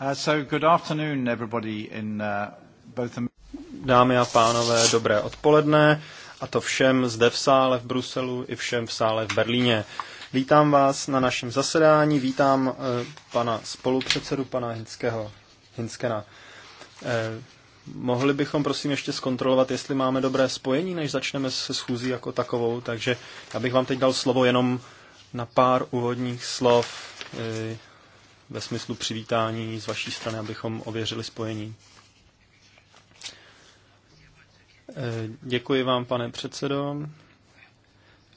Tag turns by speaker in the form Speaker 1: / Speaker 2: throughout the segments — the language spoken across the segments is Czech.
Speaker 1: Uh, good afternoon everybody in uh, Dámy a pánové, dobré odpoledne a to všem zde v sále v Bruselu i všem v sále v Berlíně. Vítám vás na našem zasedání, vítám uh, pana spolupředsedu, pana Hinského, Hinskena. Uh, mohli bychom prosím ještě zkontrolovat, jestli máme dobré spojení, než začneme se schůzí jako takovou, takže já bych vám teď dal slovo jenom na pár úvodních slov. Uh, ve smyslu přivítání z vaší strany, abychom ověřili spojení. Eh, děkuji vám, pane předsedo.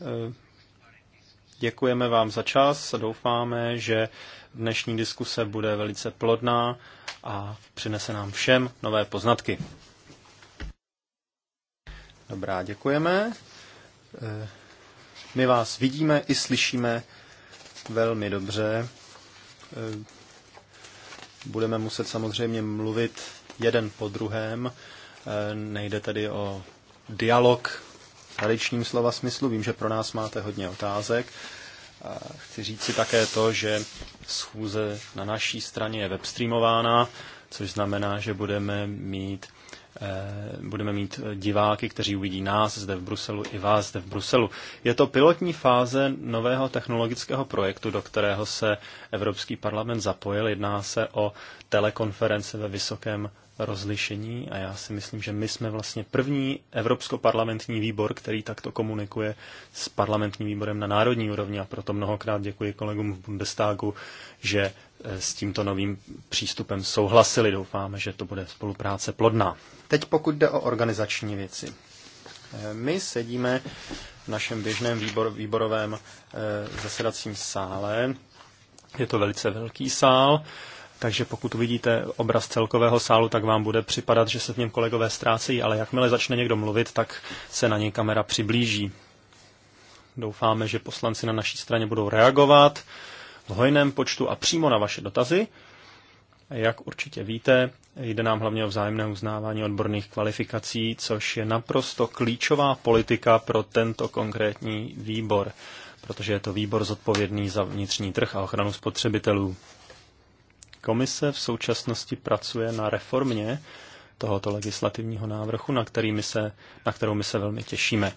Speaker 1: Eh, děkujeme vám za čas a doufáme, že dnešní diskuse bude velice plodná a přinese nám všem nové poznatky. Dobrá, děkujeme. Eh, my vás vidíme i slyšíme velmi dobře. Eh, budeme muset samozřejmě mluvit jeden po druhém. Eh, nejde tedy o dialog v tradičním slova smyslu. Vím, že pro nás máte hodně otázek. Chci říct si také to, že schůze na naší straně je webstreamována, což znamená, že budeme mít Eh, budeme mít diváky, kteří uvidí nás zde v Bruselu i vás zde v Bruselu. Je to pilotní fáze nového technologického projektu, do kterého se Evropský parlament zapojil. Jedná se o telekonference ve vysokém rozlišení a já si myslím, že my jsme vlastně první evropskoparlamentní výbor, který takto komunikuje s parlamentním výborem na národní úrovni a proto mnohokrát děkuji kolegům v Bundestagu, že eh, s tímto novým přístupem souhlasili. Doufáme, že to bude spolupráce plodná. Teď pokud jde o organizační věci. Eh, my sedíme v našem běžném výbor, výborovém eh, zasedacím sále. Je to velice velký sál takže pokud uvidíte obraz celkového sálu, tak vám bude připadat, že se v něm kolegové ztrácejí, ale jakmile začne někdo mluvit, tak se na něj kamera přiblíží. Doufáme, že poslanci na naší straně budou reagovat v hojném počtu a přímo na vaše dotazy. Jak určitě víte, jde nám hlavně o vzájemné uznávání odborných kvalifikací, což je naprosto klíčová politika pro tento konkrétní výbor, protože je to výbor zodpovědný za vnitřní trh a ochranu spotřebitelů. Komise v současnosti pracuje na reformě tohoto legislativního návrhu, na, který my se, na kterou my se velmi těšíme.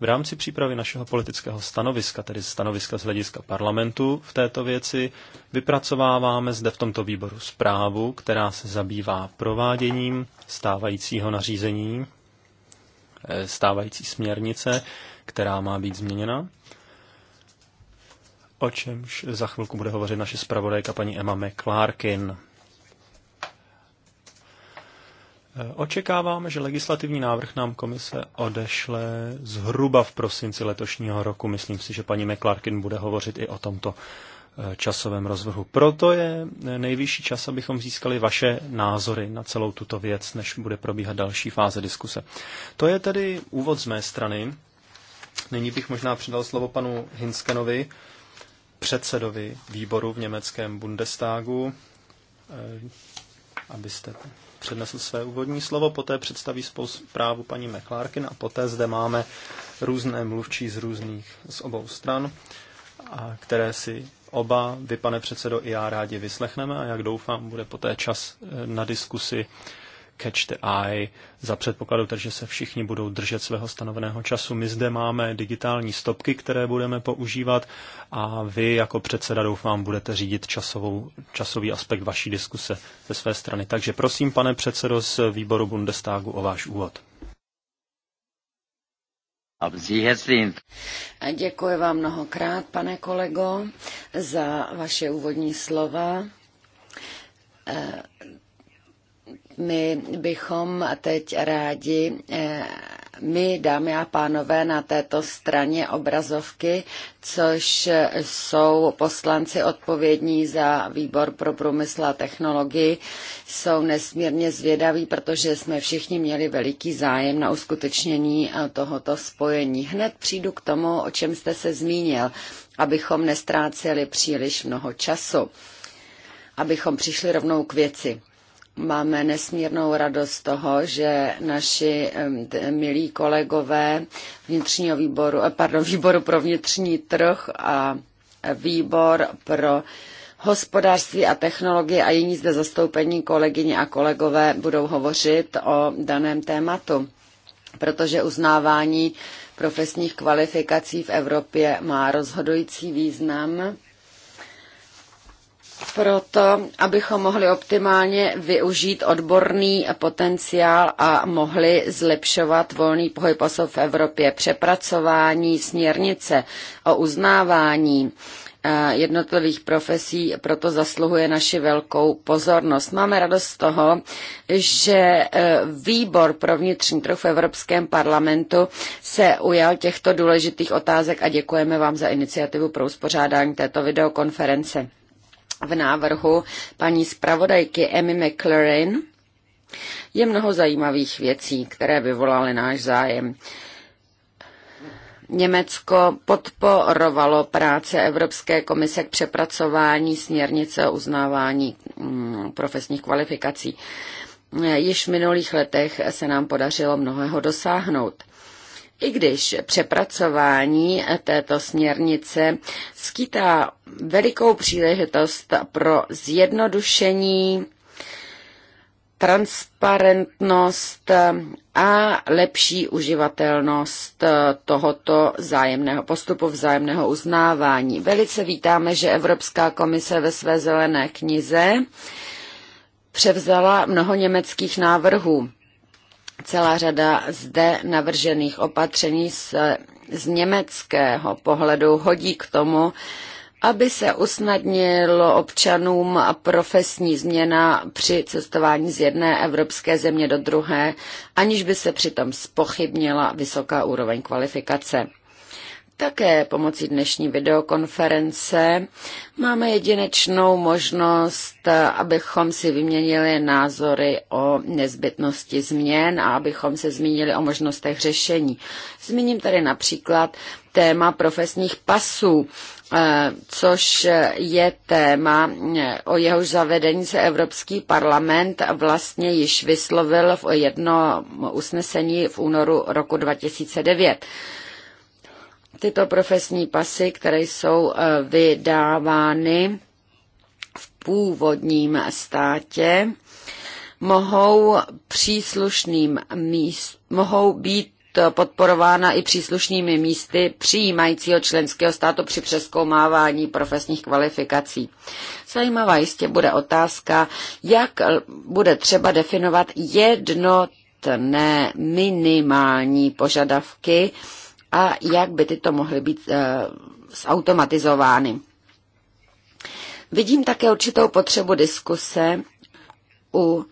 Speaker 1: V rámci přípravy našeho politického stanoviska, tedy stanoviska z hlediska parlamentu v této věci, vypracováváme zde v tomto výboru zprávu, která se zabývá prováděním stávajícího nařízení, eh, stávající směrnice, která má být změněna o čemž za chvilku bude hovořit naše zpravodajka paní Emma McClarkin. Očekáváme, že legislativní návrh nám komise odešle zhruba v prosinci letošního roku. Myslím si, že paní McClarkin bude hovořit i o tomto eh, časovém rozvrhu. Proto je eh, nejvyšší čas, abychom získali vaše názory na celou tuto věc, než bude probíhat další fáze diskuse. To je tedy úvod z mé strany. Nyní bych možná předal slovo panu Hinskenovi, předsedovi výboru v německém Bundestagu, eh, abyste přednesl své úvodní slovo, poté představí spolu zprávu paní McLarkin a poté zde máme různé mluvčí z různých, z obou stran, a které si oba, vy pane předsedo i já rádi vyslechneme a jak doufám, bude poté čas eh, na diskusi catch the eye za předpokladu, že se všichni budou držet svého stanoveného času. My zde máme digitální stopky, které budeme používat a vy jako předseda doufám budete řídit časovou, časový aspekt vaší diskuse ze své strany. Takže prosím, pane předsedo z výboru Bundestagu o váš úvod.
Speaker 2: A děkuji vám mnohokrát, pane kolego, za vaše úvodní slova my bychom teď rádi, eh, my dámy a pánové na této straně obrazovky, což jsou poslanci odpovědní za výbor pro průmysl a technologii, jsou nesmírně zvědaví, protože jsme všichni měli veliký zájem na uskutečnění eh, tohoto spojení. Hned přijdu k tomu, o čem jste se zmínil, abychom nestráceli příliš mnoho času, abychom přišli rovnou k věci Máme nesmírnou radost z toho, že naši milí kolegové vnitřního výboru, eh, pardon, výboru pro vnitřní trh a výbor pro hospodářství a technologie a jiní zde zastoupení kolegyně a kolegové budou hovořit o daném tématu, protože uznávání profesních kvalifikací v Evropě má rozhodující význam proto, abychom mohli optimálně využít odborný potenciál a mohli zlepšovat volný pohyb osob v Evropě. Přepracování směrnice o uznávání eh, jednotlivých profesí, proto zasluhuje naši velkou pozornost. Máme radost z toho, že eh, výbor pro vnitřní trh v Evropském parlamentu se ujal těchto důležitých otázek a děkujeme vám za iniciativu pro uspořádání této videokonference v návrhu paní zpravodajky Emmy McLaren je mnoho zajímavých věcí, které vyvolaly náš zájem. Německo podporovalo práce Evropské komise k přepracování směrnice o uznávání mm, profesních kvalifikací. Již v minulých letech se nám podařilo mnohého dosáhnout. I když přepracování této směrnice skýtá velikou příležitost pro zjednodušení, transparentnost a lepší uživatelnost tohoto zájemného postupu vzájemného uznávání. Velice vítáme, že Evropská komise ve své zelené knize převzala mnoho německých návrhů celá řada zde navržených opatření se z německého pohledu hodí k tomu, aby se usnadnilo občanům profesní změna při cestování z jedné evropské země do druhé, aniž by se přitom spochybnila vysoká úroveň kvalifikace. Také pomocí dnešní videokonference máme jedinečnou možnost, abychom si vyměnili názory o nezbytnosti změn a abychom se zmínili o možnostech řešení. Zmíním tady například téma profesních pasů, eh, což je téma, eh, o jehož zavedení se Evropský parlament vlastně již vyslovil v jedno usnesení v únoru roku 2009. Tyto profesní pasy, které jsou eh, vydávány v původním státě, mohou příslušným míst, mohou být podporována i příslušnými místy přijímajícího členského státu při přeskoumávání profesních kvalifikací. Zajímavá jistě bude otázka, jak bude třeba definovat jednotné minimální požadavky a jak by tyto mohly být eh, zautomatizovány. Vidím také určitou potřebu diskuse u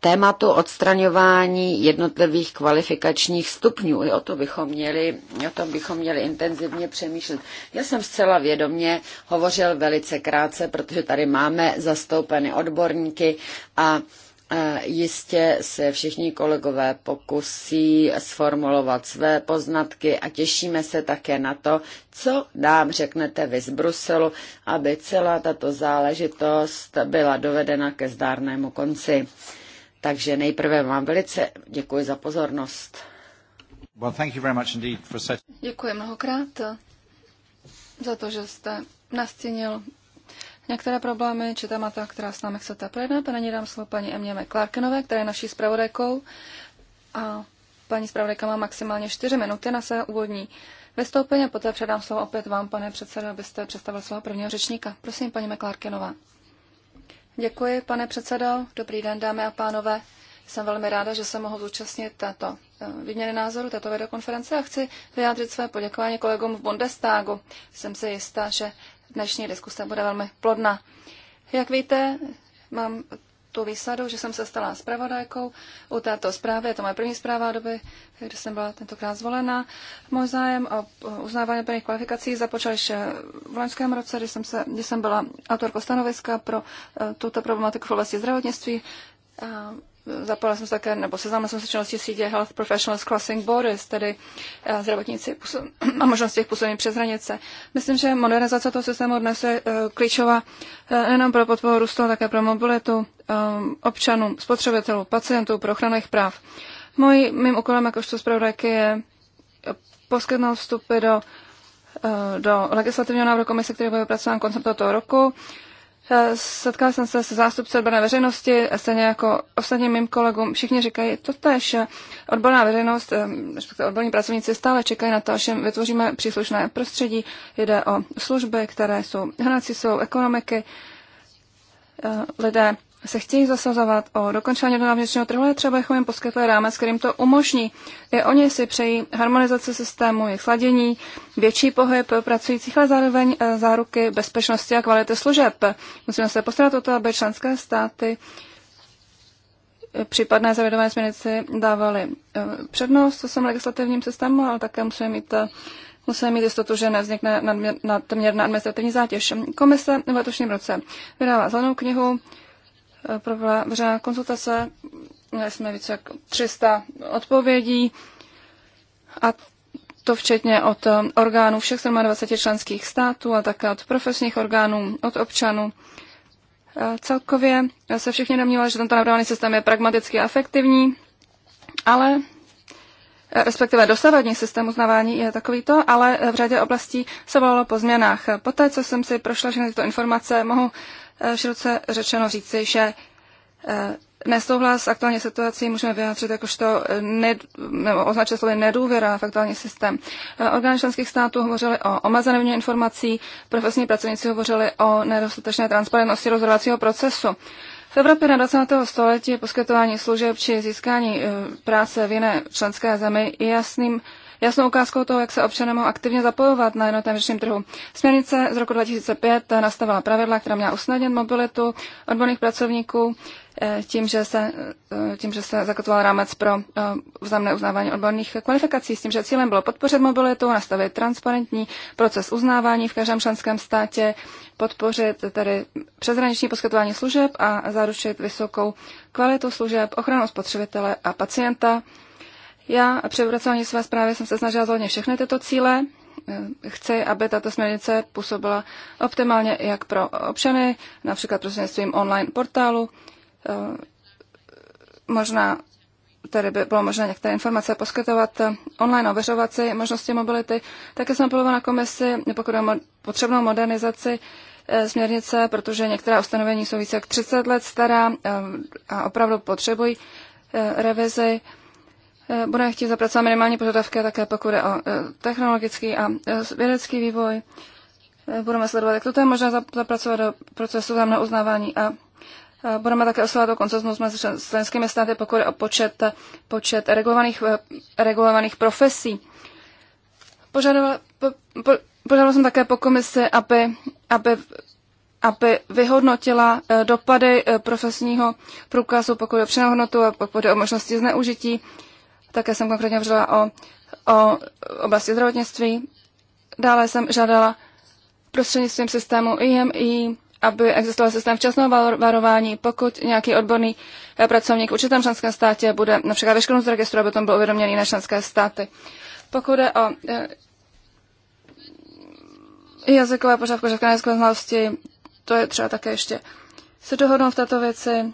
Speaker 2: tématu odstraňování jednotlivých kvalifikačních stupňů. I o, to bychom měli, o tom bychom měli intenzivně přemýšlet. Já jsem zcela vědomě hovořil velice krátce, protože tady máme zastoupeny odborníky a Jistě se všichni kolegové pokusí sformulovat své poznatky a těšíme se také na to, co nám řeknete vy z Bruselu, aby celá tato záležitost byla dovedena ke zdárnému konci. Takže nejprve vám velice děkuji za pozornost.
Speaker 3: Well, thank you very much for Děkuji mnohokrát za to, že jste nastínil některé problémy či témata, která s námi chcete projednat. A na ní dám slovo paní Emě Klarkenové, která je naší zpravodajkou. A paní zpravodajka má maximálně 4 minuty na své úvodní vystoupení. A poté předám slovo opět vám, pane předsedo, abyste představil svého prvního řečníka. Prosím, paní Meklárkenová. Děkuji, pane předsedo. Dobrý den, dámy a pánové. Jsem velmi ráda, že se mohu zúčastnit této eh, výměny názoru, této videokonference a chci vyjádřit své poděkování kolegům v Bundestagu. Jsem si jistá, že dnešní diskuse bude velmi plodná. Jak víte, mám tu výsadu, že jsem se stala zpravodajkou u této zprávy. Je to moje první zpráva doby, kdy jsem byla tentokrát zvolena. Můj zájem o uznávání plných kvalifikací započal již v loňském roce, kdy jsem, se, kdy jsem byla autorkou stanoviska pro eh, tuto problematiku v oblasti zdravotnictví zapala jsem se také, nebo seznámila jsem se činnosti sítě Health Professionals Crossing Borders, tedy eh, zdravotníci a možnost těch působení přes hranice. Myslím, že modernizace toho systému dnes je eh, klíčová eh, nejenom pro podporu růstu, ale také pro mobilitu občanů, spotřebitelů, pacientů, pro ochranu jejich práv. Mojí, mým úkolem jakožto zpravodajky je poskytnout vstupy do, do legislativního návrhu komise, který bude vypracován koncem tohoto roku Setkala jsem se se zástupce odborné veřejnosti, stejně jako ostatním mým kolegům. Všichni říkají to tež. Eh, odborná veřejnost, eh, respektive odborní pracovníci stále čekají na to, až jim vytvoříme příslušné prostředí. Jde o služby, které jsou hnací jsou ekonomiky. Eh, lidé se chtějí zasazovat o dokončení do vnitřního trhu, je třeba, abychom jim poskytli rámec, kterým to umožní. I oni si přejí harmonizaci systému, jejich sladění, větší pohyb pracujících, ale zároveň eh, záruky bezpečnosti a kvality služeb. Musíme se postarat o to, aby členské státy eh, případné zavědomé směrnici dávaly eh, přednost v legislativním systému, ale také musíme mít musíme mít jistotu, že nevznikne nadměrná administrativní zátěž. Komise v letošním roce vydává zelenou knihu Eh, proběhla veřejná konzultace, měli jsme více jak 300 odpovědí a to včetně od eh, orgánů všech 27 členských států a také od profesních orgánů, od občanů. Eh, celkově se všichni domnívali, že tento navrhovaný systém je pragmaticky efektivní, ale respektive dosavadní systém uznávání je takovýto, ale v řadě oblastí se volalo po změnách. Poté, co jsem si prošla všechny tyto informace, mohu Eh, široce řečeno říci, že eh, nesouhlas s aktuální situací můžeme vyjádřit jakožto eh, ne, označit slovy nedůvěra v aktuální systém. Orgány členských států hovořily o omezeném informací, profesní pracovníci hovořili o nedostatečné transparentnosti rozhodovacího procesu. V Evropě na 20. století poskytování služeb či získání práce v jiné členské zemi je jasným jasnou ukázkou toho, jak se občané mohou aktivně zapojovat na jednotném vnitřním trhu. Směrnice z roku 2005 nastavila pravidla, která měla usnadnit mobilitu odborných pracovníků eh, tím, že se, eh, tím, že se zakotoval rámec pro eh, vzájemné uznávání odborných kvalifikací, s tím, že cílem bylo podpořit mobilitu, nastavit transparentní proces uznávání v každém členském státě, podpořit tedy přeshraniční poskytování služeb a zaručit vysokou kvalitu služeb, ochranu spotřebitele a pacienta já při vypracování své zprávy jsem se snažila zhodně všechny tyto cíle. Eh, chci, aby tato směrnice působila optimálně jak pro občany, například prostřednictvím online portálu. Eh, možná tady by bylo možné některé informace poskytovat eh, online ověřovací možnosti mobility. Také jsem apelovala na komisi, pokud o potřebnou modernizaci směrnice, protože některá ustanovení jsou více jak 30 let stará a opravdu potřebují revizi. Eh, bude chtít zapracovat minimální požadavky, také pokud je o eh, technologický a eh, vědecký vývoj. Budeme sledovat, jak toto je možné zapracovat do procesu zájemného uznávání a budeme také oslovat o koncesnu s členskými státy, pokud je o počet, počet regulovaných, regulovaných profesí. Požadoval, po, po, požadoval jsem také po komisi, aby, aby aby vyhodnotila dopady profesního průkazu, pokud je o a pokud je o možnosti zneužití. Také jsem konkrétně hovořila o, o oblasti zdravotnictví. Dále jsem žádala prostřednictvím systému IMI, aby existoval systém včasného varování, pokud nějaký odborný eh, pracovník v určitém členském státě bude například vyškrtnut z registru, aby tom byl uvědoměný na členské státy. Pokud je o eh, jazykové pořádku, žádné znalosti, to je třeba také ještě se dohodnout v této věci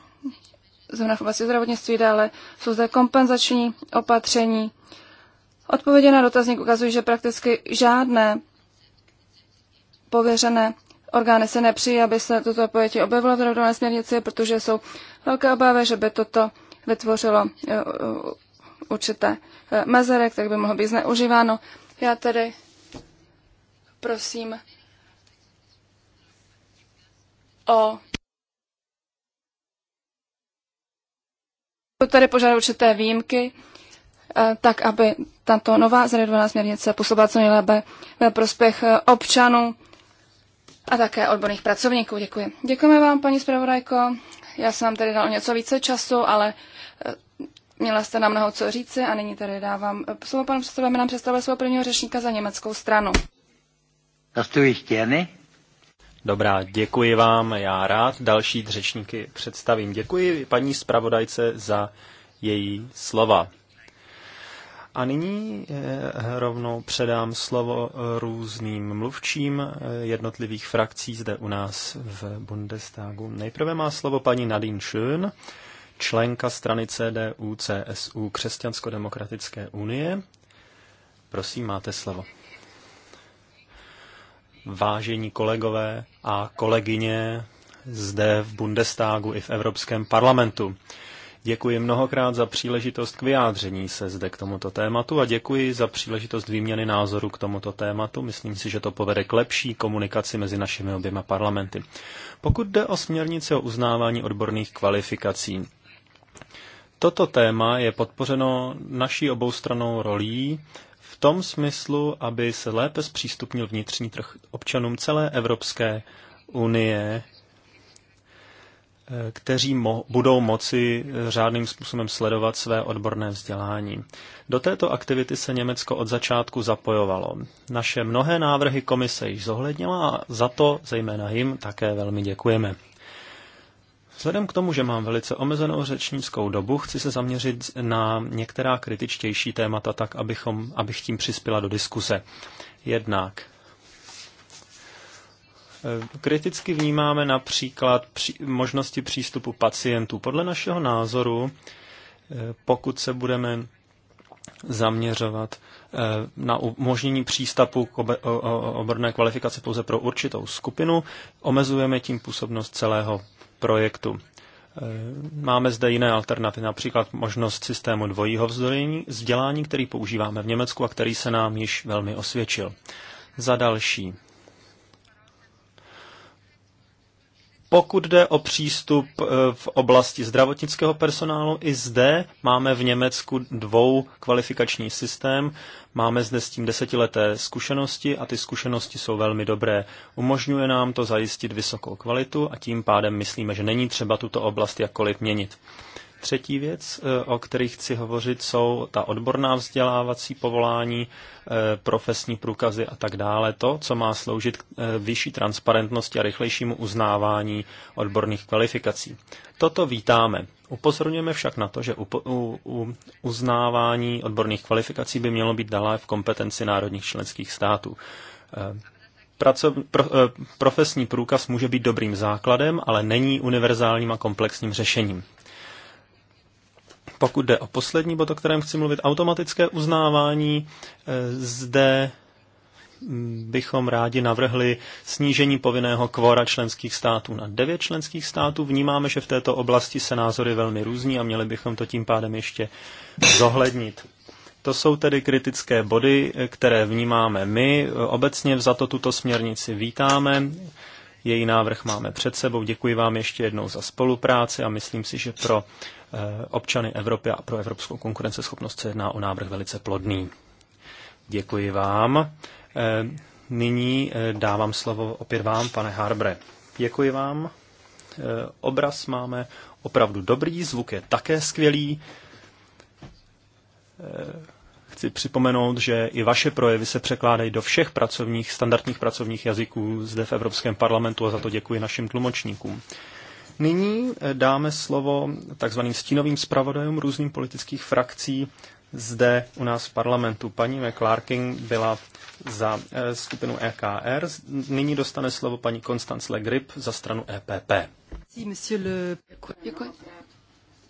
Speaker 3: zejména v oblasti zdravotnictví, dále jsou zde kompenzační opatření. Odpovědi na dotazník ukazují, že prakticky žádné pověřené orgány se nepřijí, aby se toto pojetí objevilo v revidované směrnici, protože jsou velké obavy, že by toto vytvořilo eh, určité eh, mezery, tak by mohlo být zneužíváno. Já tedy prosím o tady požádal určité výjimky, eh, tak aby tato nová zredovaná směrnice působila co nejlépe ve prospěch eh, občanů a také odborných pracovníků. Děkuji. Děkujeme vám, paní zpravodajko. Já jsem vám tady dal něco více času, ale eh, měla jste nám mnoho co říci a nyní tady dávám slovo panu předsedovi, aby nám představil svého prvního řečníka za německou stranu.
Speaker 1: Das tue ich gerne. Dobrá, děkuji vám, já rád další řečníky představím. Děkuji paní zpravodajce za její slova. A nyní eh, rovnou předám slovo různým mluvčím eh, jednotlivých frakcí zde u nás v Bundestagu. Nejprve má slovo paní Nadine Schön, členka strany CDU CSU Křesťansko-demokratické unie. Prosím, máte slovo vážení kolegové a kolegyně zde v Bundestagu i v Evropském parlamentu. Děkuji mnohokrát za příležitost k vyjádření se zde k tomuto tématu a děkuji za příležitost výměny názoru k tomuto tématu. Myslím si, že to povede k lepší komunikaci mezi našimi oběma parlamenty. Pokud jde o směrnici o uznávání odborných kvalifikací, toto téma je podpořeno naší oboustranou rolí tom smyslu, aby se lépe zpřístupnil vnitřní trh občanům celé Evropské unie, eh, kteří mo- budou moci eh, řádným způsobem sledovat své odborné vzdělání. Do této aktivity se Německo od začátku zapojovalo. Naše mnohé návrhy komise již zohlednila a za to zejména jim také velmi děkujeme. Vzhledem k tomu, že mám velice omezenou řečnickou dobu, chci se zaměřit na některá kritičtější témata, tak abychom, abych tím přispěla do diskuse. Jednak eh, kriticky vnímáme například při, možnosti přístupu pacientů. Podle našeho názoru, eh, pokud se budeme zaměřovat eh, na umožnění přístupu k obrné kvalifikaci pouze pro určitou skupinu, omezujeme tím působnost celého projektu. E, máme zde jiné alternativy, například možnost systému dvojího vzdělání, který používáme v Německu a který se nám již velmi osvědčil. Za další, Pokud jde o přístup eh, v oblasti zdravotnického personálu, i zde máme v Německu dvou kvalifikační systém. Máme zde s tím desetileté zkušenosti a ty zkušenosti jsou velmi dobré. Umožňuje nám to zajistit vysokou kvalitu a tím pádem myslíme, že není třeba tuto oblast jakkoliv měnit. Třetí věc, eh, o kterých chci hovořit, jsou ta odborná vzdělávací povolání, eh, profesní průkazy a tak dále. To, co má sloužit k eh, vyšší transparentnosti a rychlejšímu uznávání odborných kvalifikací. Toto vítáme. Upozorňujeme však na to, že u, u, u uznávání odborných kvalifikací by mělo být dále v kompetenci národních členských států. Praco, pro, profesní průkaz může být dobrým základem, ale není univerzálním a komplexním řešením. Pokud jde o poslední bod, o kterém chci mluvit, automatické uznávání, eh, zde mm, bychom rádi navrhli snížení povinného kvora členských států na devět členských států. Vnímáme, že v této oblasti se názory velmi různí a měli bychom to tím pádem ještě zohlednit. To jsou tedy kritické body, eh, které vnímáme my. Obecně za to tuto směrnici vítáme. Její návrh máme před sebou. Děkuji vám ještě jednou za spolupráci a myslím si, že pro Eh, občany Evropy a pro evropskou konkurenceschopnost se jedná o návrh velice plodný. Děkuji vám. Eh, nyní eh, dávám slovo opět vám, pane Harbre. Děkuji vám. Obraz máme opravdu dobrý, zvuk je také skvělý. Chci připomenout, že i vaše projevy se překládají do všech pracovních, standardních pracovních jazyků zde v Evropském parlamentu a za to děkuji našim tlumočníkům. Nyní eh, dáme slovo takzvaným stínovým zpravodajům různým politických frakcí zde u nás v parlamentu. Paní McClarkin byla za eh, skupinu EKR. Nyní dostane slovo paní Le Grip za stranu EPP.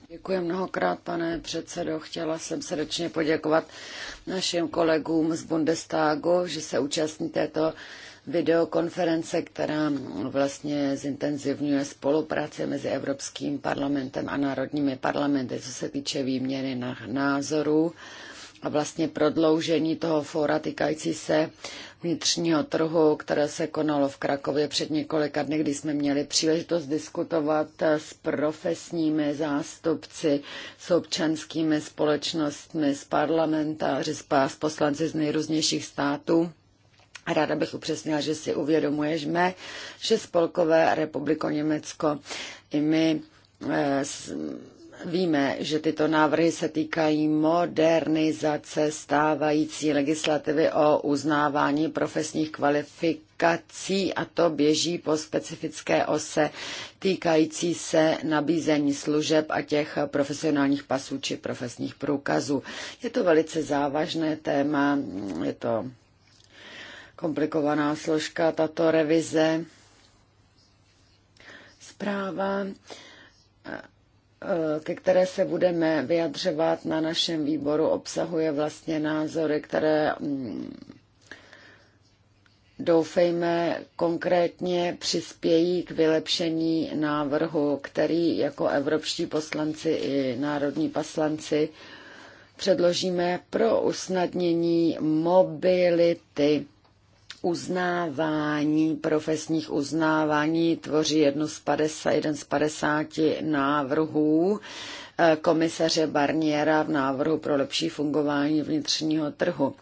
Speaker 2: Děkuji mnohokrát, pane předsedo. Chtěla jsem srdečně poděkovat našim kolegům z Bundestagu, že se účastní této videokonference, která vlastně zintenzivňuje spolupráci mezi Evropským parlamentem a národními parlamenty, co se týče výměny názorů a vlastně prodloužení toho fóra týkající se vnitřního trhu, které se konalo v Krakově před několika dny, kdy jsme měli příležitost diskutovat s profesními zástupci, s občanskými společnostmi, s parlamentáři, s poslanci z nejrůznějších států Ráda bych upřesnila, že si uvědomujeme, že Spolkové republiko Německo i my eh, Víme, že tyto návrhy se týkají modernizace stávající legislativy o uznávání profesních kvalifikací a to běží po specifické ose týkající se nabízení služeb a těch profesionálních pasů či profesních průkazů. Je to velice závažné téma, je to komplikovaná složka, tato revize. Zpráva, eh, ke které se budeme vyjadřovat na našem výboru, obsahuje vlastně názory, které mm, doufejme konkrétně přispějí k vylepšení návrhu, který jako evropští poslanci i národní poslanci předložíme pro usnadnění mobility uznávání, profesních uznávání tvoří jednu z 50, jeden z 50 návrhů eh, komisaře Barniera v návrhu pro lepší fungování vnitřního trhu.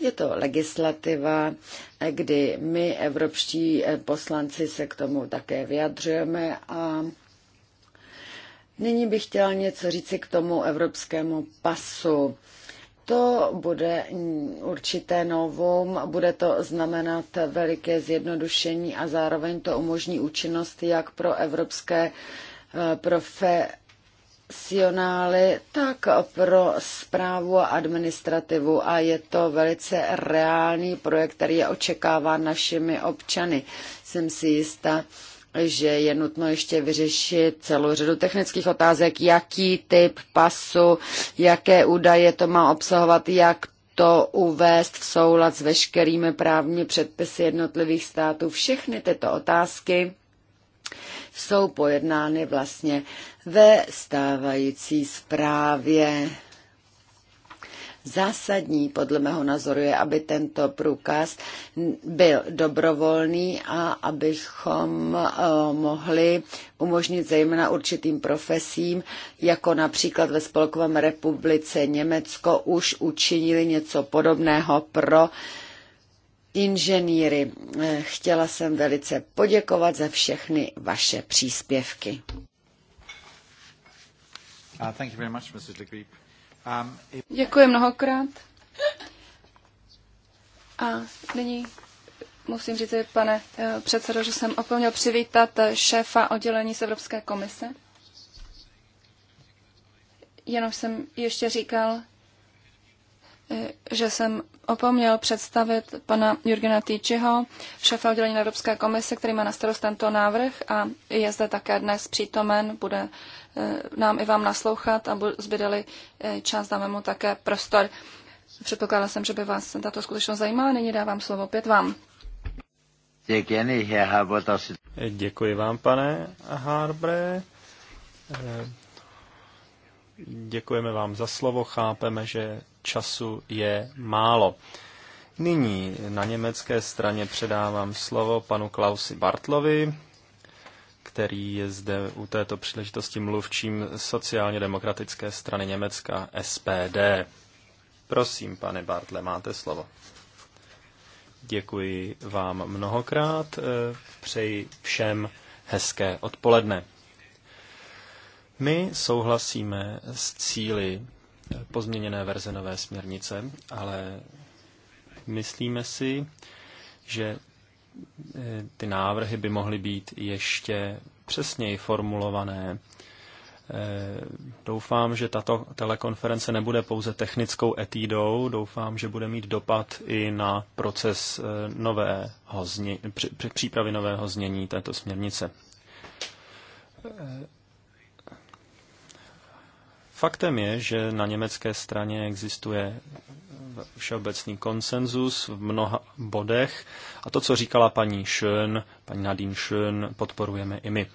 Speaker 2: Je to legislativa, eh, kdy my, evropští eh, poslanci, se k tomu také vyjadřujeme a nyní bych chtěla něco říci k tomu evropskému pasu to bude určité novum, bude to znamenat veliké zjednodušení a zároveň to umožní účinnost jak pro evropské eh, profesionály, tak pro zprávu a administrativu a je to velice reálný projekt, který je očekáván našimi občany. Jsem si jistá, že je nutno ještě vyřešit celou řadu technických otázek, jaký typ pasu, jaké údaje to má obsahovat, jak to uvést v soulad s veškerými právními předpisy jednotlivých států. Všechny tyto otázky jsou pojednány vlastně ve stávající zprávě Zásadní podle mého názoru je, aby tento průkaz byl dobrovolný a abychom eh, mohli umožnit zejména určitým profesím, jako například ve Spolkovém republice Německo už učinili něco podobného pro inženýry. Eh, chtěla jsem velice poděkovat za všechny vaše příspěvky.
Speaker 3: Uh, thank you very much, Mrs. Le Grip. Um, Děkuji mnohokrát. A nyní musím říct, pane eh, předsedo, že jsem opomněl přivítat eh, šéfa oddělení z Evropské komise. Jenom jsem ještě říkal, eh, že jsem opomněl představit pana Jurgena Týčiho, šéfa oddělení Evropské komise, který má na starost tento návrh a je zde také dnes přítomen, bude Eh, nám i vám naslouchat a zbydeli eh, čas dáme mu také prostor. Předpokládala jsem, že by vás tato skutečnost zajímala, nyní dávám slovo opět vám.
Speaker 2: Eh,
Speaker 1: děkuji vám, pane Harbre. Děkujeme vám za slovo, chápeme, že času je málo. Nyní na německé straně předávám slovo panu Klausi Bartlovi, který je zde u této příležitosti mluvčím sociálně demokratické strany Německa SPD. Prosím, pane Bartle, máte slovo. Děkuji vám mnohokrát, eh, přeji všem hezké odpoledne. My souhlasíme s cíly pozměněné verze nové směrnice, ale myslíme si, že Eh, ty návrhy by mohly být ještě přesněji formulované. Eh, doufám, že tato telekonference nebude pouze technickou etídou, doufám, že bude mít dopad i na proces eh, nového zni- přípravy nového znění této směrnice. Faktem je, že na německé straně existuje všeobecný konsenzus v mnoha bodech a to, co říkala paní Schön, paní Nadine Schön, podporujeme i my.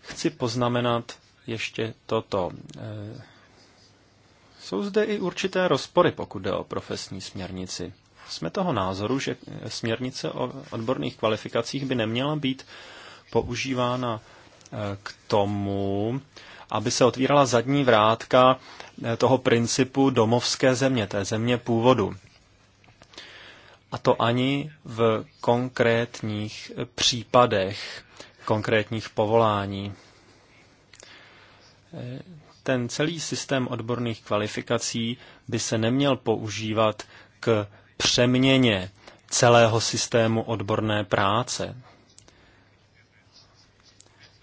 Speaker 1: Chci poznamenat ještě toto. Eh, jsou zde i určité rozpory, pokud jde o profesní směrnici. Jsme toho názoru, že směrnice o odborných kvalifikacích by neměla být používána eh, k tomu, aby se otvírala zadní vrátka eh, toho principu domovské země, té země původu. A to ani v konkrétních eh, případech konkrétních povolání. Eh, ten celý systém odborných kvalifikací by se neměl používat k přeměně celého systému odborné práce.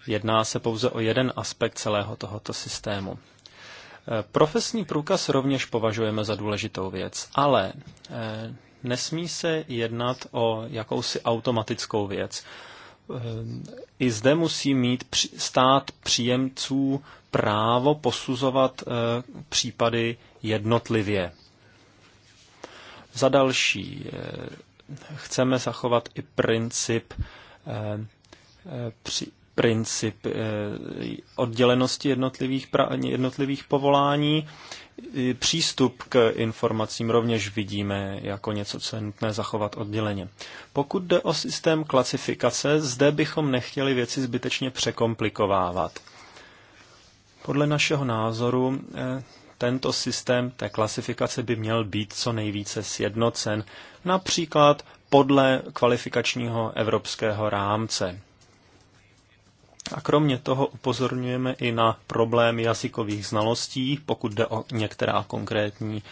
Speaker 1: Jedná se pouze o jeden aspekt celého tohoto systému. E, profesní průkaz rovněž považujeme za důležitou věc, ale e, nesmí se jednat o jakousi automatickou věc. E, I zde musí mít stát příjemců právo posuzovat případy jednotlivě. Za další, chceme zachovat i princip princip eh, oddělenosti jednotlivých, pra, jednotlivých povolání. Přístup k informacím rovněž vidíme jako něco, co je nutné zachovat odděleně. Pokud jde o systém klasifikace, zde bychom nechtěli věci zbytečně překomplikovávat. Podle našeho názoru eh, tento systém té klasifikace by měl být co nejvíce sjednocen, například podle kvalifikačního evropského rámce. A kromě toho upozorňujeme i na problém jazykových znalostí, pokud jde o některá konkrétní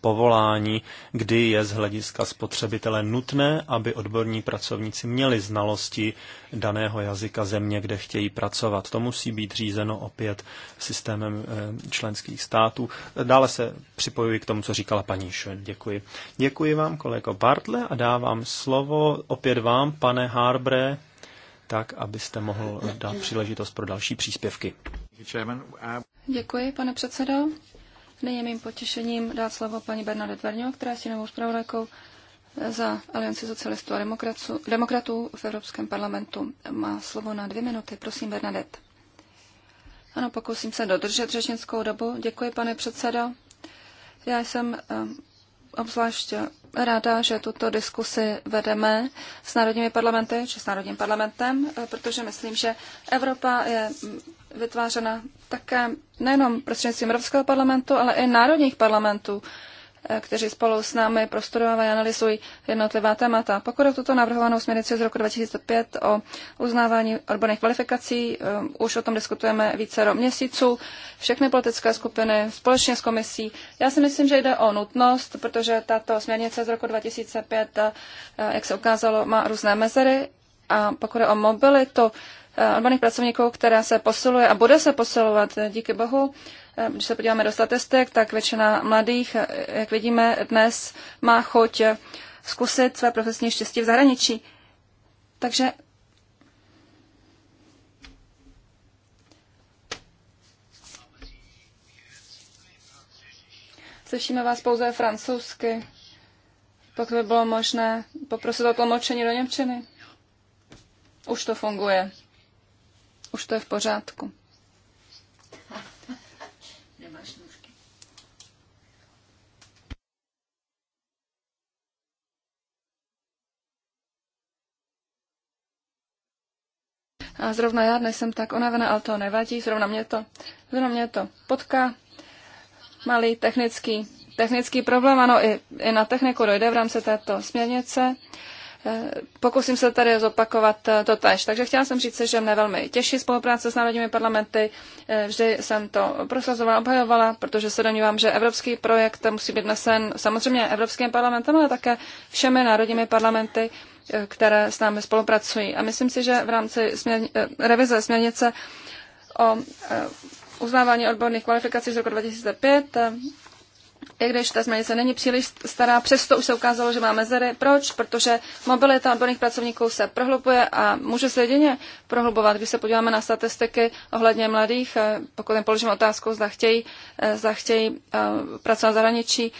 Speaker 1: povolání, kdy je z hlediska spotřebitele nutné, aby odborní pracovníci měli znalosti daného jazyka země, kde chtějí pracovat. To musí být řízeno opět systémem eh, členských států. Dále se připojuji k tomu, co říkala paní Šen. Děkuji. Děkuji vám, kolego Bartle, a dávám slovo opět vám, pane Harbre, tak abyste mohl dát příležitost pro další příspěvky.
Speaker 3: Děkuji, pane předsedo. Nyní mým potěšením dát slovo paní Bernadette Verňo, která je novou zpravodajkou za Alianci socialistů a demokratů v Evropském parlamentu. Má slovo na dvě minuty. Prosím, Bernadette. Ano, pokusím se dodržet řečnickou dobu. Děkuji, pane předsedo. Já jsem eh, obzvlášť ráda, že tuto diskusi vedeme s národními parlamenty, či s národním parlamentem, eh, protože myslím, že Evropa je mm, vytvářena také nejenom prostřednictvím Evropského parlamentu, ale i národních parlamentů. Eh, kteří spolu s námi prostudovávají a analyzují jednotlivá témata. Pokud o tuto navrhovanou směrnici z roku 2005 o uznávání odborných kvalifikací, eh, už o tom diskutujeme více do měsíců, všechny politické skupiny společně s komisí. Já si myslím, že jde o nutnost, protože tato směrnice z roku 2005, eh, jak se ukázalo, má různé mezery a pokud je o mobilitu odborných pracovníků, která se posiluje a bude se posilovat, díky bohu, Ehm, když se podíváme do statistik, tak většina mladých, eh, jak vidíme, dnes má chuť zkusit své profesní štěstí v zahraničí. Takže slyšíme vás pouze francouzsky. Pokud by bylo možné poprosit o tlumočení do Němčiny. Už to funguje. Už to je v pořádku. A zrovna já nejsem tak onavená, ale to nevadí, zrovna mě to, zrovna mě to potká. Malý technický, technický problém, ano, i, i na techniku dojde v rámci této směrnice. E, pokusím se tady zopakovat e, to tež. Takže chtěla jsem říct, že mě velmi těší spolupráce s národními parlamenty. E, vždy jsem to prosazovala, obhajovala, protože se domnívám, že evropský projekt musí být nesen samozřejmě Evropským parlamentem, ale také všemi národními parlamenty které s námi spolupracují. A myslím si, že v rámci směrni, eh, revize směrnice o eh, uznávání odborných kvalifikací z roku 2005 eh, i když ta směrnice není příliš stará, přesto už se ukázalo, že má mezery. Proč? Protože mobilita odborných pracovníků se prohlubuje a může se jedině prohlubovat. Když se podíváme na statistiky ohledně mladých, pokud jim položíme otázku, zda chtějí, zda chtějí pracovat v zahraničí,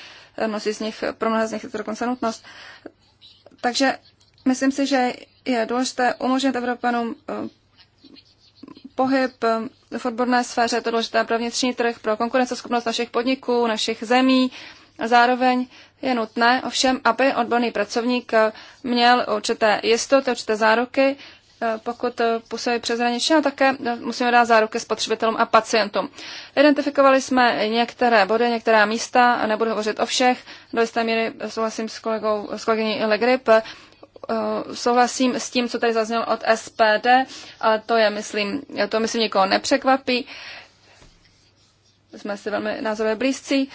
Speaker 3: množství z nich, pro mnohé z nich je to dokonce nutnost. Takže Myslím si, že je důležité umožnit Evropanům eh, pohyb eh, v odborné sféře, to důležité pro vnitřní trh, pro konkurenceschopnost našich podniků, našich zemí. Zároveň je nutné ovšem, aby odborný pracovník eh, měl určité jistoty, určité záruky, pokud působí přeshraničně, a také musíme dát záruky spotřebitelům a pacientům. Identifikovali jsme některé body, některá místa, nebudu hovořit o všech, do jisté míry souhlasím s kolegou, s kolegyní Legrip. Eh, souhlasím s tím, co tady zaznělo od SPD, ale to je, myslím, to myslím někoho nepřekvapí. Jsme si velmi názorově blízcí.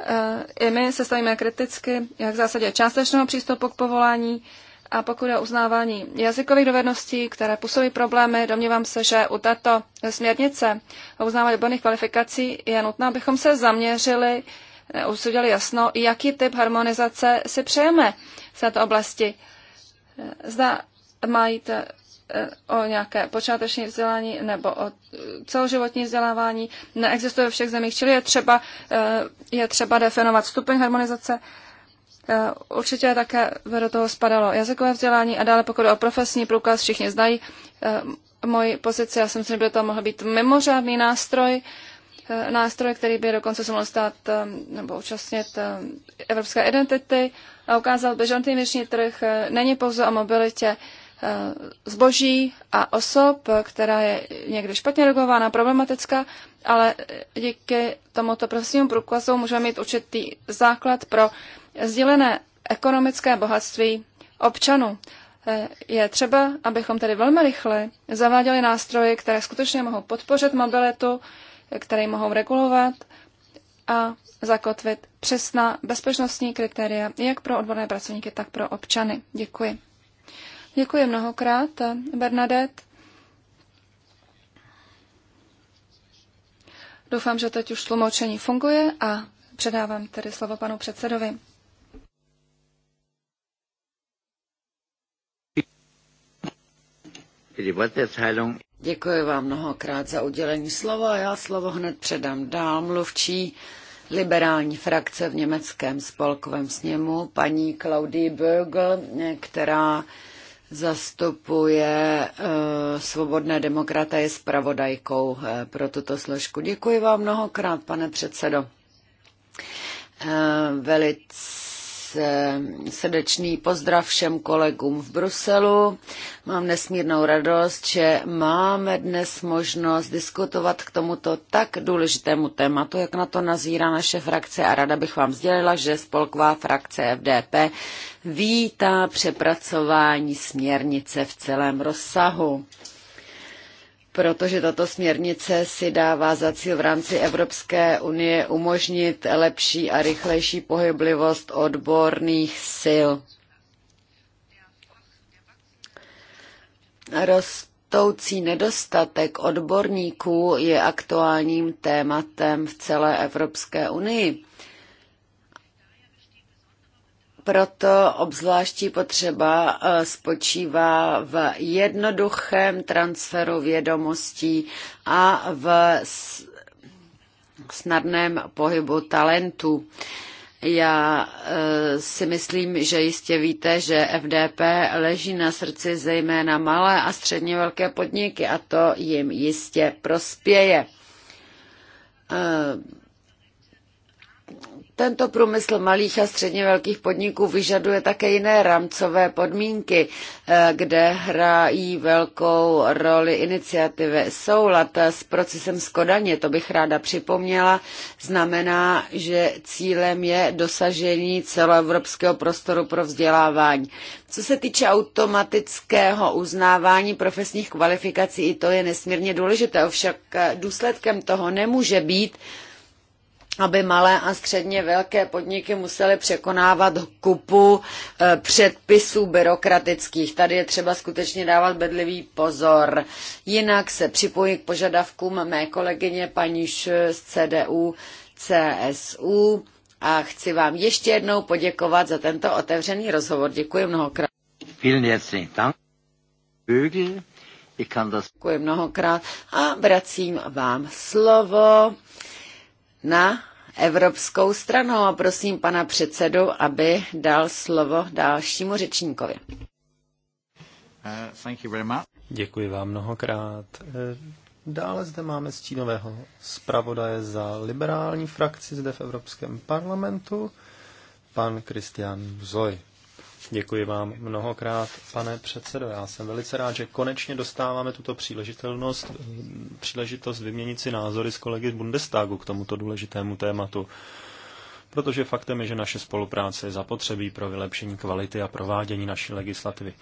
Speaker 3: Eh, I my se stavíme kriticky, jak v zásadě částečného přístupu k povolání, a pokud je uznávání jazykových dovedností, které působí problémy, domnívám se, že u této směrnice o uznávání odborných kvalifikací je nutné, abychom se zaměřili, eh, usudili jasno, jaký typ harmonizace si přejeme v této oblasti. Zda mají jít e, o nějaké počáteční vzdělání nebo o celoživotní vzdělávání. Neexistuje ve všech zemích, čili je třeba, e, je třeba definovat stupeň harmonizace. E, určitě také do toho spadalo jazykové vzdělání a dále pokud o profesní průkaz všichni znají moji pozici. Já jsem si myslím, že by to mohl být mimořádný nástroj, Eh, nástroj, který by dokonce se mohl stát eh, nebo účastnit eh, evropské identity a ukázal by, že vnitřní trh není pouze o mobilitě zboží a osob, která je někdy špatně regulována, problematická, ale díky tomuto profesnímu průkazu můžeme mít určitý základ pro sdílené ekonomické bohatství občanů. Je třeba, abychom tedy velmi rychle zaváděli nástroje, které skutečně mohou podpořit mobilitu které mohou regulovat a zakotvit přesná bezpečnostní kritéria jak pro odborné pracovníky, tak pro občany. Děkuji. Děkuji mnohokrát, Bernadette. Doufám, že teď už tlumočení funguje a předávám tedy slovo panu předsedovi.
Speaker 2: Děkuji vám mnohokrát za udělení slova. Já slovo hned předám dál mluvčí liberální frakce v německém spolkovém sněmu, paní Claudie Bürgel, která zastupuje eh, Svobodné demokrata, je zpravodajkou eh, pro tuto složku. Děkuji vám mnohokrát, pane předsedo. Eh, velice Eh, srdečný pozdrav všem kolegům v Bruselu. Mám nesmírnou radost, že máme dnes možnost diskutovat k tomuto tak důležitému tématu, jak na to nazírá naše frakce a rada bych vám sdělila, že spolková frakce FDP vítá přepracování směrnice v celém rozsahu protože tato směrnice si dává za cíl v rámci Evropské unie umožnit lepší a rychlejší pohyblivost odborných sil. Rostoucí nedostatek odborníků je aktuálním tématem v celé Evropské unii. Proto obzvláští potřeba eh, spočívá v jednoduchém transferu vědomostí a v snadném pohybu talentu. Já eh, si myslím, že jistě víte, že FDP leží na srdci zejména malé a středně velké podniky a to jim jistě prospěje. Eh, tento průmysl malých a středně velkých podniků vyžaduje také jiné rámcové podmínky, eh, kde hrají velkou roli iniciativy. Soulad s procesem Skodaně. to bych ráda připomněla, znamená, že cílem je dosažení celoevropského prostoru pro vzdělávání. Co se týče automatického uznávání profesních kvalifikací, i to je nesmírně důležité, ovšak eh, důsledkem toho nemůže být, aby malé a středně velké podniky musely překonávat kupu eh, předpisů byrokratických. Tady je třeba skutečně dávat bedlivý pozor. Jinak se připojí k požadavkům mé kolegyně paní Š z CDU CSU a chci vám ještě jednou poděkovat za tento otevřený rozhovor. Děkuji mnohokrát. Děkuji mnohokrát a vracím vám slovo na Evropskou stranu a prosím pana předsedu, aby dal slovo dalšímu řečníkovi.
Speaker 3: Uh,
Speaker 1: Děkuji vám mnohokrát. Eh, dále zde máme stínového zpravodaje za liberální frakci zde v Evropském parlamentu, pan Kristian Zoj. Děkuji vám mnohokrát, pane předsedo. Já jsem velice rád, že konečně dostáváme tuto příležitost, příležitost vyměnit si názory s kolegy z Bundestagu k tomuto důležitému tématu. Protože faktem je, že naše spolupráce je zapotřebí pro vylepšení kvality a provádění naší legislativy.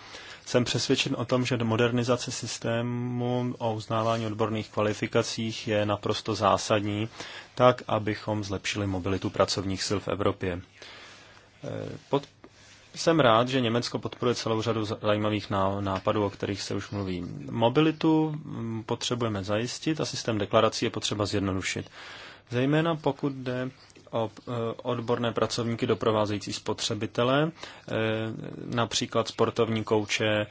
Speaker 1: Jsem přesvědčen o tom, že modernizace systému o uznávání odborných kvalifikacích je naprosto zásadní, tak abychom zlepšili mobilitu pracovních sil v Evropě. Eh, pod jsem rád, že Německo podporuje celou řadu zajímavých nápadů, o kterých se už mluví. Mobilitu mm, potřebujeme zajistit a systém deklarací je potřeba zjednodušit. Zejména pokud jde o e, odborné pracovníky doprovázející spotřebitele, e, například sportovní kouče, e,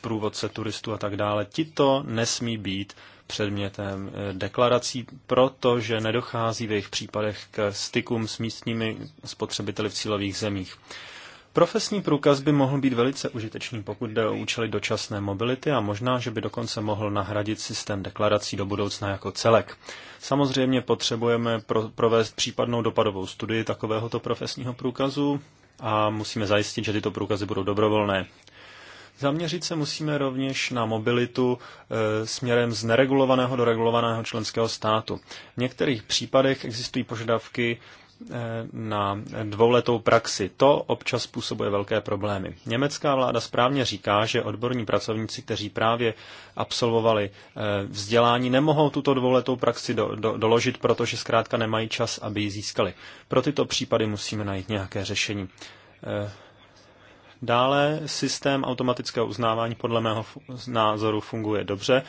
Speaker 1: průvodce turistů a tak dále. Tito nesmí být předmětem deklarací, protože nedochází v jejich případech k stykům s místními spotřebiteli v cílových zemích. Profesní průkaz by mohl být velice užitečný, pokud jde o účely dočasné mobility a možná, že by dokonce mohl nahradit systém deklarací do budoucna jako celek. Samozřejmě potřebujeme pro, provést případnou dopadovou studii takovéhoto profesního průkazu a musíme zajistit, že tyto průkazy budou dobrovolné. Zaměřit se musíme rovněž na mobilitu e, směrem z neregulovaného do regulovaného členského státu. V některých případech existují požadavky Eh, na dvouletou praxi. To občas způsobuje velké problémy. Německá vláda správně říká, že odborní pracovníci, kteří právě absolvovali eh, vzdělání, nemohou tuto dvouletou praxi do, do, doložit, protože zkrátka nemají čas, aby ji získali. Pro tyto případy musíme najít nějaké řešení. Eh, dále systém automatického uznávání podle mého názoru funguje dobře,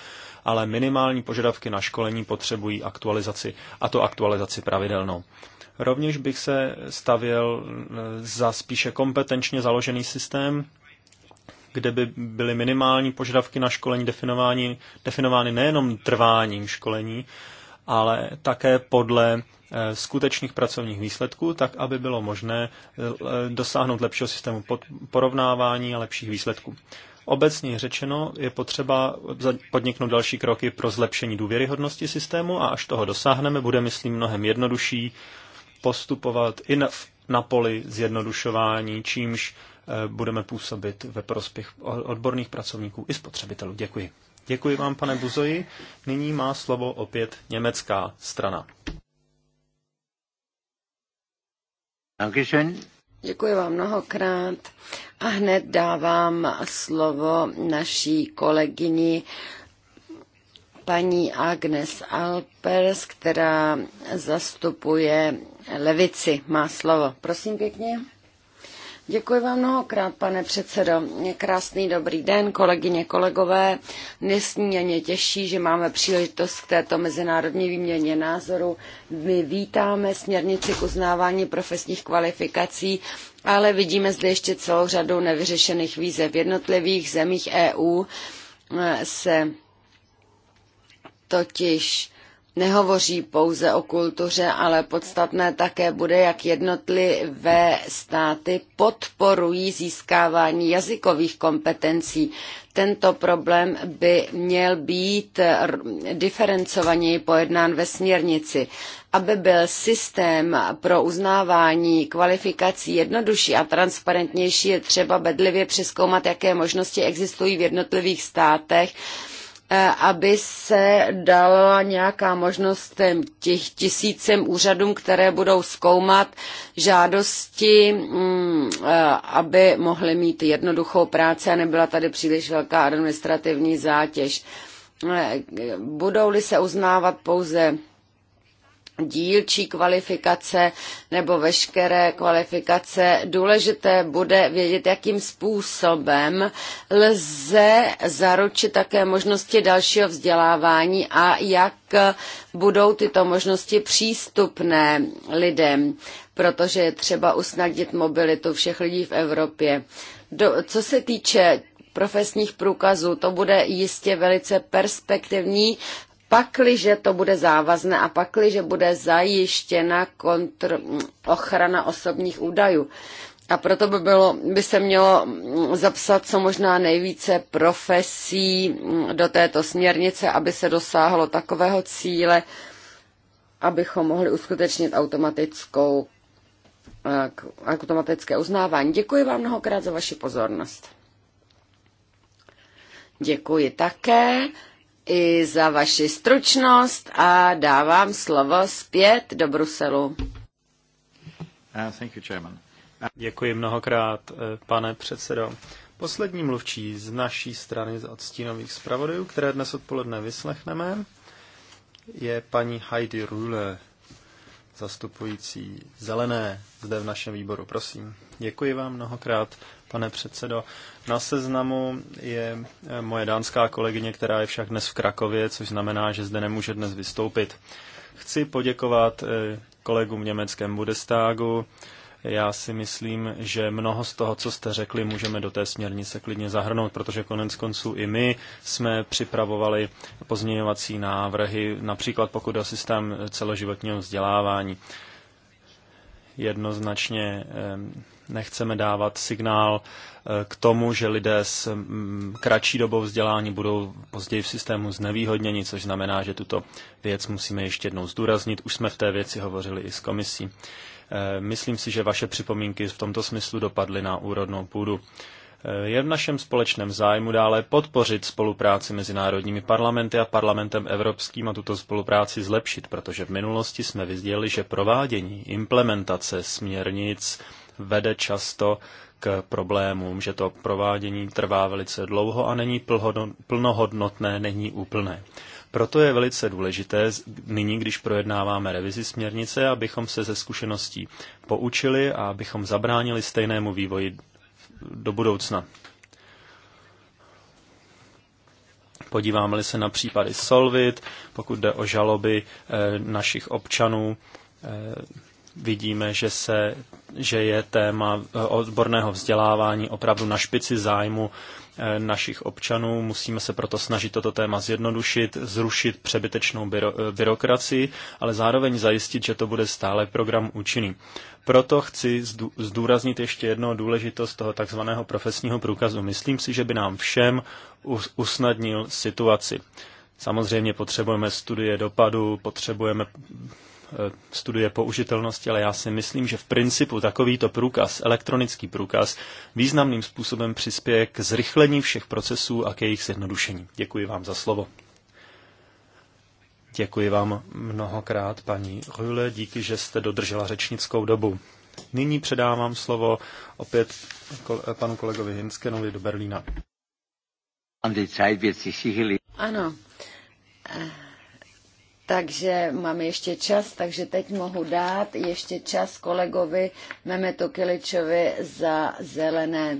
Speaker 1: ale minimální požadavky na školení potřebují aktualizaci, a to aktualizaci pravidelnou. Rovněž bych se stavěl eh, za spíše kompetenčně založený systém, kde by byly minimální požadavky na školení definovány, definovány nejenom trváním školení, ale také podle eh, skutečných pracovních výsledků, tak aby bylo možné eh, dosáhnout lepšího systému porovnávání a lepších výsledků. Obecně řečeno je potřeba podniknout další kroky pro zlepšení důvěryhodnosti systému a až toho dosáhneme, bude, myslím, mnohem jednodušší postupovat i na, na poli zjednodušování, čímž eh, budeme působit ve prospěch odborných pracovníků i spotřebitelů. Děkuji. Děkuji vám, pane Buzoji. Nyní má slovo opět německá strana.
Speaker 2: Děkuji vám mnohokrát a hned dávám slovo naší kolegyni paní Agnes Alpers, která zastupuje levici. Má slovo. Prosím pěkně. Děkuji vám mnohokrát, pane předsedo. Krásný dobrý den, kolegyně, kolegové. Nesmírně těší, že máme příležitost k této mezinárodní výměně názoru. My vítáme směrnici k uznávání profesních kvalifikací, ale vidíme zde ještě celou řadu nevyřešených výzev v jednotlivých zemích EU eh, se totiž nehovoří pouze o kultuře, ale podstatné také bude, jak jednotlivé státy podporují získávání jazykových kompetencí. Tento problém by měl být diferencovaněji pojednán ve směrnici. Aby byl systém pro uznávání kvalifikací jednodušší a transparentnější, je třeba bedlivě přeskoumat, jaké možnosti existují v jednotlivých státech Eh, aby se dala nějaká možnost těch tisícem úřadům, které budou zkoumat žádosti, mm, eh, aby mohly mít jednoduchou práci a nebyla tady příliš velká administrativní zátěž. Eh, budou-li se uznávat pouze dílčí kvalifikace nebo veškeré kvalifikace. Důležité bude vědět, jakým způsobem lze zaručit také možnosti dalšího vzdělávání a jak budou tyto možnosti přístupné lidem, protože je třeba usnadnit mobilitu všech lidí v Evropě. Do, co se týče profesních průkazů. To bude jistě velice perspektivní pakliže to bude závazné a pakliže bude zajištěna kontr- ochrana osobních údajů. A proto by, bylo, by se mělo mm, zapsat co možná nejvíce profesí mm, do této směrnice, aby se dosáhlo takového cíle, abychom mohli uskutečnit automatickou, eh, automatické uznávání. Děkuji vám mnohokrát za vaši pozornost. Děkuji také i za vaši stručnost a dávám slovo zpět do Bruselu.
Speaker 3: Uh, uh,
Speaker 1: Děkuji mnohokrát, uh, pane předsedo. Poslední mluvčí z naší strany z odstínových zpravodajů, které dnes odpoledne vyslechneme, je paní Heidi Rule, zastupující zelené zde v našem výboru. Prosím. Děkuji vám mnohokrát, pane předsedo. Na seznamu je eh, moje dánská kolegyně, která je však dnes v Krakově, což znamená, že zde nemůže dnes vystoupit. Chci poděkovat eh, kolegům v německém Budestágu. Já si myslím, že mnoho z toho, co jste řekli, můžeme do té směrnice klidně zahrnout, protože konec konců i my jsme připravovali pozměňovací návrhy, například pokud o systém celoživotního vzdělávání jednoznačně nechceme dávat signál eh, k tomu, že lidé s kratší dobou vzdělání budou později v systému znevýhodněni, což znamená, že tuto věc musíme ještě jednou zdůraznit. Už jsme v té věci hovořili i s komisí. Eh, myslím si, že vaše připomínky v tomto smyslu dopadly na úrodnou půdu. Je v našem společném zájmu dále podpořit spolupráci mezi národními parlamenty a parlamentem evropským a tuto spolupráci zlepšit, protože v minulosti jsme viděli, že provádění implementace směrnic vede často k problémům, že to provádění trvá velice dlouho a není plnohodnotné, není úplné. Proto je velice důležité nyní, když projednáváme revizi směrnice, abychom se ze zkušeností poučili a abychom zabránili stejnému vývoji do budoucna. Podíváme-li se na případy Solvit, pokud jde o žaloby eh, našich občanů, eh, vidíme, že, se, že je téma eh, odborného vzdělávání opravdu na špici zájmu našich občanů. Musíme se proto snažit toto téma zjednodušit, zrušit přebytečnou byro, eh, byrokracii, ale zároveň zajistit, že to bude stále program účinný. Proto chci zdůraznit ještě jednou důležitost toho takzvaného profesního průkazu. Myslím si, že by nám všem usnadnil situaci. Samozřejmě potřebujeme studie dopadu, potřebujeme Eh, studie použitelnosti, ale já si myslím, že v principu takovýto průkaz, elektronický průkaz, významným způsobem přispěje k zrychlení všech procesů a k jejich zjednodušení. Děkuji vám za slovo. Děkuji vám mnohokrát, paní Rüle, díky, že jste dodržela řečnickou dobu. Nyní předávám slovo opět panu kolegovi Hinskenovi do Berlína.
Speaker 2: Ano, takže máme ještě čas, takže teď mohu dát ještě čas kolegovi Memetu Kiličovi za zelené.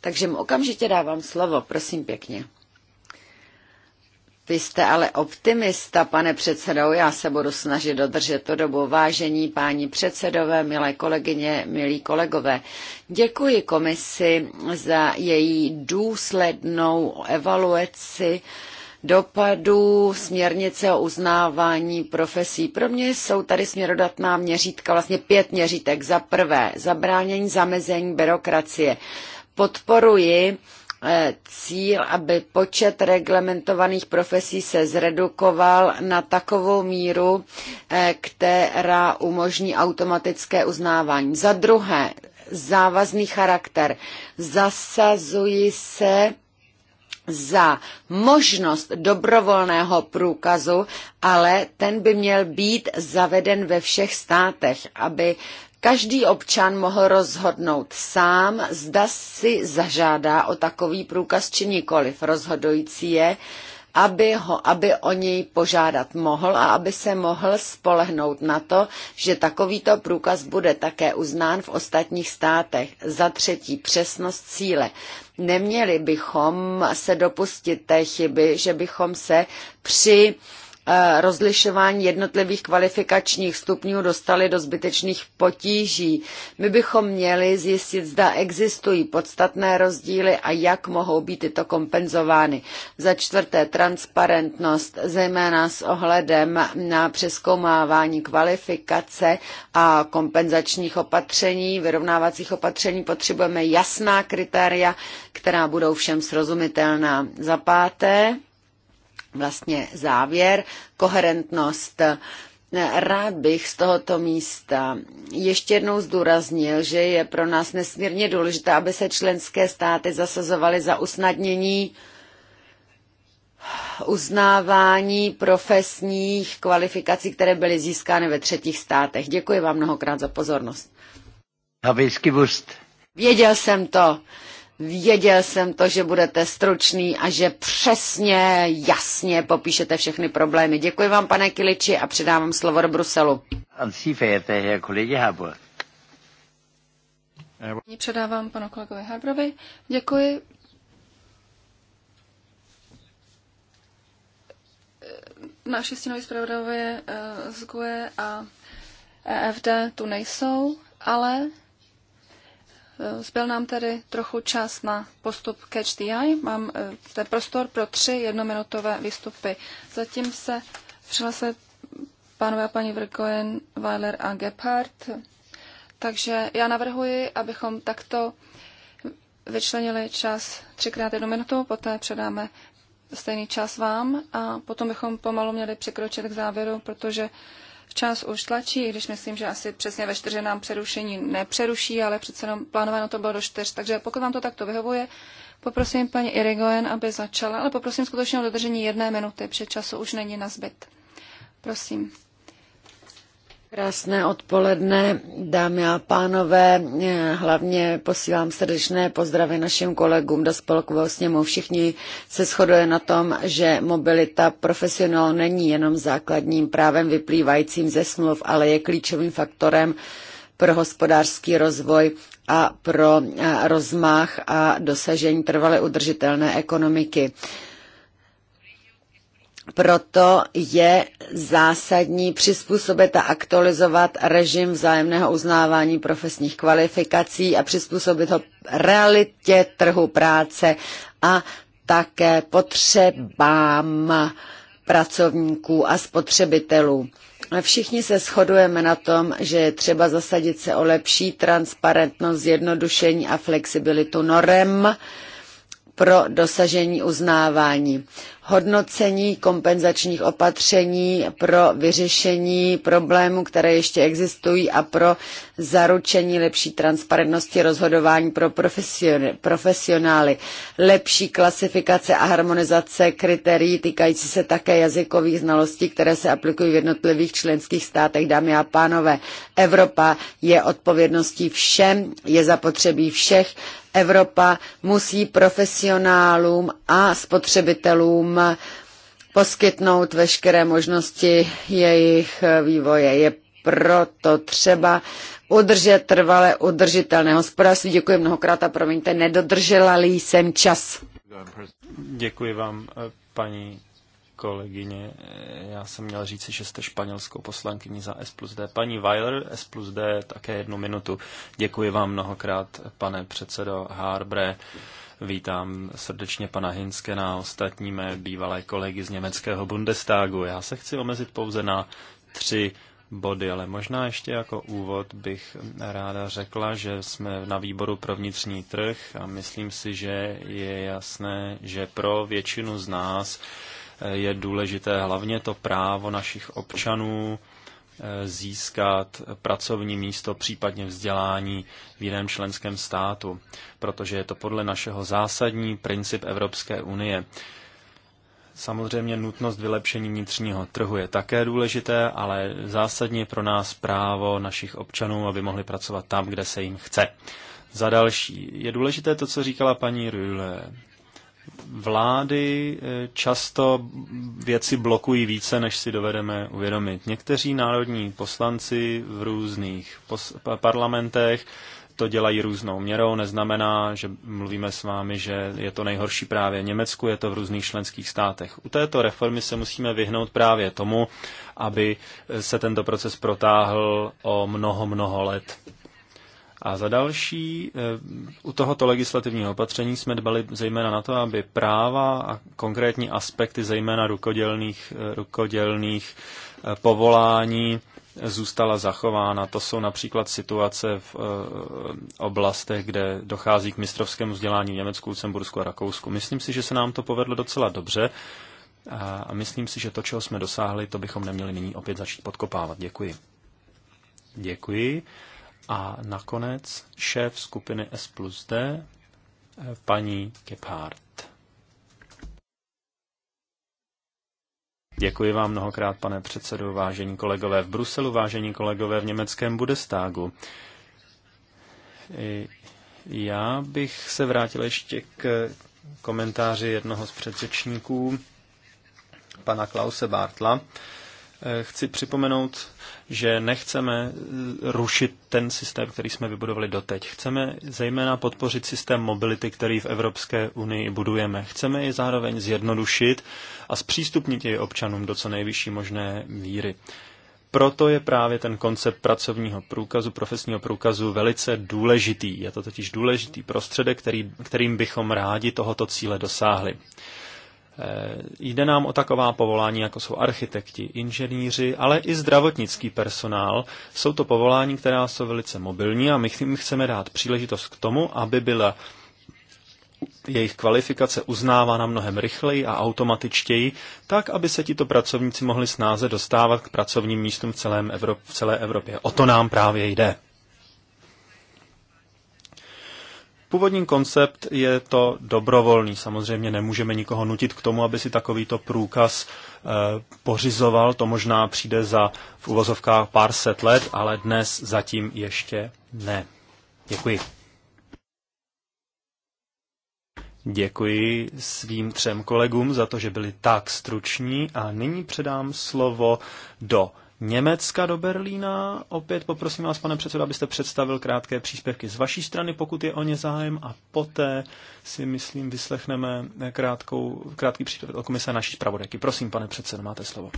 Speaker 2: Takže mu okamžitě dávám slovo, prosím pěkně. Vy jste ale optimista, pane předsedou, já se budu snažit dodržet to dobu. Vážení páni předsedové, milé kolegyně, milí kolegové, děkuji komisi za její důslednou evaluaci uh, dopadů směrnice o uznávání profesí. Pro mě jsou tady směrodatná měřítka, vlastně pět měřítek. Za prvé, zabránění zamezení byrokracie. Podporuji eh, cíl, aby počet reglementovaných profesí se zredukoval na takovou míru, eh, která umožní automatické uznávání. Za druhé, závazný charakter. Zasazuji se za možnost dobrovolného průkazu, ale ten by měl být zaveden ve všech státech, aby každý občan mohl rozhodnout sám, zda si zažádá o takový průkaz či nikoliv. Rozhodující je, aby, ho, aby o něj požádat mohl a aby se mohl spolehnout na to, že takovýto průkaz bude také uznán v ostatních státech. Za třetí, přesnost cíle. Neměli bychom se dopustit té chyby, že bychom se při Eh, rozlišování jednotlivých kvalifikačních stupňů dostali do zbytečných potíží. My bychom měli zjistit, zda existují podstatné rozdíly a jak mohou být tyto kompenzovány. Za čtvrté, transparentnost, zejména s ohledem na přeskoumávání kvalifikace a kompenzačních opatření, vyrovnávacích opatření potřebujeme jasná kritéria, která budou všem srozumitelná. Za páté, vlastně závěr, koherentnost. Rád bych z tohoto místa ještě jednou zdůraznil, že je pro nás nesmírně důležité, aby se členské státy zasazovaly za usnadnění uznávání profesních kvalifikací, které byly získány ve třetích státech. Děkuji vám mnohokrát za pozornost. Věděl jsem to. Věděl jsem to, že budete stručný a že přesně, jasně popíšete všechny problémy. Děkuji vám, pane Kiliči, a předávám slovo do Bruselu.
Speaker 3: Předávám panu kolegovi Harbrovi. Děkuji. Naši stínoví zpravodajové eh, z GUE a EFD tu nejsou, ale Eh, zbyl nám tedy trochu čas na postup Catch the Eye. Mám zde eh, prostor pro tři jednominutové výstupy. Zatím se přihlásili pánové a paní Vrkojen, Weiler a Gebhardt. Takže já navrhuji, abychom takto vyčlenili čas třikrát jednu minutu, poté předáme stejný čas vám a potom bychom pomalu měli překročit k závěru, protože Čas už tlačí, i když myslím, že asi přesně ve čtyři nám přerušení nepřeruší, ale přece jenom plánováno to bylo do čtyř. Takže pokud vám to takto vyhovuje, poprosím paní Irigoyen, aby začala, ale poprosím skutečně o dodržení jedné minuty, protože času už není na zbyt. Prosím.
Speaker 2: Krásné odpoledne, dámy a pánové. Hlavně posílám srdečné pozdravy našim kolegům do spolkového sněmu. Všichni se shoduje na tom, že mobilita profesionál není jenom základním právem vyplývajícím ze smluv, ale je klíčovým faktorem pro hospodářský rozvoj a pro rozmach a dosažení trvale udržitelné ekonomiky. Proto je zásadní přizpůsobit a aktualizovat režim vzájemného uznávání profesních kvalifikací a přizpůsobit ho realitě trhu práce a také potřebám pracovníků a spotřebitelů. Všichni se shodujeme na tom, že je třeba zasadit se o lepší transparentnost, zjednodušení a flexibilitu norem, pro dosažení uznávání. Hodnocení kompenzačních opatření pro vyřešení problémů, které ještě existují a pro zaručení lepší transparentnosti rozhodování pro profesionály. Lepší klasifikace a harmonizace kritérií týkající se také jazykových znalostí, které se aplikují v jednotlivých členských státech. Dámy a pánové, Evropa je odpovědností všem, je zapotřebí všech Evropa musí profesionálům a spotřebitelům poskytnout veškeré možnosti jejich vývoje. Je proto třeba udržet trvale udržitelné hospodářství. Děkuji mnohokrát a promiňte, nedodržela-li jsem čas.
Speaker 1: Děkuji vám, paní kolegyně, eh, já jsem měl říci, že jste španělskou poslankyní za S plus D. Paní Weiler, S plus D, také jednu minutu. Děkuji vám mnohokrát, pane předsedo Harbre. Vítám srdečně pana Hinskena na ostatní mé bývalé kolegy z německého Bundestagu. Já se chci omezit pouze na tři body, ale možná ještě jako úvod bych ráda řekla, že jsme na výboru pro vnitřní trh a myslím si, že je jasné, že pro většinu z nás je důležité hlavně to právo našich občanů eh, získat pracovní místo, případně vzdělání v jiném členském státu, protože je to podle našeho zásadní princip Evropské unie. Samozřejmě nutnost vylepšení vnitřního trhu je také důležité, ale zásadně pro nás právo našich občanů, aby mohli pracovat tam, kde se jim chce. Za další, je důležité to, co říkala paní Rühle vlády eh, často věci blokují více, než si dovedeme uvědomit. Někteří národní poslanci v různých parlamentech to dělají různou měrou. Neznamená, že mluvíme s vámi, že je to nejhorší právě v Německu, je to v různých členských státech. U této reformy se musíme vyhnout právě tomu, aby se tento proces protáhl o mnoho, mnoho let. A za další, eh, u tohoto legislativního opatření jsme dbali zejména na to, aby práva a konkrétní aspekty zejména rukodělných, eh, rukodělných eh, povolání zůstala zachována. To jsou například situace v oblastech, kde dochází k mistrovskému vzdělání v Německu, Lucembursku a Rakousku. Myslím si, že se nám to povedlo docela dobře a myslím si, že to, čeho jsme dosáhli, to bychom neměli nyní opět začít podkopávat. Děkuji. Děkuji. A nakonec šéf skupiny S plus D, eh, paní Kephardt. Děkuji vám mnohokrát, pane předsedo, vážení kolegové v Bruselu, vážení kolegové v německém Budestágu. Já bych se vrátil ještě k komentáři jednoho z předřečníků, pana Klause Bartla. Eh, chci připomenout že nechceme eh, rušit ten systém, který jsme vybudovali doteď. Chceme zejména podpořit systém mobility, který v Evropské unii budujeme. Chceme ji zároveň zjednodušit a zpřístupnit jej občanům do co nejvyšší možné míry. Proto je právě ten koncept pracovního průkazu, profesního průkazu velice důležitý. Je to totiž důležitý prostředek, který, kterým bychom rádi tohoto cíle dosáhli. Eh, jde nám o taková povolání, jako jsou architekti, inženýři, ale i zdravotnický personál. Jsou to povolání, která jsou velice mobilní a my chceme dát příležitost k tomu, aby byla jejich kvalifikace uznávána mnohem rychleji a automatičtěji, tak, aby se tito pracovníci mohli snáze dostávat k pracovním místům v, celém Evrop- v celé Evropě. O to nám právě jde. Původní koncept je to dobrovolný. Samozřejmě nemůžeme nikoho nutit k tomu, aby si takovýto průkaz e, pořizoval. To možná přijde za v uvozovkách pár set let, ale dnes zatím ještě ne. Děkuji. Děkuji svým třem kolegům za to, že byli tak struční a nyní předám slovo do Německa do Berlína. Opět poprosím vás, pane předsedo, abyste představil krátké příspěvky z vaší strany, pokud je o ně zájem, a poté si, myslím, vyslechneme krátkou, krátký příspěvek od komise naší zpravodajky. Prosím, pane předsedo, máte slovo.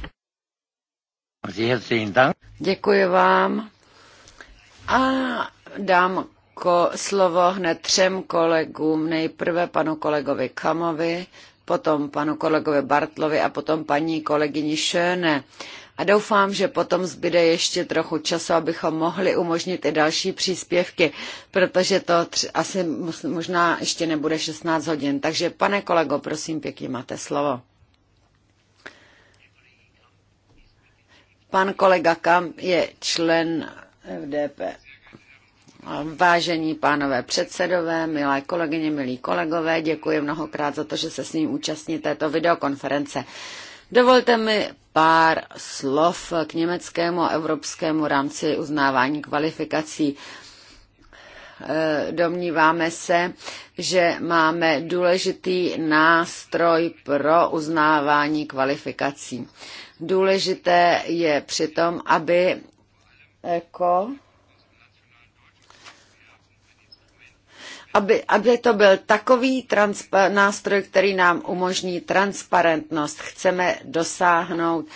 Speaker 2: Děkuji vám. A dám ko- slovo hned třem kolegům. Nejprve panu kolegovi Kamovi, potom panu kolegovi Bartlovi a potom paní kolegyni Schöne a doufám, že potom zbyde ještě trochu času, abychom mohli umožnit i další příspěvky, protože to tři, asi možná ještě nebude 16 hodin. Takže pane kolego, prosím pěkně, máte slovo. Pan kolega Kamp je člen FDP. Vážení pánové předsedové, milé kolegyně, milí kolegové, děkuji mnohokrát za to, že se s ním účastní této videokonference. Dovolte mi pár slov k německému a evropskému rámci uznávání kvalifikací. E, domníváme se, že máme důležitý nástroj pro uznávání kvalifikací. Důležité je přitom, aby ECO aby, aby to byl takový nástroj, který nám umožní transparentnost. Chceme dosáhnout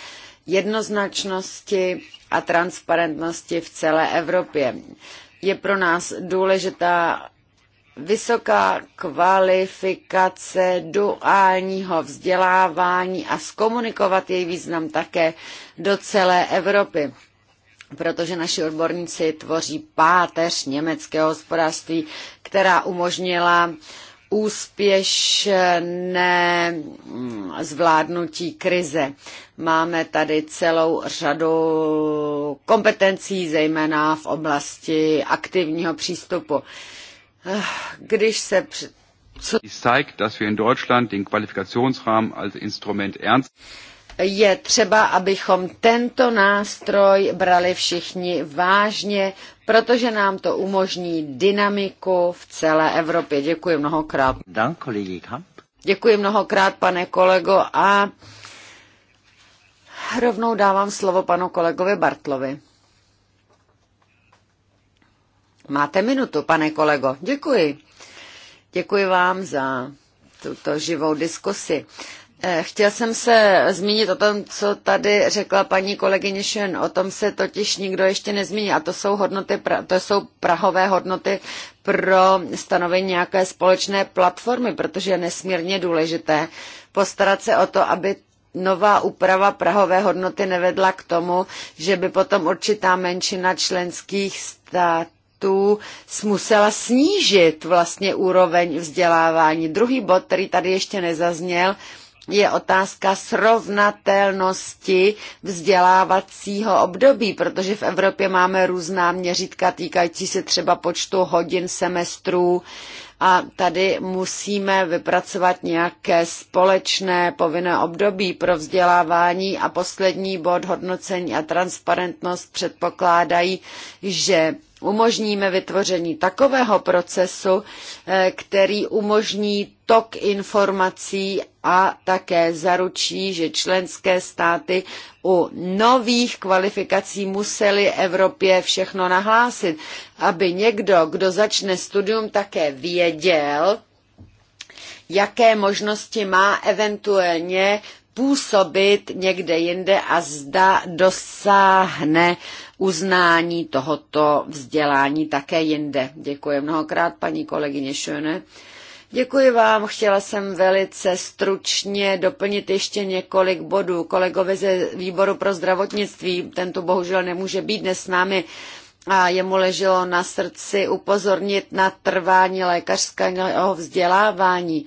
Speaker 2: jednoznačnosti a transparentnosti v celé Evropě. Je pro nás důležitá vysoká kvalifikace duálního vzdělávání a zkomunikovat její význam také do celé Evropy protože naši odborníci tvoří páteř německého hospodářství, která umožnila úspěšné mm, zvládnutí krize. Máme tady celou řadu kompetencí, zejména v oblasti aktivního přístupu. Když se při... Co... zeigt, dass wir in Deutschland den Qualifikationsrahmen als Instrument ernst je třeba, abychom tento nástroj brali všichni vážně, protože nám to umožní dynamiku v celé Evropě. Děkuji mnohokrát. Děkuji mnohokrát, pane kolego, a rovnou dávám slovo panu kolegovi Bartlovi. Máte minutu, pane kolego. Děkuji. Děkuji vám za tuto živou diskusi. Uh, Eh, chtěl jsem se zmínit o tom, co tady řekla paní kolegyně Šen. O tom se totiž nikdo ještě nezmíní. A to jsou, hodnoty, to jsou prahové hodnoty pro stanovení nějaké společné platformy, protože je nesmírně důležité postarat se o to, aby nová úprava prahové hodnoty nevedla k tomu, že by potom určitá menšina členských států musela snížit vlastně úroveň vzdělávání. Druhý bod, který tady ještě nezazněl, je otázka srovnatelnosti vzdělávacího období, protože v Evropě máme různá měřítka týkající se třeba počtu hodin semestrů a tady musíme vypracovat nějaké společné povinné období pro vzdělávání a poslední bod hodnocení a transparentnost předpokládají, že umožníme vytvoření takového procesu, eh, který umožní tok informací a také zaručí, že členské státy u nových kvalifikací museli Evropě všechno nahlásit, aby někdo, kdo začne studium, také věděl, jaké možnosti má eventuálně působit někde jinde a zda dosáhne eh, uznání tohoto vzdělání také jinde. Děkuji mnohokrát, paní kolegyně Šöne. Děkuji vám. Chtěla jsem velice stručně doplnit ještě několik bodů. Kolegovi ze výboru pro zdravotnictví, tento bohužel nemůže být dnes s námi, a jemu leželo na srdci upozornit na trvání lékařského vzdělávání.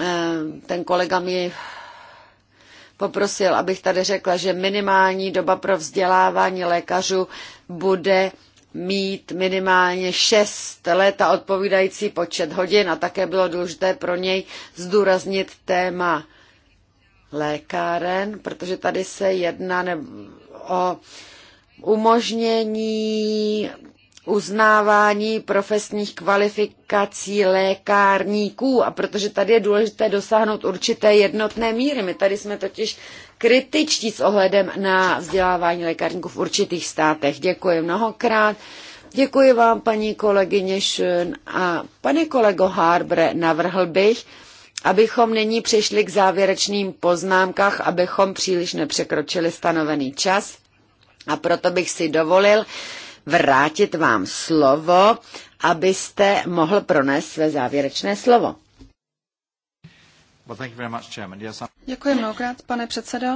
Speaker 2: Ehm, ten kolega mi poprosil, abych tady řekla, že minimální doba pro vzdělávání lékařů bude mít minimálně 6 let a odpovídající počet hodin a také bylo důležité pro něj zdůraznit téma lékáren, protože tady se jedná o umožnění uznávání profesních kvalifikací lékárníků a protože tady je důležité dosáhnout určité jednotné míry. My tady jsme totiž kritičtí s ohledem na vzdělávání lékárníků v určitých státech. Děkuji mnohokrát. Děkuji vám, paní kolegyně Schön. A pane kolego Harbre, navrhl bych, abychom nyní přešli k závěrečným poznámkách, abychom příliš nepřekročili stanovený čas. A proto bych si dovolil vrátit vám slovo, abyste mohl pronést své závěrečné slovo.
Speaker 3: Děkuji mnohokrát, pane předsedo.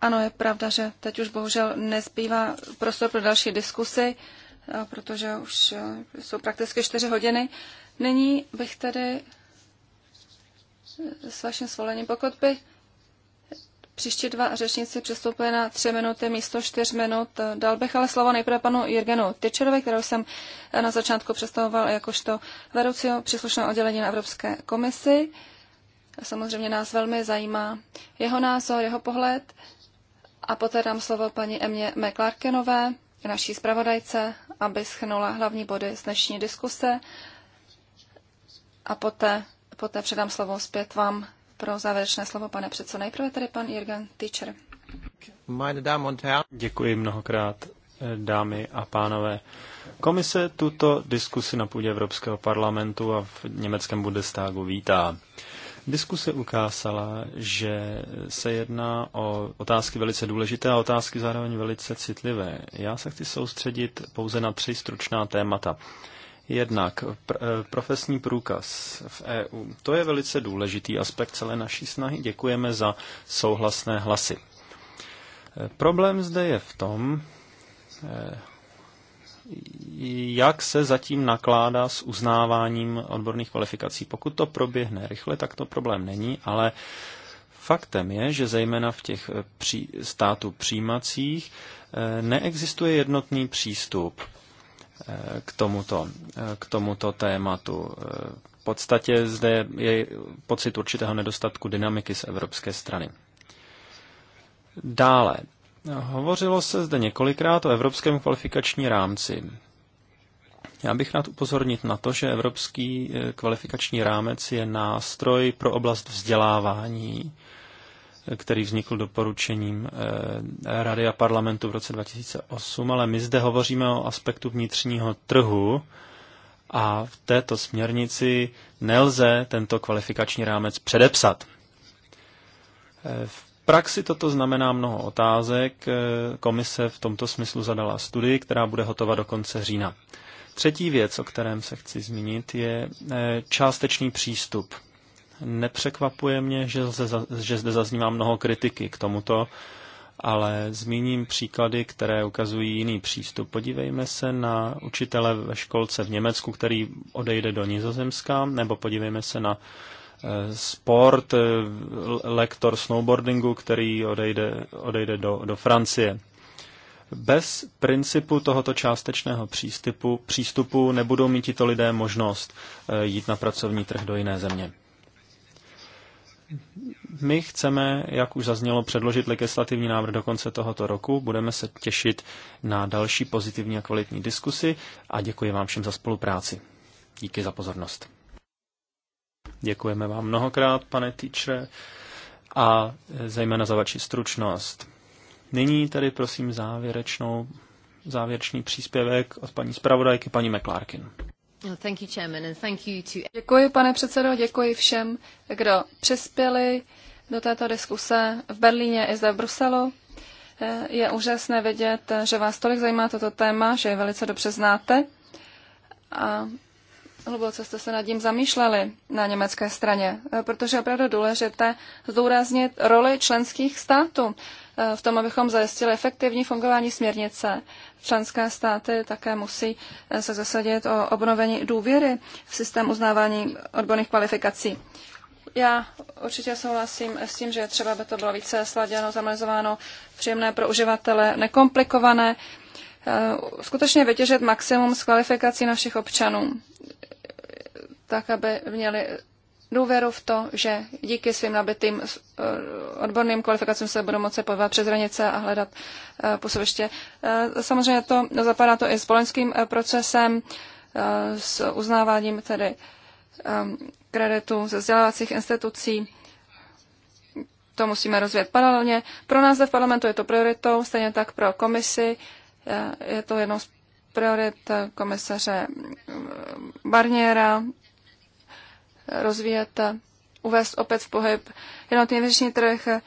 Speaker 3: Ano, je pravda, že teď už bohužel nezbývá prostor pro další diskusy, protože už e, jsou prakticky čtyři hodiny. Nyní bych tedy s vaším svolením, pokud by Příští dva řečníci přestoupili na tři minuty místo čtyř minut. Dal bych ale slovo nejprve panu Jirgenu Tyčerovi, kterou jsem na začátku představoval jakožto vedoucího příslušného oddělení na Evropské komisi. Samozřejmě nás velmi zajímá jeho názor, jeho pohled. A poté dám slovo paní Emě McClarkenové, naší zpravodajce, aby schnula hlavní body z dnešní diskuse. A poté, poté předám slovo zpět vám, pro závěrečné slovo, pane předsedo. Nejprve tady pan Jirgen Tyčer.
Speaker 1: Děkuji mnohokrát, eh, dámy a pánové. Komise tuto diskusi na půdě Evropského parlamentu a v německém Bundestagu vítá. Diskuse ukázala, že se jedná o otázky velice důležité a otázky zároveň velice citlivé. Já se chci soustředit pouze na tři stručná témata. Jednak pr- eh, profesní průkaz v EU. To je velice důležitý aspekt celé naší snahy. Děkujeme za souhlasné hlasy. Eh, problém zde je v tom, eh, jak se zatím nakládá s uznáváním odborných kvalifikací. Pokud to proběhne rychle, tak to problém není, ale faktem je, že zejména v těch pří, států přijímacích neexistuje jednotný přístup Eh, k tomuto, eh, k tomuto tématu. Eh, v podstatě zde je pocit určitého nedostatku dynamiky z evropské strany. Dále. Hovořilo se zde několikrát o evropském kvalifikační rámci. Já bych rád upozornit na to, že evropský kvalifikační rámec je nástroj pro oblast vzdělávání, který vznikl doporučením eh, Rady a parlamentu v roce 2008, ale my zde hovoříme o aspektu vnitřního trhu a v této směrnici nelze tento kvalifikační rámec předepsat. Eh, v praxi toto znamená mnoho otázek. Eh, komise v tomto smyslu zadala studii, která bude hotova do konce října. Třetí věc, o kterém se chci zmínit, je částečný přístup Nepřekvapuje mě, že, lze, že zde zaznívá mnoho kritiky k tomuto, ale zmíním příklady, které ukazují jiný přístup. Podívejme se na učitele ve školce v Německu, který odejde do Nizozemska, nebo podívejme se na eh, sport, eh, lektor snowboardingu, který odejde, odejde do, do Francie. Bez principu tohoto částečného přístupu, přístupu nebudou mít tito lidé možnost eh, jít na pracovní trh do jiné země. My chceme, jak už zaznělo, předložit legislativní návrh do konce tohoto roku. Budeme se těšit na další pozitivní a kvalitní diskusy a děkuji vám všem za spolupráci. Díky za pozornost. Děkujeme vám mnohokrát, pane týče, a zejména za vaši stručnost. Nyní tedy prosím závěrečnou, závěrečný příspěvek od paní zpravodajky, paní McClarkin.
Speaker 3: Děkuji, pane předsedo, děkuji všem, kdo přispěli do této diskuse v Berlíně i zde v Bruselu. Eh, je úžasné vidět, že vás tolik zajímá toto téma, že je velice dobře znáte a hluboce jste se nad tím zamýšleli na německé straně, eh, protože je opravdu důležité zdůraznit roli členských států Eh, v tom, abychom zajistili efektivní fungování směrnice. Členské státy také musí eh, se zasadit o obnovení důvěry v systém uznávání odborných kvalifikací. Já určitě souhlasím s tím, že třeba by to bylo více sladěno, zamerizováno, příjemné pro uživatele, nekomplikované. Eh, skutečně vytěžit maximum z kvalifikací našich občanů, tak aby měli důvěru v to, že díky svým nabitým eh, odborným kvalifikacím se budou moci pohybovat přes hranice a hledat eh, působiště. Eh, samozřejmě to zapadá to i s polenským procesem, s uznáváním tedy kreditu ze vzdělávacích institucí. To musíme rozvíjet paralelně. Pro nás v parlamentu je to prioritou, stejně tak pro komisi. Je to jednou z priorit komisaře Barniera, rozvíjet, uvést opět v pohyb jednotný vnitřní trh. E,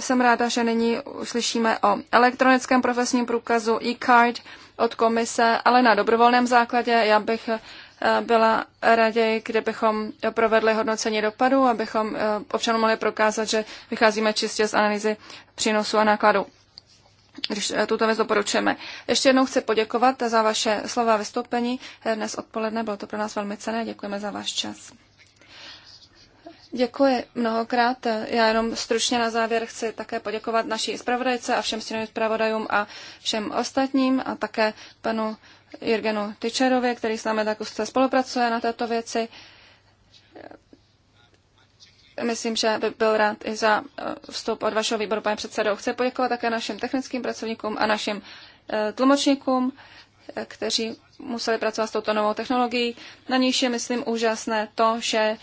Speaker 3: Jsem ráda, že nyní uslyšíme o elektronickém profesním průkazu e-card od komise, ale na dobrovolném základě. Já bych e, byla raději, kdybychom provedli hodnocení dopadu, abychom e, občanům mohli prokázat, že vycházíme čistě z analýzy přínosu a nákladu když tuto věc doporučujeme. Ještě jednou chci poděkovat za vaše slova vystoupení. Dnes odpoledne bylo to pro nás velmi cené. Děkujeme za váš čas. Děkuji mnohokrát. Já jenom stručně na závěr chci také poděkovat naší zpravodajce a všem stínovým zpravodajům a všem ostatním a také panu Jirgenu Tyčerovi, který s námi tak se spolupracuje na této věci. Myslím, že by byl rád i za eh, vstup od vašeho výboru, pane předsedo. Chci poděkovat také našim technickým pracovníkům a našim eh, tlumočníkům, eh, kteří museli pracovat s touto novou technologií. Na níž je, myslím, úžasné to, že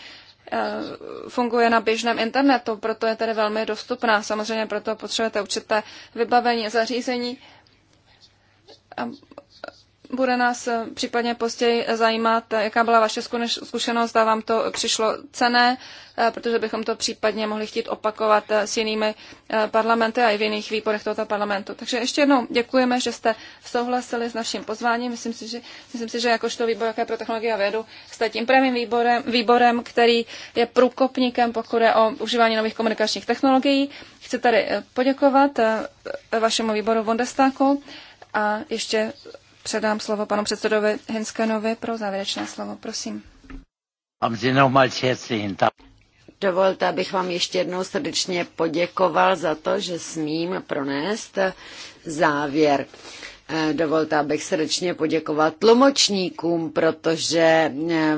Speaker 3: Eh, funguje na běžném internetu, proto je tedy velmi dostupná. Samozřejmě proto potřebujete určité vybavení, zařízení, bude nás eh, případně později zajímat, eh, jaká byla vaše zkušenost a vám to přišlo cené, eh, protože bychom to případně mohli chtít opakovat s jinými parlamenty a i v jiných výborech tohoto parlamentu. Takže ještě jednou děkujeme, že jste souhlasili s naším pozváním. Myslím si, že, myslím si, že jakožto výbor jaké pro technologii a vědu jste tím prvním výborem, výborem, který je průkopníkem, pokud je o užívání nových komunikačních technologií. Chci tady poděkovat vašemu výboru Vondestáku a ještě předám slovo panu předsedovi Hinskenovi pro závěrečné slovo. Prosím.
Speaker 2: Dovolte, abych vám ještě jednou srdečně poděkoval za to, že smím pronést závěr. Eh, dovolte, abych srdečně poděkoval tlumočníkům, protože eh,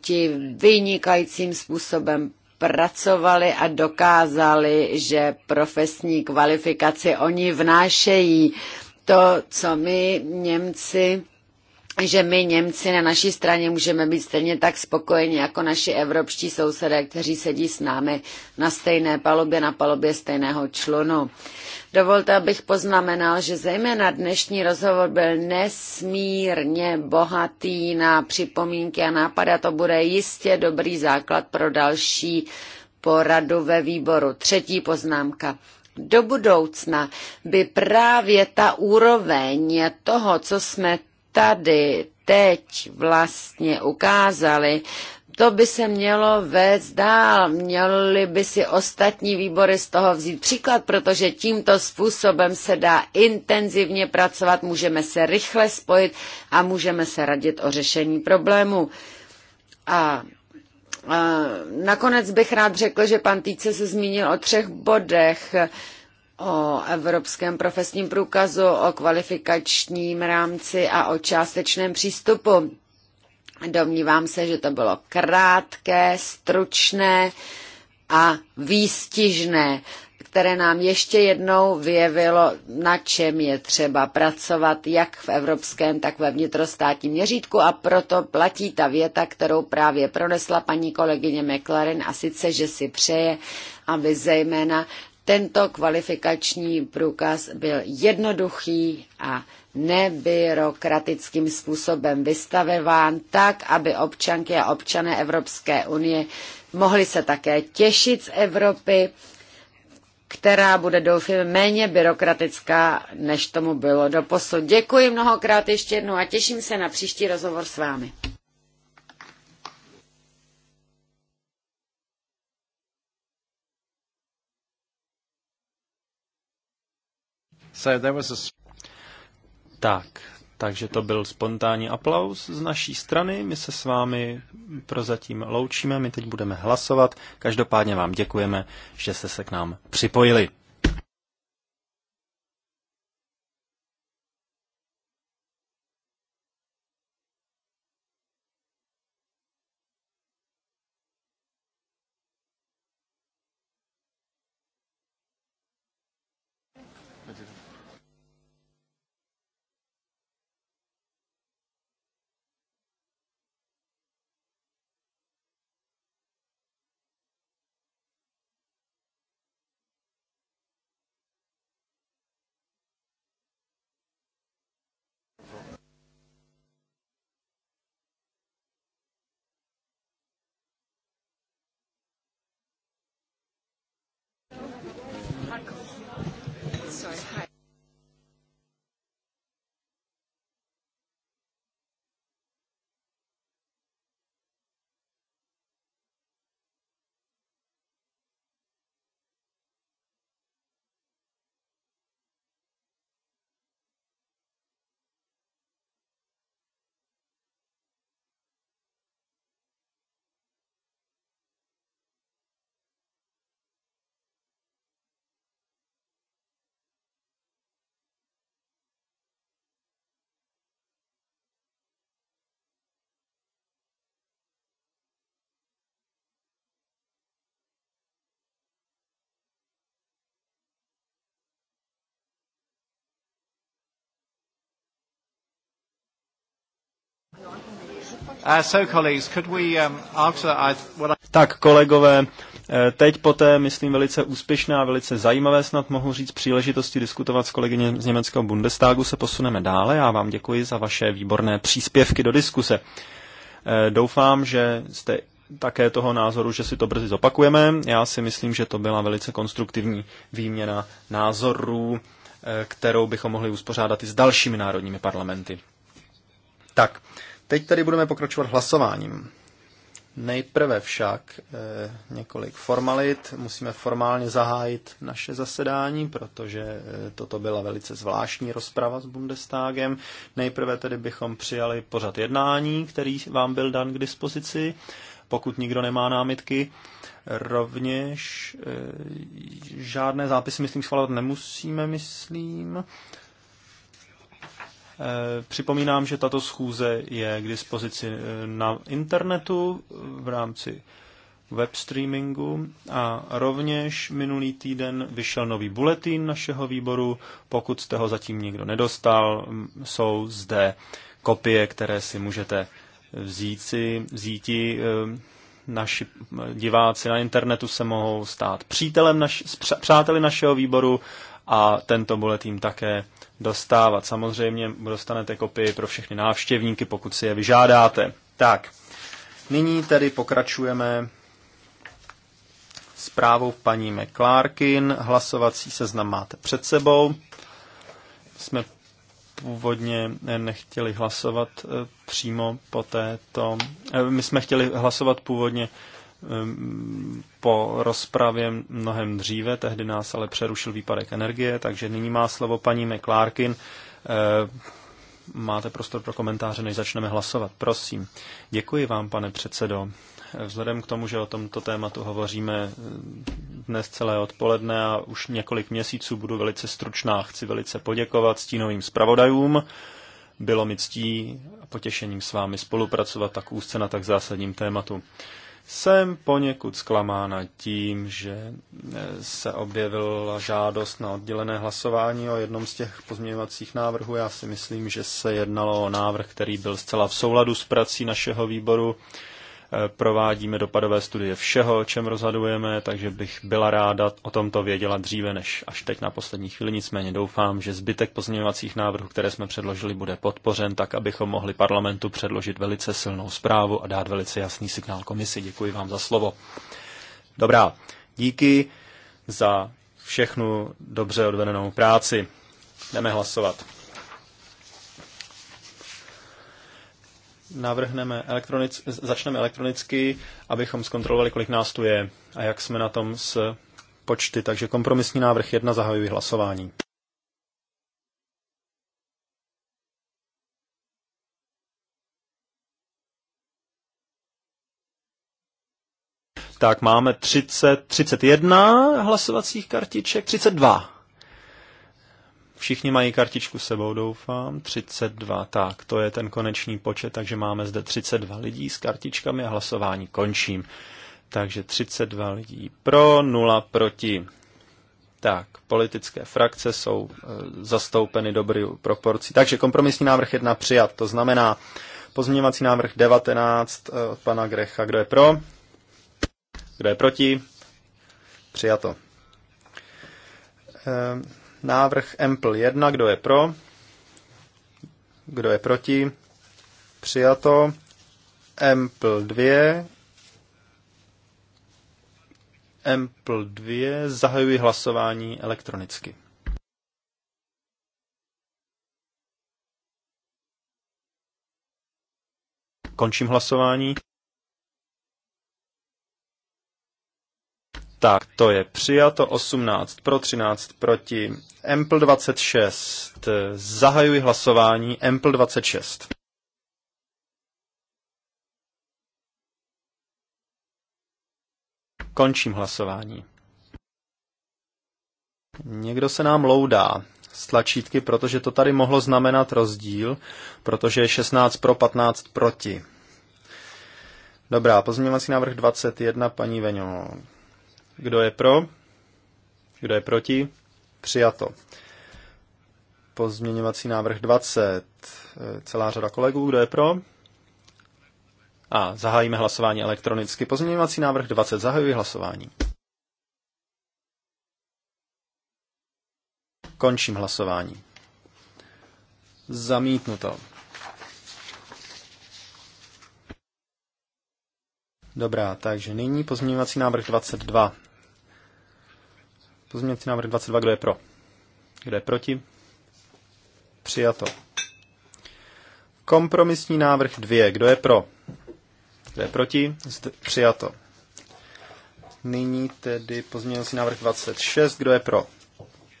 Speaker 2: ti vynikajícím způsobem pracovali a dokázali, že profesní kvalifikaci oni vnášejí to, co my Němci že my Němci na naší straně můžeme být stejně tak spokojeni jako naši evropští sousedé, kteří sedí s námi na stejné palubě, na palubě stejného člunu. Dovolte, abych poznamenal, že zejména dnešní rozhovor byl nesmírně bohatý na připomínky a nápady a to bude jistě dobrý základ pro další poradu ve výboru. Třetí poznámka do budoucna by právě ta úroveň toho, co jsme tady teď vlastně ukázali, to by se mělo vést dál. Měli by si ostatní výbory z toho vzít příklad, protože tímto způsobem se dá intenzivně pracovat, můžeme se rychle spojit a můžeme se radit o řešení problému. A Eh, nakonec bych rád řekl, že pan Týce se zmínil o třech bodech o evropském profesním průkazu, o kvalifikačním rámci a o částečném přístupu. Domnívám se, že to bylo krátké, stručné a výstižné které nám ještě jednou vyjevilo, na čem je třeba pracovat, jak v evropském, tak ve vnitrostátním měřítku a proto platí ta věta, kterou právě pronesla paní kolegyně McLaren a sice, že si přeje, aby zejména tento kvalifikační průkaz byl jednoduchý a nebyrokratickým způsobem vystaveván tak, aby občanky a občané Evropské unie mohli se také těšit z Evropy která bude doufám méně byrokratická, než tomu bylo doposud. Děkuji mnohokrát ještě jednou a těším se na příští rozhovor s vámi.
Speaker 1: So there was a... Tak, takže to byl spontánní aplaus z naší strany. My se s vámi prozatím loučíme, my teď budeme hlasovat. Každopádně vám děkujeme, že jste se k nám připojili. Uh, um, tak, kolegové, eh, teď poté, myslím, velice úspěšné a velice zajímavé, snad mohu říct, příležitosti diskutovat s kolegyně z německého Bundestagu se posuneme dále. Já vám děkuji za vaše výborné příspěvky do diskuse. Eh, doufám, že jste také toho názoru, že si to brzy zopakujeme. Já si myslím, že to byla velice konstruktivní výměna názorů, eh, kterou bychom mohli uspořádat i s dalšími národními parlamenty. Tak, Teď tady budeme pokračovat hlasováním. Nejprve však e, několik formalit. Musíme formálně zahájit naše zasedání, protože e, toto byla velice zvláštní rozprava s Bundestagem. Nejprve tedy bychom přijali pořad jednání, který vám byl dan k dispozici, pokud nikdo nemá námitky. Rovněž e, žádné zápisy, myslím, schvalovat nemusíme, myslím. E, Eh, připomínám, že tato schůze je k dispozici eh, na internetu eh, v rámci web streamingu a rovněž minulý týden vyšel nový bulletin našeho výboru. Pokud jste ho zatím nikdo nedostal, mm, jsou zde kopie, které si můžete vzít si, vzíti. Naši diváci na internetu se mohou stát přítelem naš, přáteli našeho výboru a tento bulletin také dostávat. Samozřejmě dostanete kopii pro všechny návštěvníky, pokud si je vyžádáte. Tak, nyní tedy pokračujeme zprávou paní McClarkin. Hlasovací seznam máte před sebou. Jsme původně nechtěli hlasovat eh, přímo po této... Eh, my jsme chtěli hlasovat původně po rozpravě mnohem dříve, tehdy nás ale přerušil výpadek energie, takže nyní má slovo paní McClarkin. Máte prostor pro komentáře, než začneme hlasovat. Prosím. Děkuji vám, pane předsedo. Vzhledem k tomu, že o tomto tématu hovoříme dnes celé odpoledne a už několik měsíců budu velice stručná, chci velice poděkovat stínovým zpravodajům. Bylo mi ctí a potěšením s vámi spolupracovat tak úzce na tak zásadním tématu. Jsem poněkud zklamána tím, že eh, se objevila žádost na oddělené hlasování o jednom z těch pozměňovacích návrhů. Já si myslím, že se jednalo o návrh, který byl zcela v souladu s prací našeho výboru Eh, provádíme dopadové studie všeho, o čem rozhodujeme, takže bych byla ráda o tomto věděla dříve než až teď na poslední chvíli. Nicméně doufám, že zbytek pozměňovacích návrhů, které jsme předložili, bude podpořen tak, abychom mohli parlamentu předložit velice silnou zprávu a dát velice jasný signál komisi. Děkuji vám za slovo. Dobrá, díky za všechnu dobře odvedenou práci. Jdeme hlasovat. navrhneme elektronic, začneme elektronicky, abychom zkontrolovali, kolik nás tu je a jak jsme na tom s počty. Takže kompromisní návrh 1 zahajuji hlasování. Tak máme 30, 31 hlasovacích kartiček, 32. Všichni mají kartičku sebou, doufám. 32, tak, to je ten konečný počet, takže máme zde 32 lidí s kartičkami a hlasování končím. Takže 32 lidí pro, 0 proti. Tak, politické frakce jsou e, zastoupeny dobrý proporcí. Takže kompromisní návrh 1 přijat, to znamená pozměňovací návrh 19 e, od pana Grecha. Kdo je pro? Kdo je proti? Přijato. E, Návrh Empl 1, kdo je pro? Kdo je proti? Přijato. Empl 2. Empl 2. Zahajuji hlasování elektronicky. Končím hlasování. Tak to je přijato 18 pro 13 proti. Ample 26. Zahajuji hlasování. Ample 26. Končím hlasování. Někdo se nám loudá z tlačítky, protože to tady mohlo znamenat rozdíl, protože je 16 pro 15 proti. Dobrá, pozměňovací návrh 21, paní Veňo. Kdo je pro? Kdo je proti? Přijato. Pozměňovací návrh 20. Eh, celá řada kolegů. Kdo je pro? A zahájíme hlasování elektronicky. Pozměňovací návrh 20. Zahajuji hlasování. Končím hlasování. Zamítnuto. Dobrá, takže nyní pozměňovací návrh 22. Pozměňovací návrh 22, kdo je pro? Kdo je proti? Přijato. Kompromisní návrh 2, kdo je pro? Kdo je proti? Zde, přijato. Nyní tedy pozměňovací návrh 26, kdo je pro?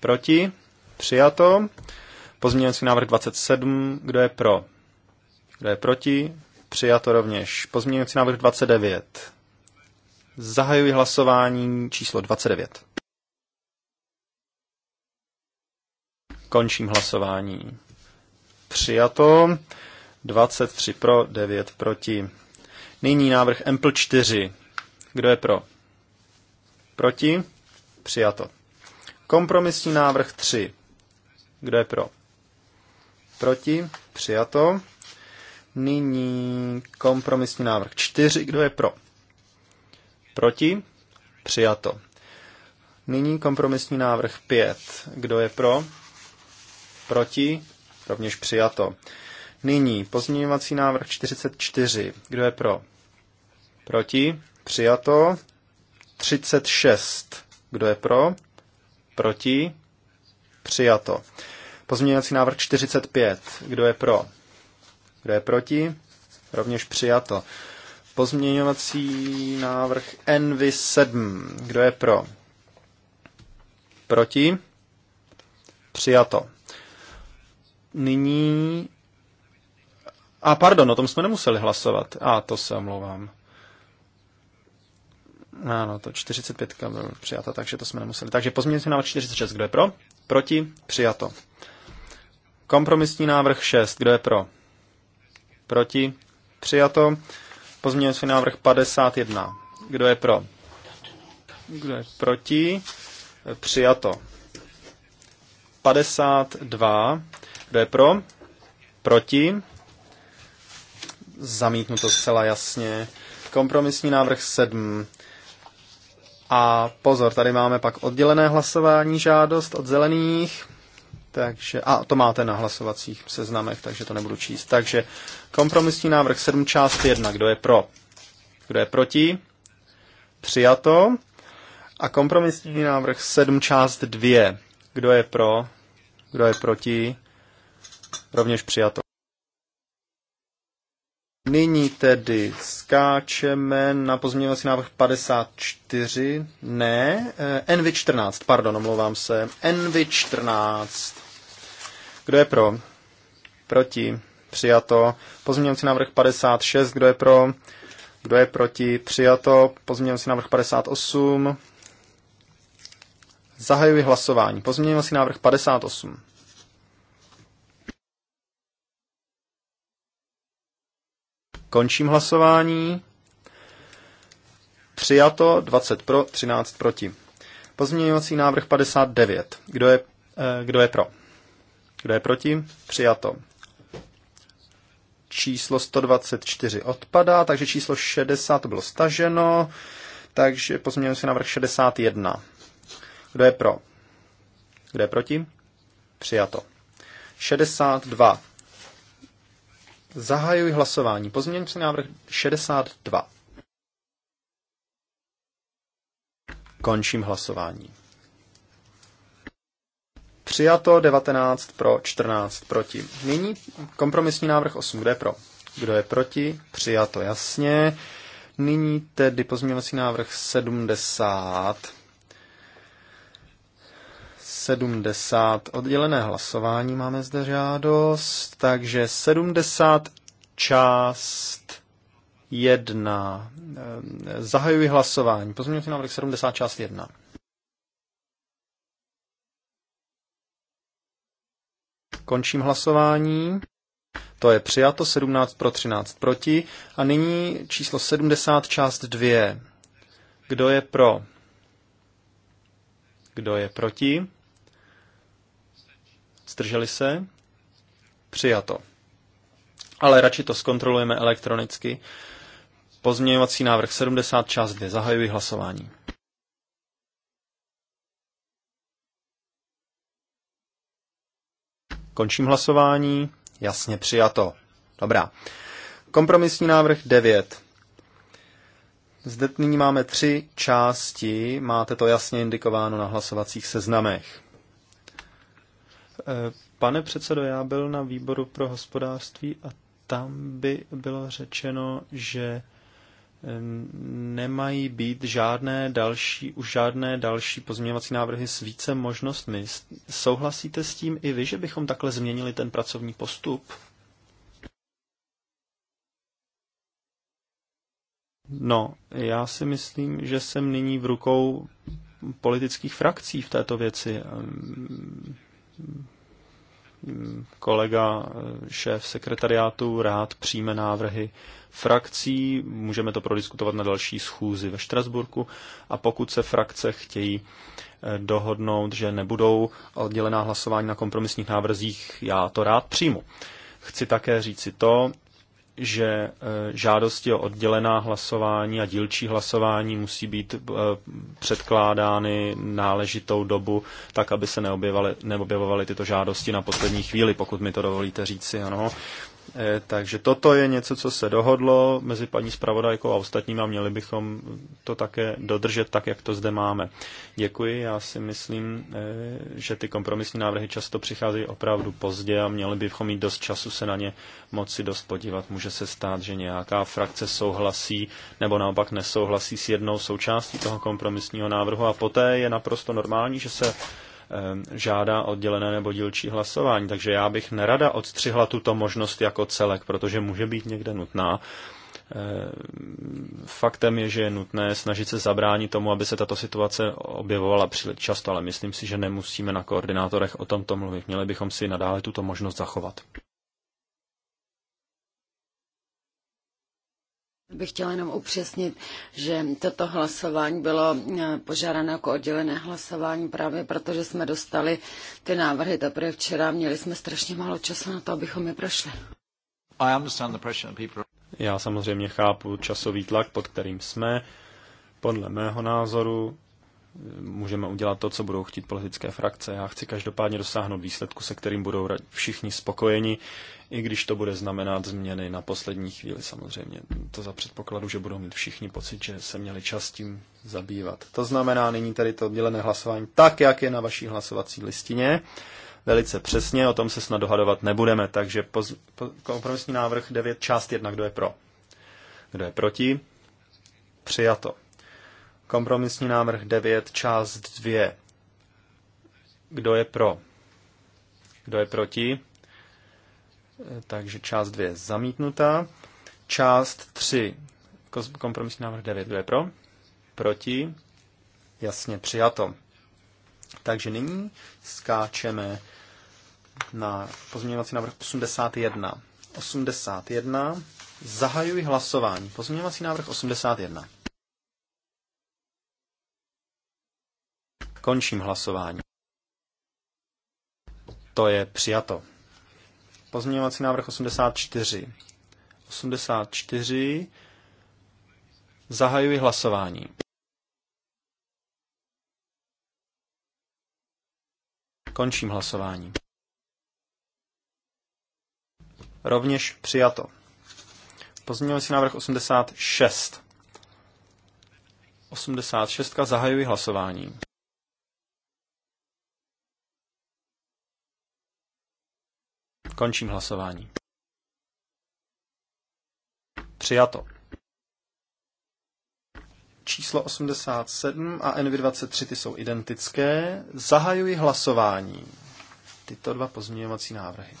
Speaker 1: Proti? Přijato. Pozměňovací návrh 27, kdo je pro? Kdo je proti? Přijato rovněž. Pozměňující návrh 29. Zahajuji hlasování číslo 29. Končím hlasování. Přijato. 23 pro, 9 proti. Nyní návrh Empl 4. Kdo je pro? Proti? Přijato. Kompromisní návrh 3. Kdo je pro? Proti? Přijato. Nyní kompromisní návrh 4. Kdo je pro? Proti? Přijato. Nyní kompromisní návrh 5. Kdo je pro? Proti? Rovněž přijato. Nyní pozměňovací návrh 44. Kdo je pro? Proti? Přijato. 36. Kdo je pro? Proti? Přijato. Pozměňovací návrh 45. Kdo je pro? Kdo je proti? Rovněž přijato. Pozměňovací návrh NV 7. Kdo je pro? Proti? Přijato. Nyní... A pardon, o tom jsme nemuseli hlasovat. A to se omlouvám. Ano, to 45 bylo přijata, takže to jsme nemuseli. Takže pozměňující návrh 46, kdo je pro? Proti? Přijato. Kompromisní návrh 6, kdo je pro? Proti? Přijato. Pozměňovací návrh 51. Kdo je pro? Kdo je proti? Přijato. 52. Kdo je pro? Proti? Zamítnuto zcela jasně. Kompromisní návrh 7. A pozor, tady máme pak oddělené hlasování žádost od zelených takže, a to máte na hlasovacích seznamech, takže to nebudu číst. Takže kompromisní návrh 7 část 1, kdo je pro? Kdo je proti? Přijato. A kompromisní návrh 7 část 2, kdo je pro? Kdo je proti? Rovněž přijato. Nyní tedy skáčeme na pozměňovací návrh 54, ne, eh, NV14, pardon, omlouvám se, NV14. Kdo je pro? Proti? Přijato. Pozměňovací návrh 56. Kdo je pro? Kdo je proti? Přijato. Pozměňovací návrh 58. Zahajuji hlasování. Pozměňovací návrh 58. Končím hlasování. Přijato 20 pro, 13 proti. Pozměňovací návrh 59. Kdo je, eh, kdo je pro? Kdo je proti? Přijato. Číslo 124 odpadá, takže číslo 60 bylo staženo, takže pozměňuji si návrh 61. Kdo je pro? Kdo je proti? Přijato. 62. Zahajuji hlasování. si návrh 62. Končím hlasování. Přijato 19 pro 14 proti. Nyní kompromisní návrh 8. Kdo je pro? Kdo je proti? Přijato jasně. Nyní tedy pozměňovací návrh 70. 70. Oddělené hlasování máme zde žádost, takže 70 část 1. Ehm, zahajuji hlasování. Pozměňovací návrh 70 část 1. Končím hlasování. To je přijato 17 pro 13 proti. A nyní číslo 70 část 2. Kdo je pro? Kdo je proti? Zdrželi se? Přijato. Ale radši to zkontrolujeme elektronicky. Pozměňovací návrh 70 část 2. Zahajuji hlasování. Končím hlasování. Jasně přijato. Dobrá. Kompromisní návrh 9. Zde nyní máme tři části, máte to jasně indikováno na hlasovacích seznamech. Eh, pane předsedo, já byl na výboru pro hospodářství a tam by bylo řečeno, že nemají být žádné další, už žádné další pozměňovací návrhy s více možnostmi. Souhlasíte s tím i vy, že bychom takhle změnili ten pracovní postup? No, já si myslím, že jsem nyní v rukou politických frakcí v této věci. Mm, kolega, eh, šéf sekretariátu, rád přijme návrhy frakcí. Můžeme to prodiskutovat na další schůzi ve Štrasburku. A pokud se frakce chtějí eh, dohodnout, že nebudou oddělená hlasování na kompromisních návrzích, já to rád přijmu. Chci také říci to, že e, žádosti o oddělená hlasování a dílčí hlasování musí být e, předkládány náležitou dobu, tak aby se neobjevovaly, tyto žádosti na poslední chvíli, pokud mi to dovolíte říci. Ano. Eh, takže toto je něco, co se dohodlo mezi paní zpravodajkou a ostatními a měli bychom to také dodržet tak, jak to zde máme. Děkuji, já si myslím, eh, že ty kompromisní návrhy často přicházejí opravdu pozdě a měli bychom mít dost času se na ně moci dost podívat. Může se stát, že nějaká frakce souhlasí nebo naopak nesouhlasí s jednou součástí toho kompromisního návrhu a poté je naprosto normální, že se Ehm, žádá oddělené nebo dílčí hlasování. Takže já bych nerada odstřihla tuto možnost jako celek, protože může být někde nutná. Ehm, faktem je, že je nutné snažit se zabránit tomu, aby se tato situace objevovala příliš často, ale myslím si, že nemusíme na koordinátorech o tomto mluvit. Měli bychom si nadále tuto možnost zachovat.
Speaker 2: bych chtěla jenom upřesnit, že toto hlasování bylo eh, požádáno jako oddělené hlasování právě protože jsme dostali ty návrhy teprve včera. Měli jsme strašně málo času na to, abychom je prošli.
Speaker 1: Já samozřejmě chápu časový tlak, pod kterým jsme. Podle mého názoru eh, můžeme udělat to, co budou chtít politické frakce. Já chci každopádně dosáhnout výsledku, se kterým budou všichni spokojeni i když to bude znamenat změny na poslední chvíli samozřejmě. To za předpokladu, že budou mít všichni pocit, že se měli čas tím zabývat. To znamená nyní tady to oddělené hlasování tak, jak je na vaší hlasovací listině. Velice přesně, o tom se snad dohadovat nebudeme, takže poz, po, kompromisní návrh 9, část 1, kdo je pro? Kdo je proti? Přijato. Kompromisní návrh 9, část 2. Kdo je pro? Kdo je proti? takže část 2 je zamítnutá. Část 3, kompromisní návrh 9, kdo je pro? Proti? Jasně, přijato. Takže nyní skáčeme na pozměňovací návrh 81. 81. Zahajuji hlasování. Pozměňovací návrh 81. Končím hlasování. To je přijato. Pozměňovací návrh 84. 84. Zahajuji hlasování. Končím hlasování. Rovněž přijato. Pozměňovací návrh 86. 86. Zahajuji hlasování. Končím hlasování. Přijato. Číslo 87 a NV23 ty jsou identické. Zahajuji hlasování. Tyto dva pozměňovací návrhy.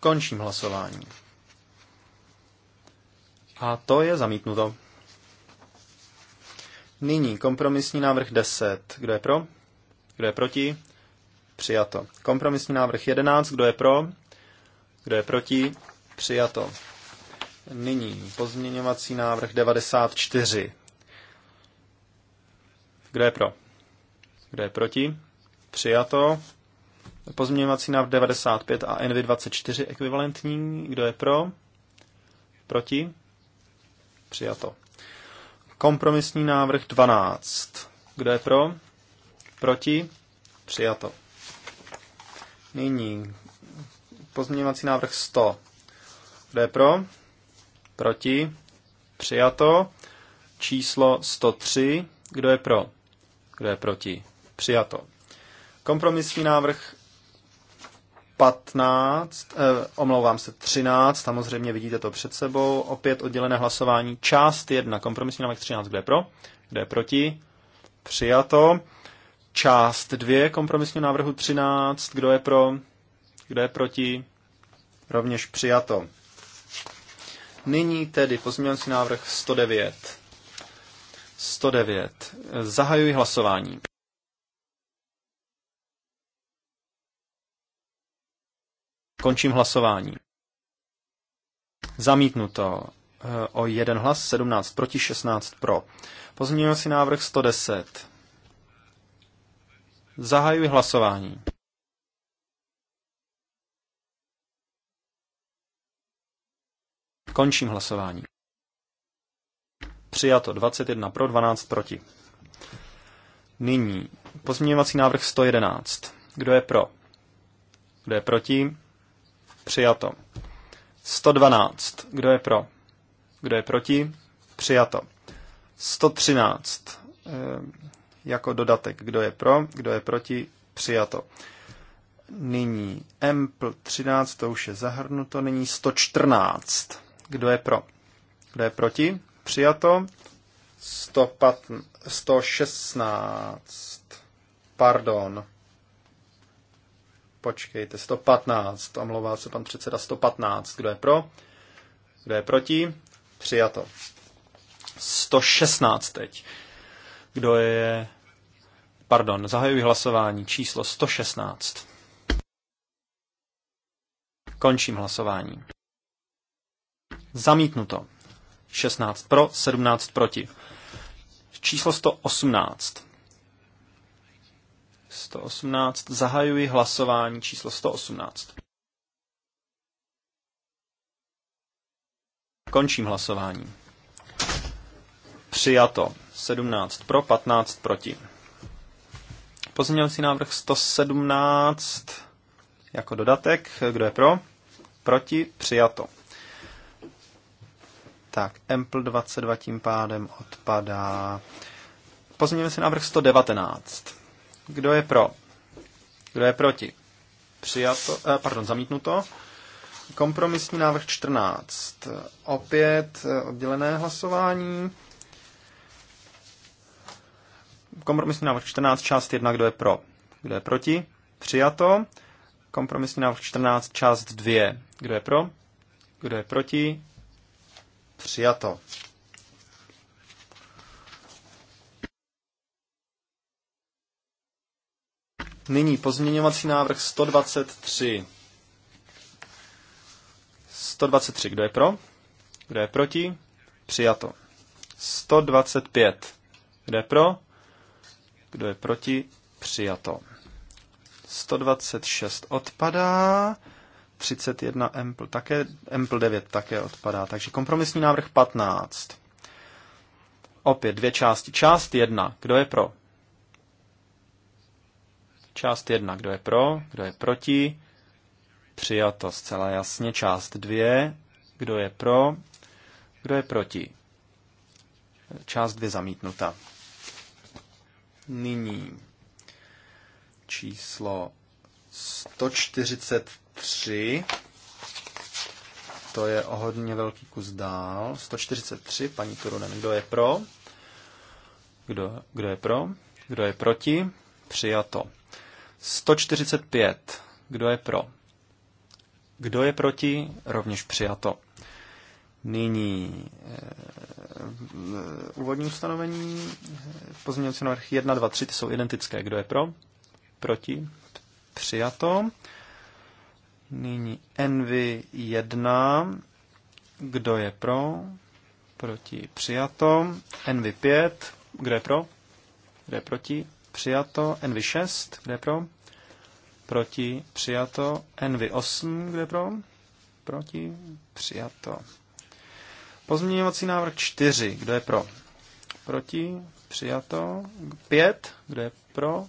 Speaker 1: Končím hlasování. A to je zamítnuto. Nyní kompromisní návrh 10. Kdo je pro? Kdo je proti? Přijato. Kompromisní návrh 11. Kdo je pro? Kdo je proti? Přijato. Nyní pozměňovací návrh 94. Kdo je pro? Kdo je proti? Přijato. Pozměňovací návrh 95 a NV24 ekvivalentní. Kdo je pro? Proti? Přijato. Kompromisní návrh 12. Kdo je pro? Proti? Přijato. Nyní pozměňovací návrh 100. Kdo je pro? Proti? Přijato. Číslo 103. Kdo je pro? Kdo je proti? Přijato. Kompromisní návrh 15, eh, omlouvám se, 13, samozřejmě vidíte to před sebou, opět oddělené hlasování, část 1, kompromisní návrh 13, kde je pro, kde je proti, přijato, Část 2 kompromisního návrhu 13. Kdo je pro? Kdo je proti? Rovněž přijato. Nyní tedy pozměňovací návrh 109. 109. Zahajuji hlasování. Končím hlasování. Zamítnuto eh, o jeden hlas, 17 proti, 16 pro. Pozměňovací návrh 110. Zahajuji hlasování. Končím hlasování. Přijato 21 pro, 12 proti. Nyní pozměňovací návrh 111. Kdo je pro? Kdo je proti? Přijato. 112. Kdo je pro? Kdo je proti? Přijato. 113 jako dodatek. Kdo je pro, kdo je proti, přijato. Nyní Ample 13, to už je zahrnuto, nyní 114. Kdo je pro? Kdo je proti? Přijato. 116. Pardon. Počkejte, 115. Omlouvá se pan předseda 115. Kdo je pro? Kdo je proti? Přijato. 116 teď. Kdo je... Pardon, zahajuji hlasování číslo 116. Končím hlasování. Zamítnuto. 16 pro, 17 proti. Číslo 118. 118. Zahajuji hlasování číslo 118. Končím hlasování. Přijato. 17 pro, 15 proti. Pozměňovací návrh 117 jako dodatek. Kdo je pro? Proti? Přijato. Tak, Ample 22 tím pádem odpadá. Pozměňovací návrh 119. Kdo je pro? Kdo je proti? Přijato, eh, pardon, zamítnuto. Kompromisní návrh 14. Opět eh, oddělené hlasování. Kompromisní návrh 14, část 1, kdo je pro? Kdo je proti? Přijato. Kompromisní návrh 14, část 2, kdo je pro? Kdo je proti? Přijato. Nyní pozměňovací návrh 123. 123, kdo je pro? Kdo je proti? Přijato. 125. Kdo je pro? Kdo je proti? Přijato. 126
Speaker 2: odpadá.
Speaker 1: 31 Ample také, Ample 9 také odpadá. Takže kompromisní návrh 15. Opět dvě části. Část 1. Kdo je pro? Část 1. Kdo je pro? Kdo je proti? Přijato zcela jasně. Část 2. Kdo je pro? Kdo je proti? Část 2 zamítnuta. Nyní číslo 143. To je o hodně velký kus dál. 143, paní Turunen, kdo je pro? Kdo, kdo je pro? Kdo je proti? Přijato. 145. Kdo je pro? Kdo je proti? Rovněž přijato. Nyní eh, úvodní ustanovení, pozměňovací návrh 1, 2, 3, ty jsou identické. Kdo je pro? Proti? Přijato. Nyní nv 1, kdo je pro? Proti? Přijato. nv 5, kdo je pro? Kdo je proti? Přijato. nv 6, kdo je pro? Proti? Přijato. nv 8, kdo je pro? Proti? Přijato. Pozměňovací návrh 4. Kdo je pro? Proti? Přijato. 5. Kdo je pro?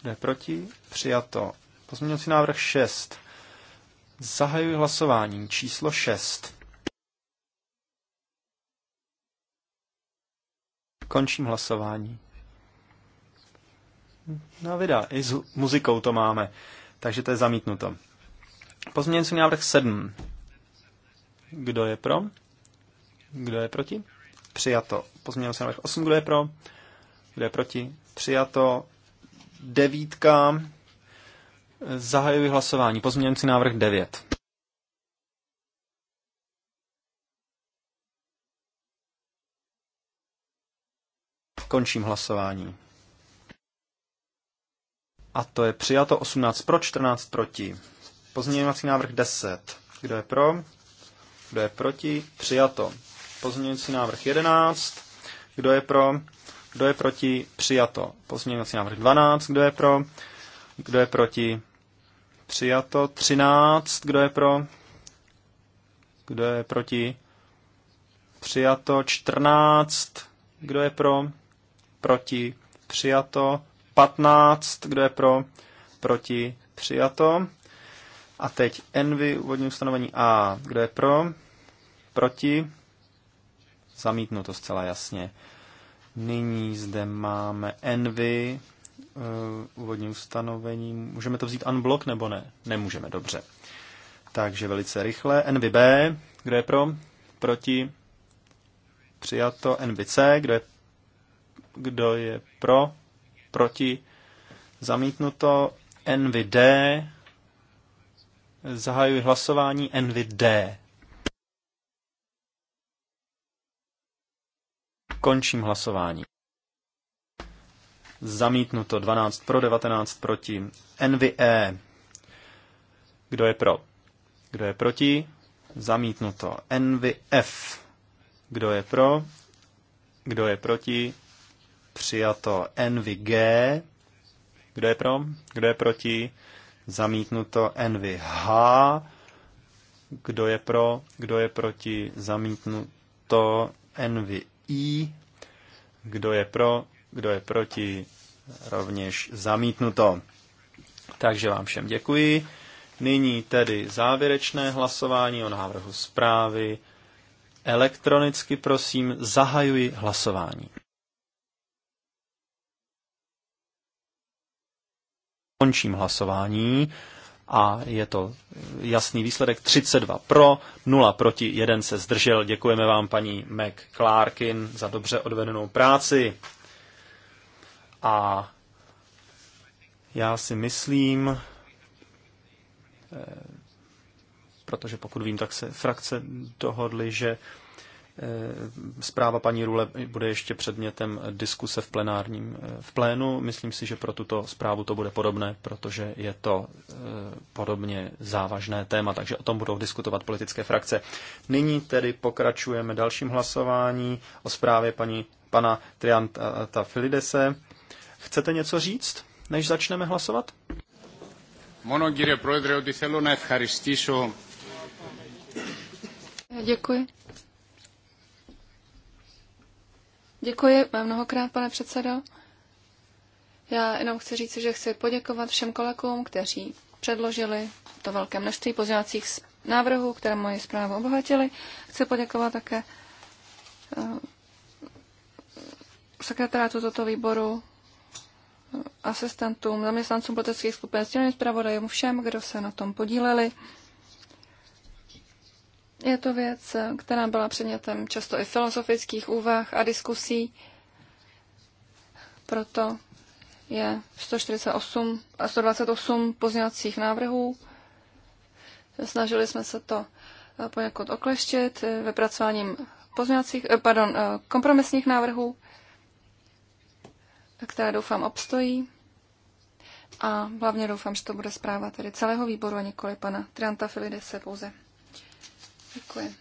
Speaker 1: Kdo je proti? Přijato. Pozměňovací návrh 6. Zahajuji hlasování číslo 6. Končím hlasování. No vida, i s muzikou to máme, takže to je zamítnuto. Pozměňovací návrh 7. Kdo je pro? Kdo je proti? Přijato. Pozměnil Pozměňovací návrh 8. Kdo je pro? Kdo je proti? Přijato. Devítka. Zahajuji hlasování. Pozměňovací návrh 9. Končím hlasování. A to je přijato 18 pro, 14 proti. Pozměňovací návrh 10. Kdo je pro? Kdo je proti? Přijato. Pozměňující návrh 11. Kdo je pro? Kdo je proti? Přijato. Pozměňovací návrh 12. Kdo je pro? Kdo je proti? Přijato. 13. Kdo je pro? Kdo je proti? Přijato. 14. Kdo je pro? Proti. Přijato. 15. Kdo je pro? Proti. Přijato. A teď envy, úvodní ustanovení A. Kdo je pro? Proti. Zamítnu to zcela jasně. Nyní zde máme Envy, uh, úvodní ustanovení. Můžeme to vzít unblock nebo ne? Nemůžeme, dobře. Takže velice rychle. NVB, kdo je pro? Proti? Přijato. NVC, kdo je, kdo je pro? Proti? Zamítnuto. NVD. Zahajuji hlasování NVD. Končím hlasování. Zamítnuto 12 pro, 19 proti. NVE. Kdo je pro? Kdo je proti? Zamítnuto. NVF. Kdo je pro? Kdo je proti? Přijato. NVG. Kdo je pro? Kdo je proti? Zamítnuto. NVH. Kdo je pro? Kdo je proti? Zamítnuto. NVI. I. Kdo je pro, kdo je proti, rovněž zamítnuto. Takže vám všem děkuji. Nyní tedy závěrečné hlasování o návrhu zprávy. Elektronicky prosím zahajuji hlasování. Končím hlasování a je to jasný výsledek 32 pro, 0 proti, 1 se zdržel. Děkujeme vám paní Clarkin, za dobře odvedenou práci. A já si myslím, eh, protože pokud vím, tak se frakce dohodly, že Eh, zpráva paní Rule bude ještě předmětem diskuse v plenárním eh, v plénu. Myslím si, že pro tuto zprávu to bude podobné, protože je to eh, podobně závažné téma, takže o tom budou diskutovat politické frakce. Nyní tedy pokračujeme dalším hlasování o zprávě paní, pana Trianta Filidese. Chcete něco říct, než začneme hlasovat?
Speaker 3: Mono, díre, projedre, ότι Děkuji. Děkuji mnohokrát, pane předsedo. Já jenom chci říct, že chci poděkovat všem kolegům, kteří předložili to velké množství pozdělacích návrhů, které moji zprávu obohatili. Chci poděkovat také eh, sekretářů toto výboru, eh, asistentům, zaměstnancům politických skupin, stěleným zpravodajům, všem, kdo se na tom podíleli. Je to věc, která byla předmětem často i filozofických úvah a diskusí. Proto je 148 a 128 pozněvacích návrhů. Snažili jsme se to eh, poněkud okleštit eh, vypracováním eh, pardon, kompromisních návrhů, které doufám obstojí. A hlavně doufám, že to bude zpráva tedy celého výboru a nikoli pana Trianta Filidese pouze. Děkuji.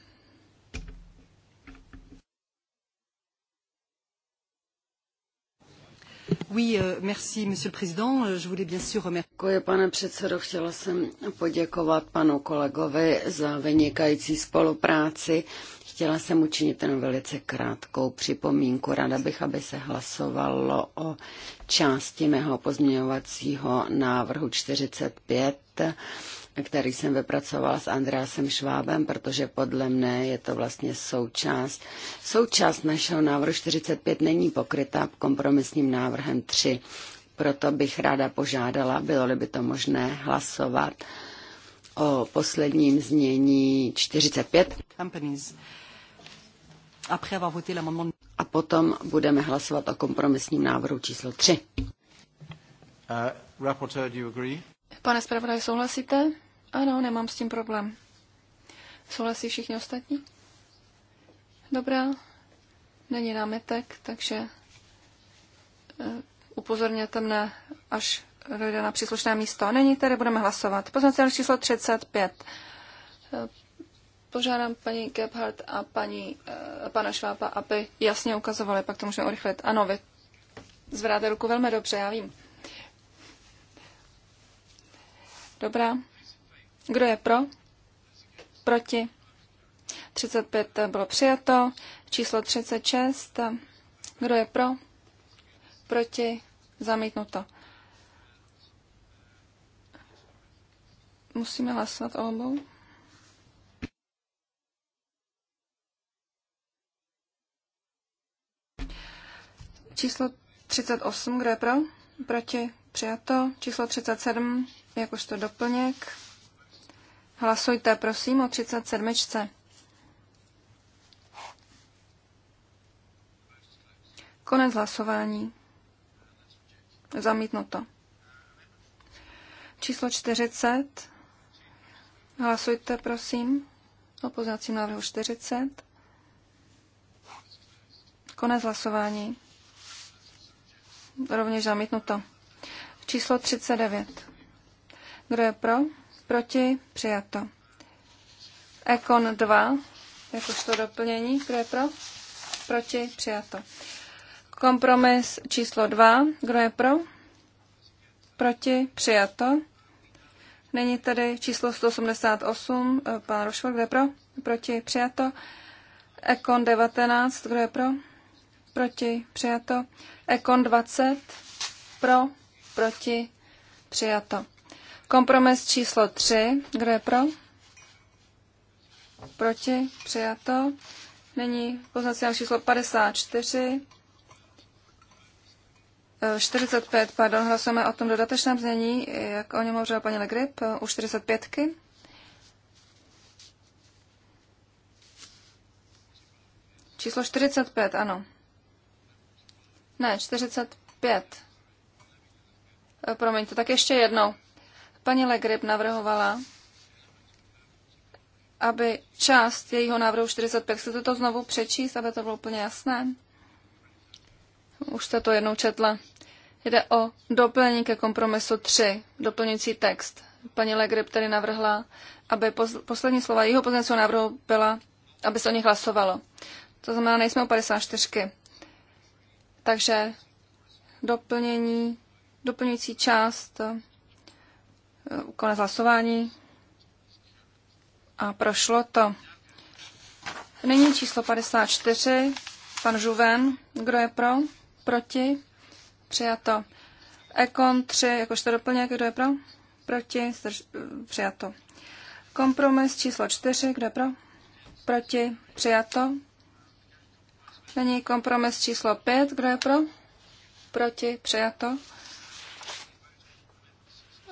Speaker 3: Oui, euh, merci, monsieur le président. Euh, je voulais bien sûr remercier...
Speaker 2: Děkuji, pane předsedo. Chtěla jsem poděkovat panu kolegovi za vynikající spolupráci. Chtěla jsem učinit jen velice krátkou připomínku. Ráda bych, aby se hlasovalo o části mého pozměňovacího návrhu 45 který jsem vypracovala s Andreasem Švábem, protože podle mne je to vlastně součást. Součást našeho návrhu 45 není pokryta kompromisním návrhem 3. Proto bych ráda požádala, bylo-li by to možné, hlasovat o posledním znění 45. A potom budeme hlasovat o kompromisním návrhu číslo 3.
Speaker 1: Uh, rapporteur, do you agree?
Speaker 3: Pane zpravodaj, souhlasíte? Ano, nemám s tím problém. Souhlasí všichni ostatní? Dobrá, není námitek, takže eh, upozorněte mne, až dojde na příslušné místo. A není tady, budeme hlasovat. Poznací číslo 35. Eh, požádám paní Gebhardt a paní, eh, pana Švápa, aby jasně ukazovali, pak to můžeme urychlit. Ano, vy zvedáte ruku velmi dobře, já vím. Dobrá. Kdo je pro? Proti? 35 bylo přijato. Číslo 36. Kdo je pro? Proti? Zamítnuto. Musíme hlasovat o obou. Číslo 38, kdo je pro? Proti? Přijato. Číslo 37, jakožto doplněk. Hlasujte prosím o 37. Konec hlasování. Zamítnuto. Číslo 40. Hlasujte, prosím, o pozdacím návrhu 40. Konec hlasování. Rovněž zamítnuto. Číslo 39. Kdo je pro? Proti? Přijato. Ekon 2, jakožto doplnění. Kdo je pro? Proti? Přijato. Kompromis číslo 2. Kdo je pro? Proti? Přijato. Není tady číslo 188. Eh, pan Rošvar, kdo je pro? Proti? Přijato. Ekon 19. Kdo je pro? Proti? Přijato. Ekon 20. Pro? Proti? Přijato. Kompromis číslo 3. Kdo je pro? Proti? Přijato. Nyní poznací návrh číslo 54. 45, eh, pardon, hlasujeme o tom dodatečném znění, jak o něm hovořila paní Legrip, eh, u 45. -ky. Číslo 45, ano. Ne, 45. Eh, promiňte, tak ještě jednou. Paní Legrib navrhovala, aby část jejího návrhu 45, chcete to znovu přečíst, aby to bylo úplně jasné? Už jste to jednou četla. Jde o doplnění ke kompromisu 3, doplňující text. Paní Legrib tedy navrhla, aby poslední slova jeho pozměňovacího návrhu byla, aby se o nich hlasovalo. To znamená, nejsme u 54. Takže doplnění, doplňující část Eh, konec hlasování a prošlo to. Nyní číslo 54, pan Žuven, kdo je pro, proti, přijato. Ekon 3, jakožto doplněk, kdo je pro, proti, zdrž, eh, přijato. Kompromis číslo 4, kdo je pro, proti, přijato. Není kompromis číslo 5, kdo je pro, proti, přijato.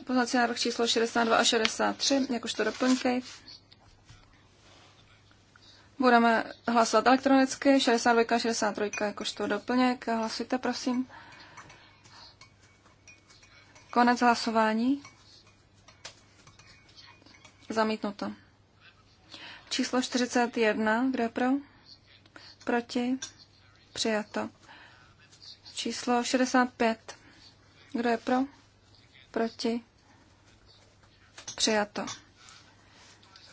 Speaker 3: Poznací návrh číslo 62 a 63, jakožto doplňky. Budeme hlasovat elektronicky, 62 a 63, jakožto doplněk. Hlasujte, prosím. Konec hlasování. Zamítnuto. Číslo 41, kdo je pro? Proti? Přijato. Číslo 65, kdo je pro? Proti? Přijato.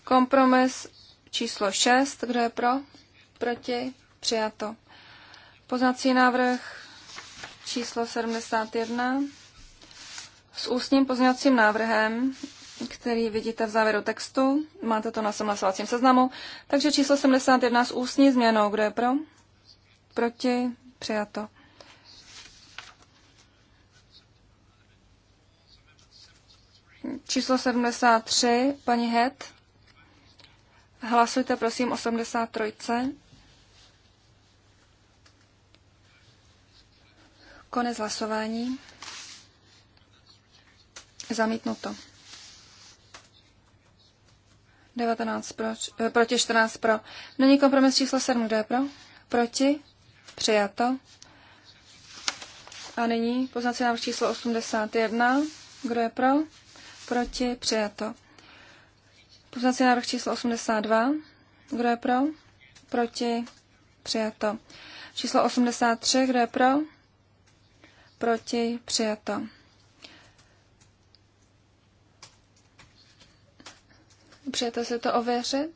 Speaker 3: Kompromis číslo 6. Kdo je pro? Proti? Přijato. Poznací návrh číslo 71 s ústním pozněvacím návrhem, který vidíte v závěru textu. Máte to na samlasovacím seznamu. Takže číslo 71 s ústní změnou. Kdo je pro? Proti? Přijato. Číslo 73, paní Het. Hlasujte prosím 83. Konec hlasování. Zamítnuto. 19 pro, eh, proti 14 pro. Není kompromis číslo 7, kdo je pro? Proti? Přijato. A nyní poznací návrh číslo 81. Kdo je pro? proti, přijato. Poznací návrh číslo 82. Kdo je pro? Proti, přijato. Číslo 83. Kdo je pro? Proti, přijato. Přijete si to ověřit?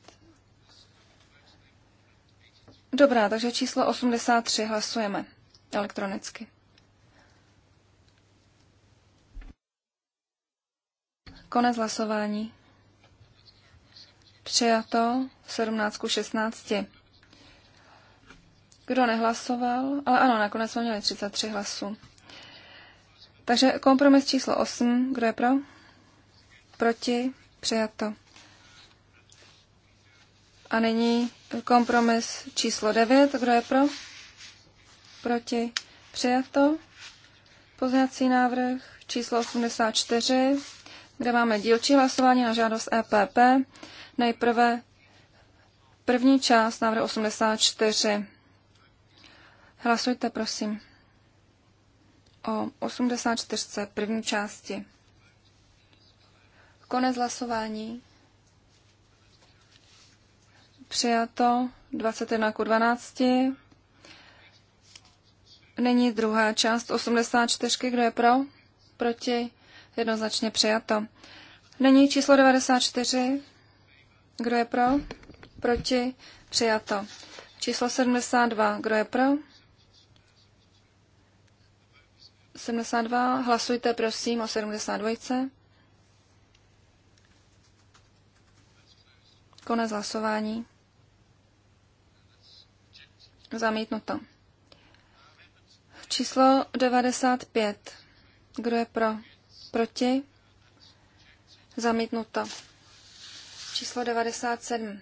Speaker 3: Dobrá, takže číslo 83 hlasujeme elektronicky. Konec hlasování. Přijato 17 ku 16. Kdo nehlasoval? Ale ano, nakonec jsme měli 33 hlasů. Takže kompromis číslo 8. Kdo je pro? Proti? Přijato. A nyní kompromis číslo 9. Kdo je pro? Proti? Přijato. Pozněcí návrh číslo 84 kde máme dílčí hlasování na žádost EPP. Nejprve první část návrh 84. Hlasujte, prosím, o 84. první části. Konec hlasování. Přijato 21 k 12. Nyní druhá část 84. Kdo je pro? Proti? Jednoznačně přijato. Není číslo 94. Kdo je pro? Proti? Přijato. Číslo 72. Kdo je pro? 72. Hlasujte prosím o 72. Konec hlasování. Zamítnuto. Číslo 95. Kdo je pro? Proti? Zamítnuto. Číslo 97.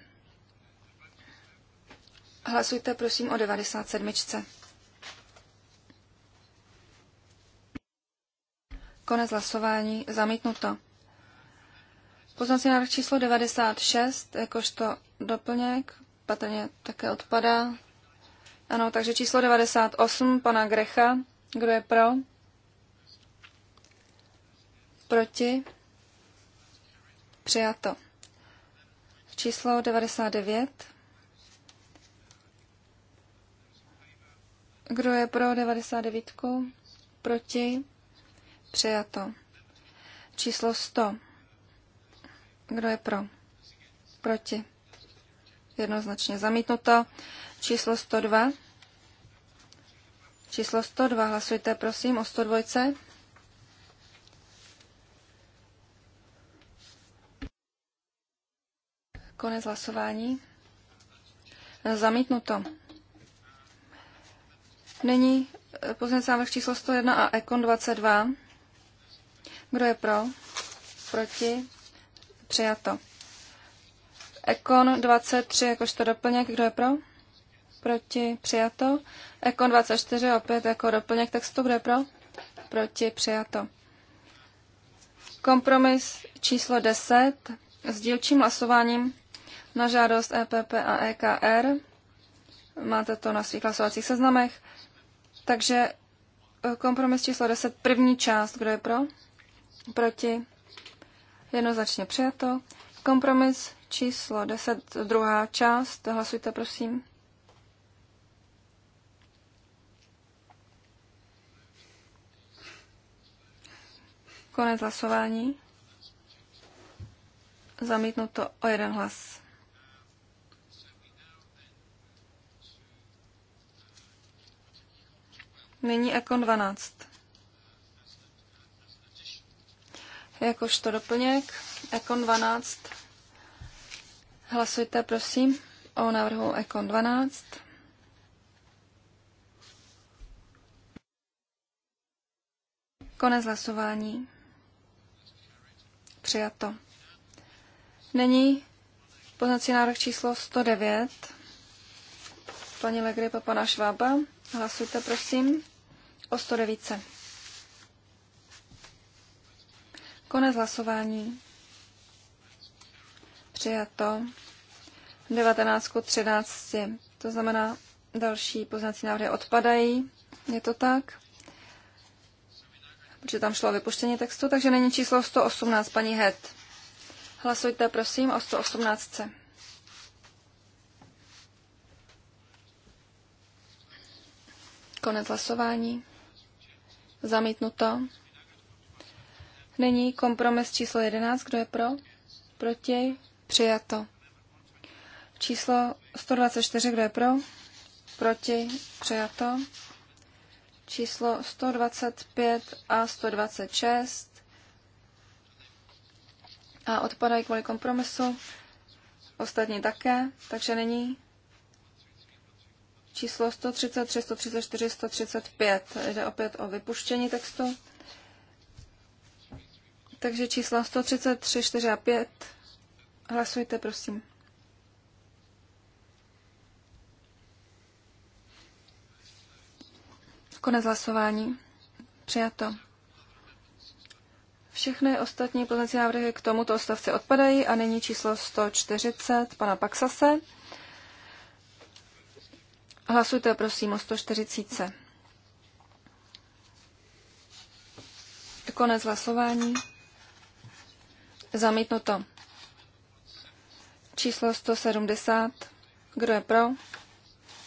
Speaker 3: Hlasujte prosím o 97. Konec hlasování. Zamítnuto. Poznací návrh číslo 96, jakožto doplněk, patrně také odpadá. Ano, takže číslo 98, pana Grecha. Kdo je pro? Proti? Přijato. Číslo 99. Kdo je pro 99? Proti? Přijato. Číslo 100. Kdo je pro? Proti. Jednoznačně zamítnuto. Číslo 102. Číslo 102. Hlasujte prosím o 102. Konec hlasování. Zamítnuto. Nyní eh, pozměnce návrh číslo 101 a Ekon 22. Kdo je pro? Proti? Přijato. Ekon 23 jakožto doplněk. Kdo je pro? Proti? Přijato. Ekon 24 opět jako doplněk textu. Kdo je pro? Proti? Přijato. Kompromis číslo 10 s dílčím hlasováním na žádost EPP a EKR. Máte to na svých hlasovacích seznamech. Takže eh, kompromis číslo 10, první část, kdo je pro? Proti? Jednoznačně přijato. Kompromis číslo 10, druhá část, hlasujte prosím. Konec hlasování. Zamítnuto o jeden hlas. Nyní Ekon 12. Jakožto doplněk, Ekon 12. Hlasujte, prosím, o návrhu Ekon 12. Konec hlasování. Přijato. Není poznací návrh číslo 109. Paní Legry Papana Švába. Hlasujte, prosím, o 109. Konec hlasování. Přijato. 19 k 13. To znamená, další poznací návrhy odpadají. Je to tak? Protože tam šlo o vypuštění textu, takže není číslo 118, paní Het. Hlasujte prosím o 118. Konec hlasování. Zamítnuto. Nyní kompromis číslo 11. Kdo je pro? Proti? Přijato. Číslo 124. Kdo je pro? Proti? Přijato. Číslo 125 a 126. A odpadají kvůli kompromisu. Ostatní také, takže není číslo 133, 134, 135. Jde opět o vypuštění textu. Takže čísla 133, 4 a 5. Hlasujte, prosím. Konec hlasování. Přijato. Všechny ostatní pozměňovací návrhy k tomuto odstavci odpadají a nyní číslo 140 pana Paxase. Hlasujte prosím o 140. Konec hlasování. Zamítnuto. Číslo 170. Kdo je pro?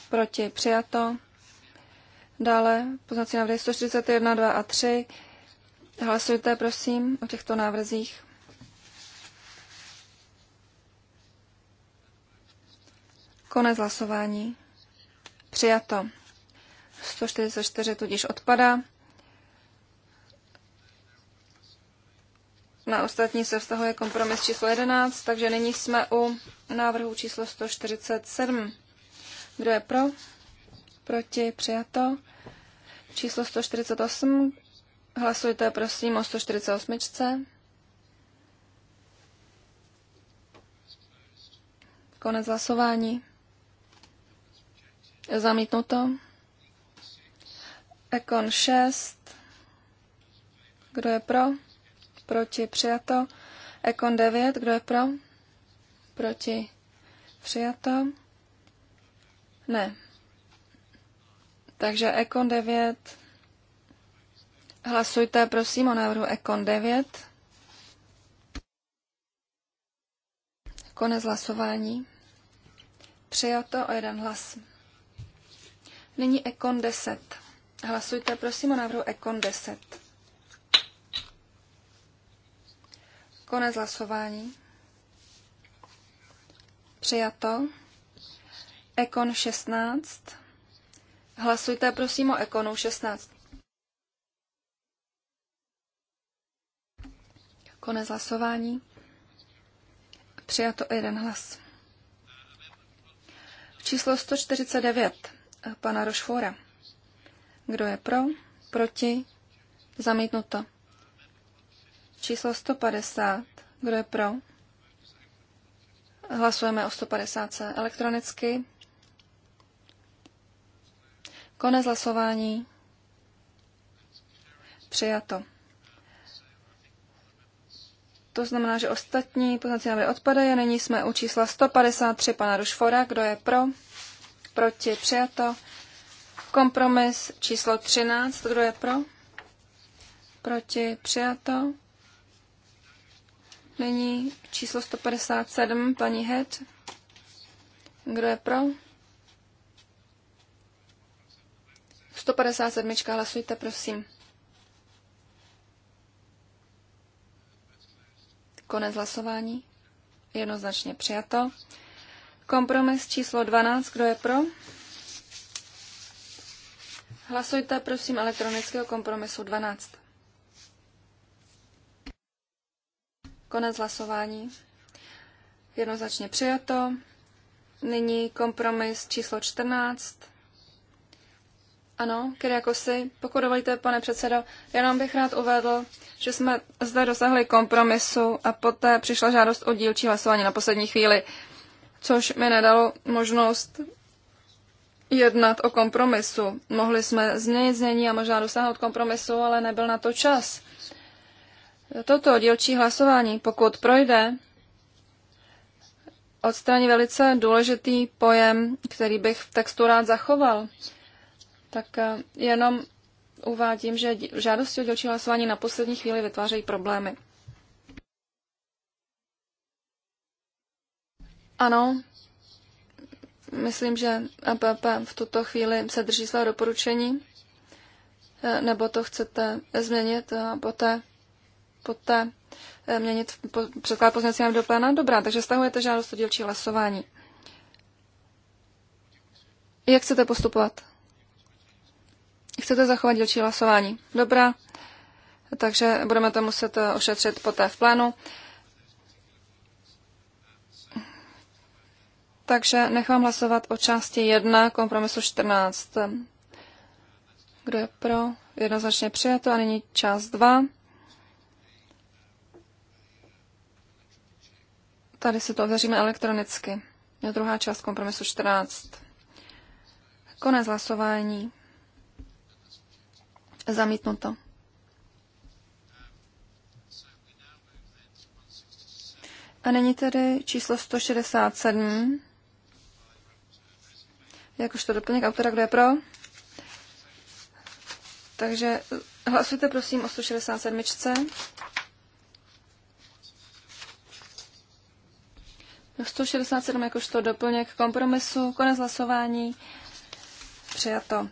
Speaker 3: Proti přijato. Dále poznací návrhy 141, 2 a 3. Hlasujte prosím o těchto návrzích. Konec hlasování. Přijato. 144 tudíž odpada. Na ostatní se vztahuje kompromis číslo 11, takže nyní jsme u návrhu číslo 147. Kdo je pro? Proti? Přijato. Číslo 148. Hlasujte prosím o 148. Konec hlasování. Zamítnuto. Ekon 6. Kdo je pro? Proti přijato. Ekon 9. Kdo je pro? Proti přijato. Ne. Takže Ekon 9. Hlasujte prosím o návrhu Ekon 9. Konec hlasování. Přijato o jeden hlas. Nyní Ekon 10. Hlasujte prosím o návrhu Ekon 10. Konec hlasování. Přijato. Ekon 16. Hlasujte prosím o Ekonu 16. Konec hlasování. Přijato jeden hlas. Číslo 149 pana Rošfora. Kdo je pro? Proti? Zamítnuto. Číslo 150. Kdo je pro? Hlasujeme o 150 elektronicky. Konec hlasování. Přijato. To znamená, že ostatní poznací návrhy odpadají nyní jsme u čísla 153 pana Rušfora. Kdo je pro? proti, přijato. Kompromis číslo 13, kdo je pro? Proti, přijato. Nyní číslo 157, paní Het. Kdo je pro? 157, hlasujte, prosím. Konec hlasování. Jednoznačně přijato. Kompromis číslo 12, kdo je pro? Hlasujte prosím elektronického kompromisu 12. Konec hlasování. Jednoznačně přijato. Nyní kompromis číslo 14. Ano, Kyriakosi, pokud dovolíte, pane předsedo, jenom bych rád uvedl, že jsme zde dosahli kompromisu a poté přišla žádost o dílčí hlasování na poslední chvíli což mi nedalo možnost jednat o kompromisu. Mohli jsme změnit znění a možná dosáhnout kompromisu, ale nebyl na to čas. Toto dílčí hlasování, pokud projde, odstraní velice důležitý pojem, který bych v textu rád zachoval. Tak eh, jenom uvádím, že žádosti o dělčí hlasování na poslední chvíli vytvářejí problémy. Ano, myslím, že APP v tuto chvíli se drží svého doporučení, e, nebo to chcete změnit a poté, poté e, měnit po, předklad do pléna? Dobrá, takže stahujete žádost o dílčí hlasování. Jak chcete postupovat? Chcete zachovat dílčí hlasování? Dobrá, takže budeme to muset e, ošetřit poté v plénu. Takže nechám hlasovat o části 1 kompromisu 14. Kdo je pro? Jednoznačně přijato. A nyní část 2. Tady si to ověříme elektronicky. Je druhá část kompromisu 14. Konec hlasování. Zamítnuto. A není tedy číslo 167 jakožto doplněk autora, kdo je pro. Takže hlasujte prosím o 167. No 167 jakožto doplněk kompromisu, konec hlasování, přijato.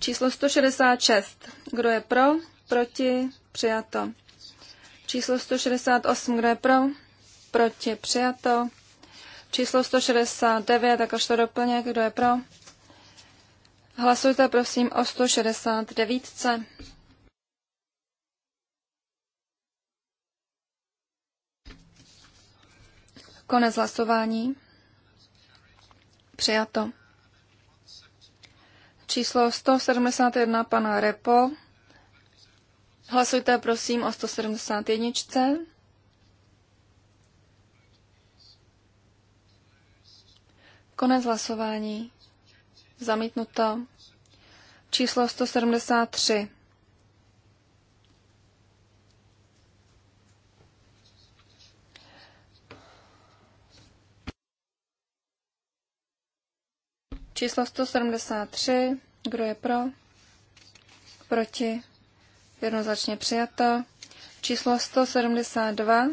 Speaker 3: Číslo 166. Kdo je pro? Proti? Přijato. Číslo 168. Kdo je pro? Proti? Přijato číslo 169, to doplně, kdo je pro. Hlasujte prosím o 169. Konec hlasování. Přijato. Číslo 171 pana Repo. Hlasujte prosím o 171. Konec hlasování. Zamítnuto. Číslo 173. Číslo 173. Kdo je pro? Proti? Jednoznačně přijato. Číslo 172.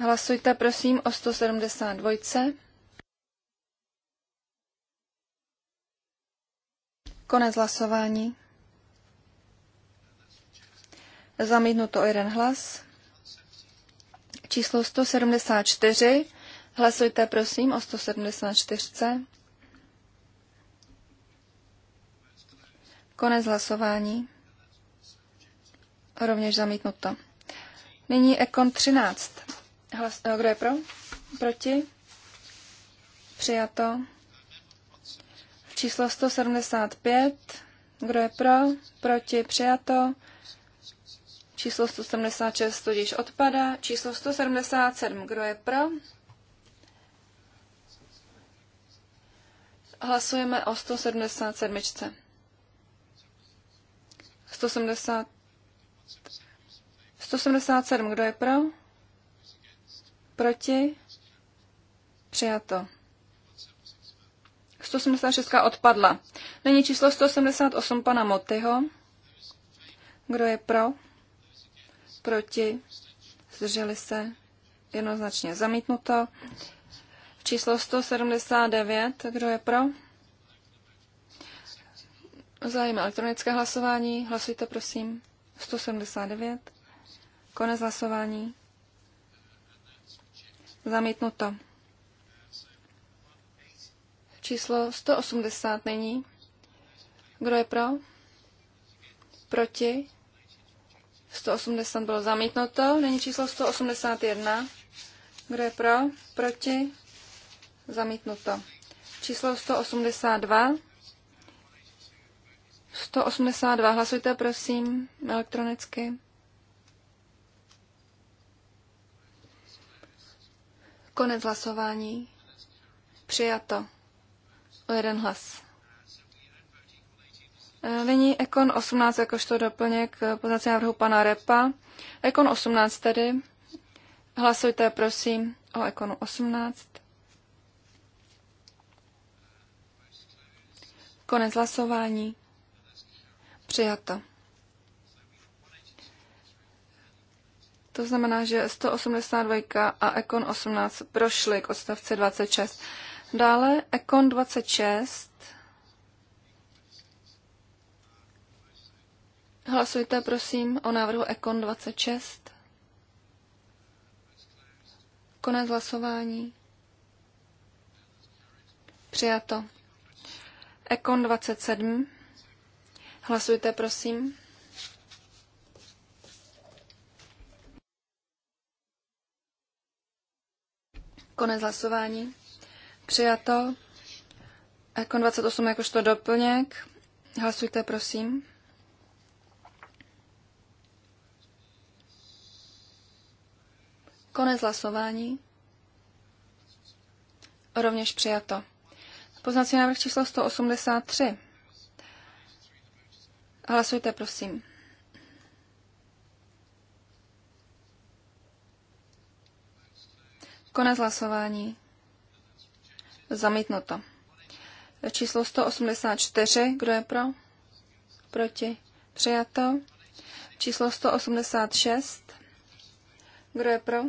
Speaker 3: Hlasujte prosím o 172. Konec hlasování. Zamítnuto o jeden hlas. Číslo 174. Hlasujte prosím o 174. Konec hlasování. Rovněž zamítnuto. Nyní Ekon 13. Hlas, eh, kdo je pro? Proti? Přijato. Číslo 175. Kdo je pro? Proti? Přijato. Číslo 176 tudíž odpada. Číslo 177. Kdo je pro? Hlasujeme o 177. 170, 177. Kdo je pro? Proti? Přijato. 186 odpadla. Není číslo 188 pana Motyho. Kdo je pro? Proti? Zdrželi se? Jednoznačně zamítnuto. Číslo 179. Kdo je pro? Zájem elektronické hlasování. Hlasujte, prosím. 179. Konec hlasování. Zamítnuto. Číslo 180 není. Kdo je pro? Proti? 180 bylo zamítnuto. Není číslo 181. Kdo je pro? Proti? Zamítnuto. Číslo 182. 182. Hlasujte, prosím, elektronicky. Konec hlasování. Přijato. O jeden hlas. E, nyní Ekon 18 jakožto doplněk poznací návrhu pana Repa. Ekon 18 tedy. Hlasujte prosím o Ekonu 18. Konec hlasování. Přijato. To znamená, že 182 a Ekon 18 prošly k odstavci 26. Dále Econ 26. Hlasujte prosím o návrhu Econ 26. Konec hlasování. Přijato. Ekon 27. Hlasujte, prosím. Konec hlasování. Přijato. Ekon 28 jakožto doplněk. Hlasujte, prosím. Konec hlasování. Rovněž přijato. Poznací návrh číslo 183. Hlasujte, prosím. Konec hlasování. Zamítnuto. Číslo 184, kdo je pro? Proti. Přijato. Číslo 186, kdo je pro?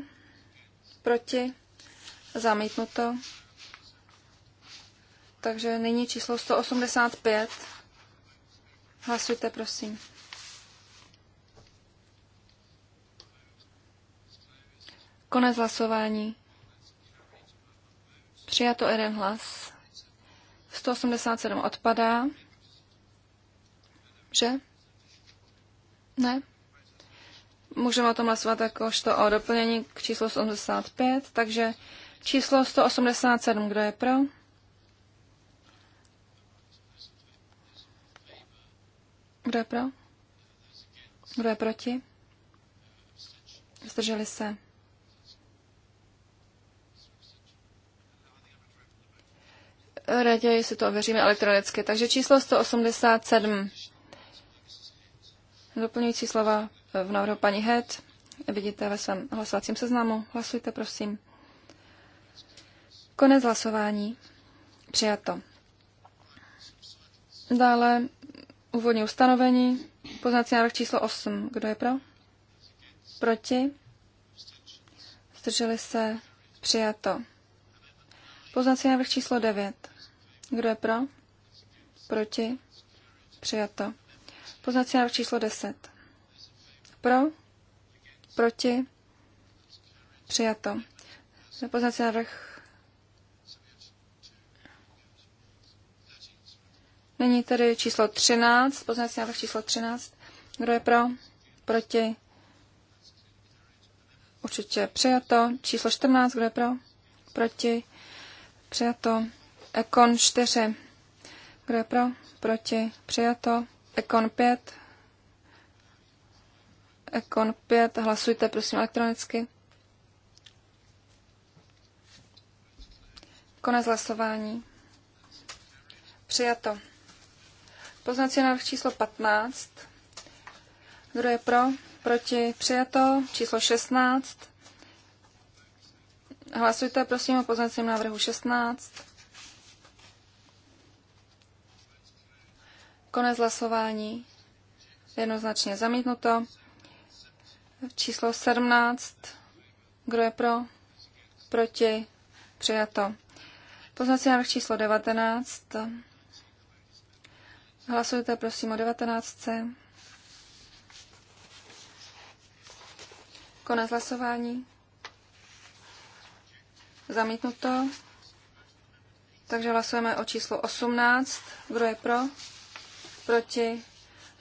Speaker 3: Proti. Zamítnuto. Takže nyní číslo 185. Hlasujte, prosím. Konec hlasování. Přijato jeden hlas. 187 odpadá. Že? Ne? Můžeme o tom hlasovat jakožto o doplnění k číslu 185, takže číslo 187, kdo je pro? Kdo je pro? Kdo je proti? Zdrželi se. raději si to ověříme elektronicky. Takže číslo 187. Doplňující slova v návrhu paní Het. Vidíte ve svém hlasovacím seznamu. Hlasujte, prosím. Konec hlasování. Přijato. Dále úvodní ustanovení. Poznací návrh číslo 8. Kdo je pro? Proti? Zdrželi se? Přijato. Poznací návrh číslo 9. Kdo je pro? Proti? Přijato. Poznací návrh číslo 10. Pro? Proti? Přijato. Poznací návrh Není tedy číslo 13, poznací návrh číslo 13. Kdo je pro? Proti? Určitě přijato. Číslo 14, kdo je pro? Proti? Přijato. Ekon 4. Kdo je pro? Proti? Přijato. Ekon 5. Ekon 5. Hlasujte prosím elektronicky. Konec hlasování. Přijato. Poznací návrh číslo 15. Kdo je pro? Proti? Přijato. Číslo 16. Hlasujte prosím o poznacím návrhu 16. Konec hlasování. Jednoznačně zamítnuto. Číslo 17. Kdo je pro? Proti? Přijato. Poznací návrh číslo 19. Hlasujte prosím o 19. Konec hlasování. Zamítnuto. Takže hlasujeme o číslo 18. Kdo je pro? proti,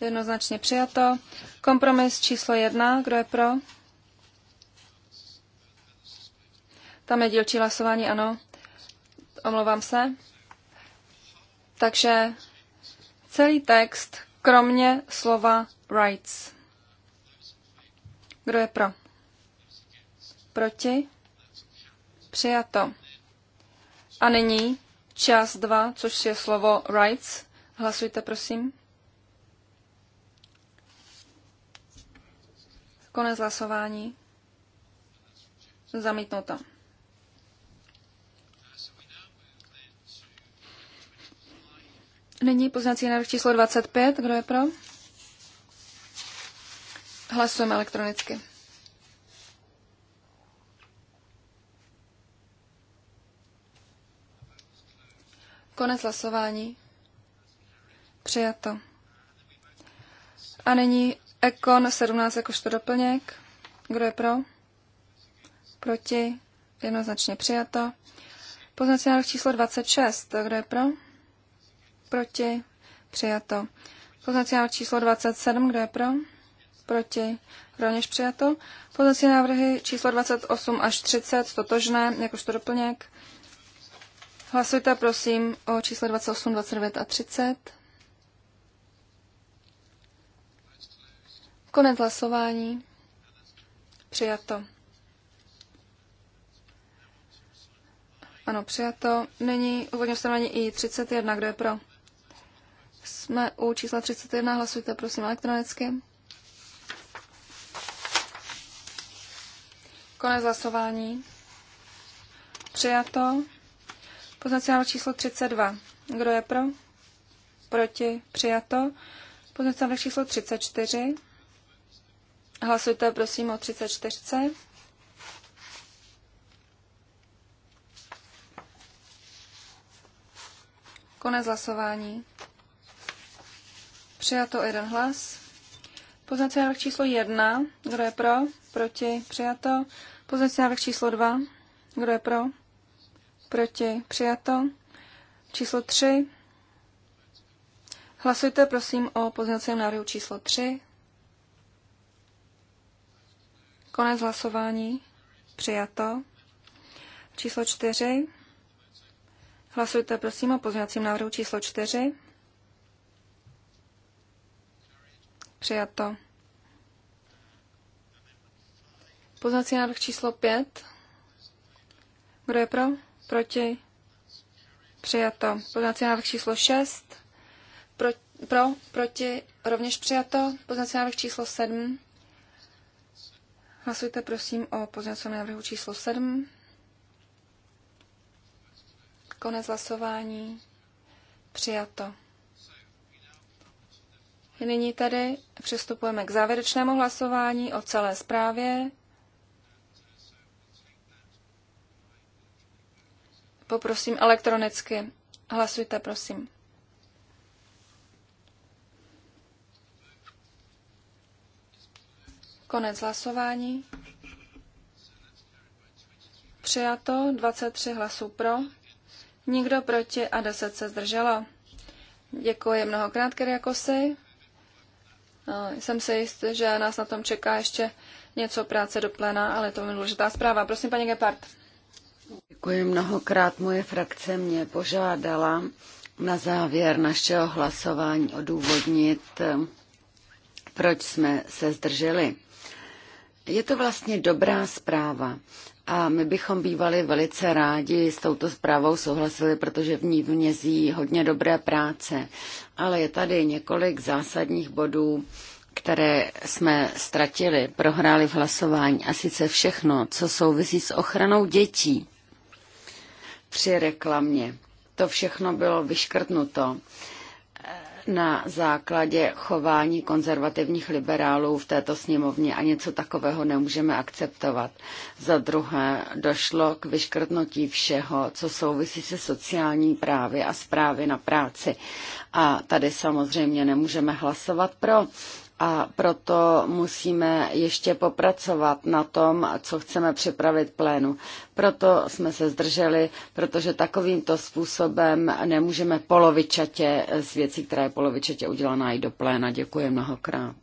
Speaker 3: jednoznačně přijato. Kompromis číslo jedna, kdo je pro? Tam je dílčí hlasování, ano. Omlouvám se. Takže celý text, kromě slova rights. Kdo je pro? Proti? Přijato. A nyní část dva, což je slovo rights. Hlasujte, prosím. Konec hlasování. Zamítnuto. Nyní poznací návrh číslo 25. Kdo je pro? Hlasujeme elektronicky. Konec hlasování. Přijato. A nyní Ekon 17 jakožto doplněk. Kdo je pro? Proti? Jednoznačně přijato. Poznací návrh číslo 26. Kdo je pro? Proti? Přijato. Poznací návrh číslo 27. Kdo je pro? Proti? Rovněž přijato. Poznací návrhy číslo 28 až 30. Totožné, jakožto doplněk. Hlasujte prosím o čísle 28, 29 a 30. Konec hlasování. Přijato. Ano, přijato. Není úvodní ustanovení i 31. Kdo je pro? Jsme u čísla 31. Hlasujte, prosím, elektronicky. Konec hlasování. Přijato. Poznací číslo 32. Kdo je pro? Proti? Přijato. Poznací číslo 34. Hlasujte prosím o 34. Konec hlasování. Přijato jeden hlas. Poznací návrh číslo 1. Kdo je pro? Proti? Přijato. Poznací návrh číslo 2. Kdo je pro? Proti? Přijato. Číslo 3. Hlasujte prosím o pozměňovacím návrhu číslo 3. Konec hlasování. Přijato. Číslo čtyři. Hlasujte prosím o pozměňovacím návrhu číslo čtyři. Přijato. Poznací návrh číslo pět. Kdo je pro? Proti? Přijato. Poznací návrh číslo šest. Pro, pro? Proti? Rovněž přijato. Poznací návrh číslo sedm. Hlasujte prosím o pozměňovacím návrhu číslo 7. Konec hlasování. Přijato. Nyní tedy přistupujeme k závěrečnému hlasování o celé zprávě. Poprosím elektronicky. Hlasujte, prosím. Konec hlasování. Přijato 23 hlasů pro, nikdo proti a 10 se zdrželo. Děkuji mnohokrát, Kyriakosy. No, jsem si jist, že nás na tom čeká ještě něco práce do plena, ale to je důležitá zpráva. Prosím, paní Gepard.
Speaker 2: Děkuji mnohokrát. Moje frakce mě požádala na závěr našeho hlasování odůvodnit, proč jsme se zdrželi. Je to vlastně dobrá zpráva a my bychom bývali velice rádi s touto zprávou souhlasili, protože v ní vnězí hodně dobré práce. Ale je tady několik zásadních bodů, které jsme ztratili, prohráli v hlasování a sice všechno, co souvisí s ochranou dětí při reklamě. To všechno bylo vyškrtnuto na základě chování konzervativních liberálů v této sněmovně a něco takového nemůžeme akceptovat. Za druhé, došlo k vyškrtnutí všeho, co souvisí se sociální právy a zprávy na práci. A tady samozřejmě nemůžeme hlasovat pro, a proto musíme ještě popracovat na tom, co chceme připravit plénu. Proto jsme se zdrželi, protože takovýmto způsobem nemůžeme polovičatě z věcí, která je polovičatě udělaná, i do pléna. Děkuji mnohokrát.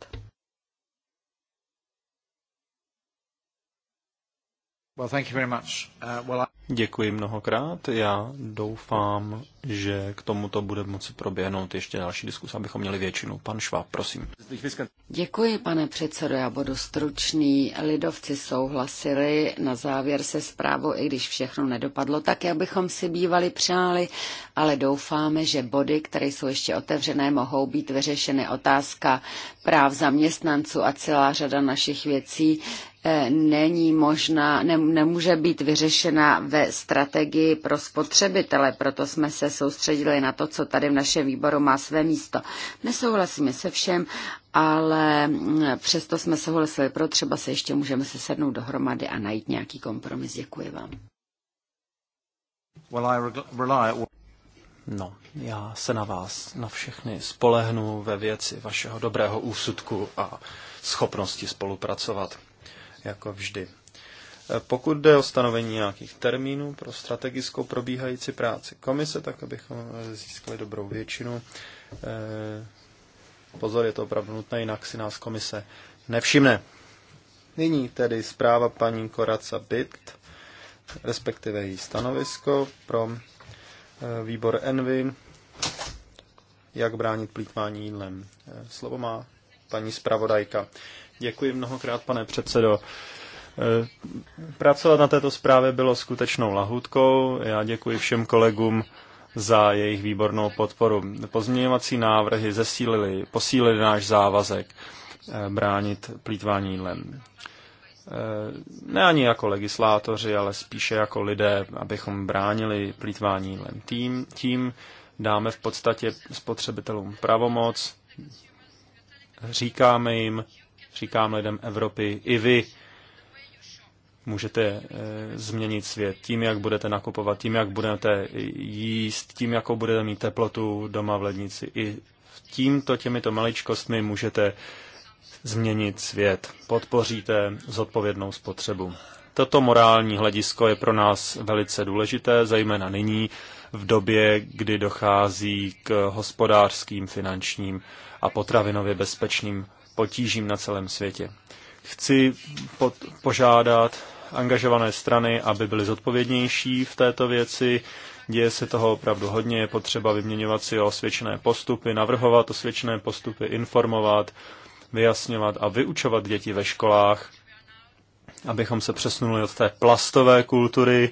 Speaker 1: Uh, Děkuji mnohokrát. Já doufám, že k tomuto bude moci proběhnout ještě další diskus, abychom měli většinu. Pan Šváb, prosím.
Speaker 2: Děkuji, pane předsedo. Já budu stručný. Lidovci souhlasili na závěr se zprávou, i když všechno nedopadlo tak, jak bychom si bývali přáli, ale doufáme, že body, které jsou ještě otevřené, mohou být vyřešeny. Otázka práv zaměstnanců a celá řada našich věcí E, není možná, ne, nemůže být vyřešena ve strategii pro spotřebitele, proto jsme se soustředili na to, co tady v našem výboru má své místo. Nesouhlasíme se všem, ale mm, přesto jsme souhlasili pro třeba se ještě můžeme se sednout dohromady a najít nějaký kompromis. Děkuji vám. No, já
Speaker 1: se na vás, na všechny spolehnu ve věci vašeho dobrého úsudku a schopnosti spolupracovat jako vždy. E, pokud jde o stanovení nějakých termínů pro strategickou probíhající práci komise, tak abychom získali dobrou většinu. E, pozor, je to opravdu nutné, jinak si nás komise nevšimne. Nyní tedy zpráva paní Koraca Bit, respektive její stanovisko pro e, výbor Envy, jak bránit plítvání jídlem. Slovo má paní zpravodajka. Děkuji mnohokrát, pane předsedo. Eh, pracovat na této zprávě bylo skutečnou lahůdkou. Já děkuji všem kolegům za jejich výbornou podporu. Pozměňovací návrhy zesílili, posílili náš závazek eh, bránit plítvání jídlem. Eh, ne ani jako legislátoři, ale spíše jako lidé, abychom bránili plítvání jídlem. Tím, tím dáme v podstatě spotřebitelům pravomoc, říkáme jim, Říkám lidem Evropy, i vy můžete e, změnit svět tím, jak budete nakupovat, tím, jak budete jíst, tím, jakou budete mít teplotu doma v lednici. I tímto, těmito maličkostmi můžete změnit svět. Podpoříte zodpovědnou spotřebu. Toto morální hledisko je pro nás velice důležité, zejména nyní, v době, kdy dochází k hospodářským, finančním a potravinově bezpečným potížím na celém světě. Chci pod, požádat angažované strany, aby byly zodpovědnější v této věci. Děje se toho opravdu hodně, je potřeba vyměňovat si osvědčené postupy, navrhovat osvědčené postupy, informovat, vyjasňovat a vyučovat děti ve školách, abychom se přesunuli od té plastové kultury,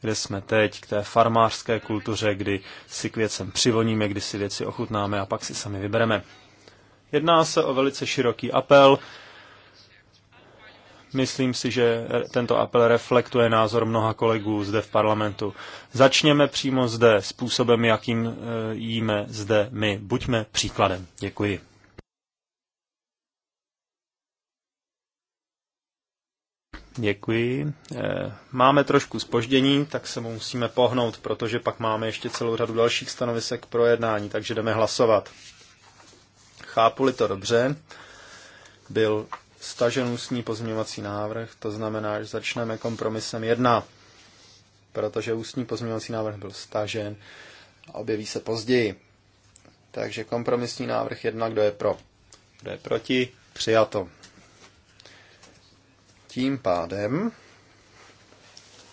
Speaker 1: kde jsme teď, k té farmářské kultuře, kdy si k věcem přivoníme, kdy si věci ochutnáme a pak si sami vybereme. Jedná se o velice široký apel. Myslím si, že tento apel reflektuje názor mnoha kolegů zde v parlamentu. Začněme přímo zde, způsobem, jakým eh, jíme zde my. Buďme příkladem. Děkuji. Děkuji. Eh, máme trošku spoždění, tak se mu musíme pohnout, protože pak máme ještě celou řadu dalších stanovisek k projednání, takže jdeme hlasovat chápu-li to dobře, byl stažen ústní pozměňovací návrh, to znamená, že začneme kompromisem 1, protože ústní pozměňovací návrh byl stažen a objeví se později. Takže kompromisní návrh 1, kdo je pro? Kdo je proti? Přijato. Tím pádem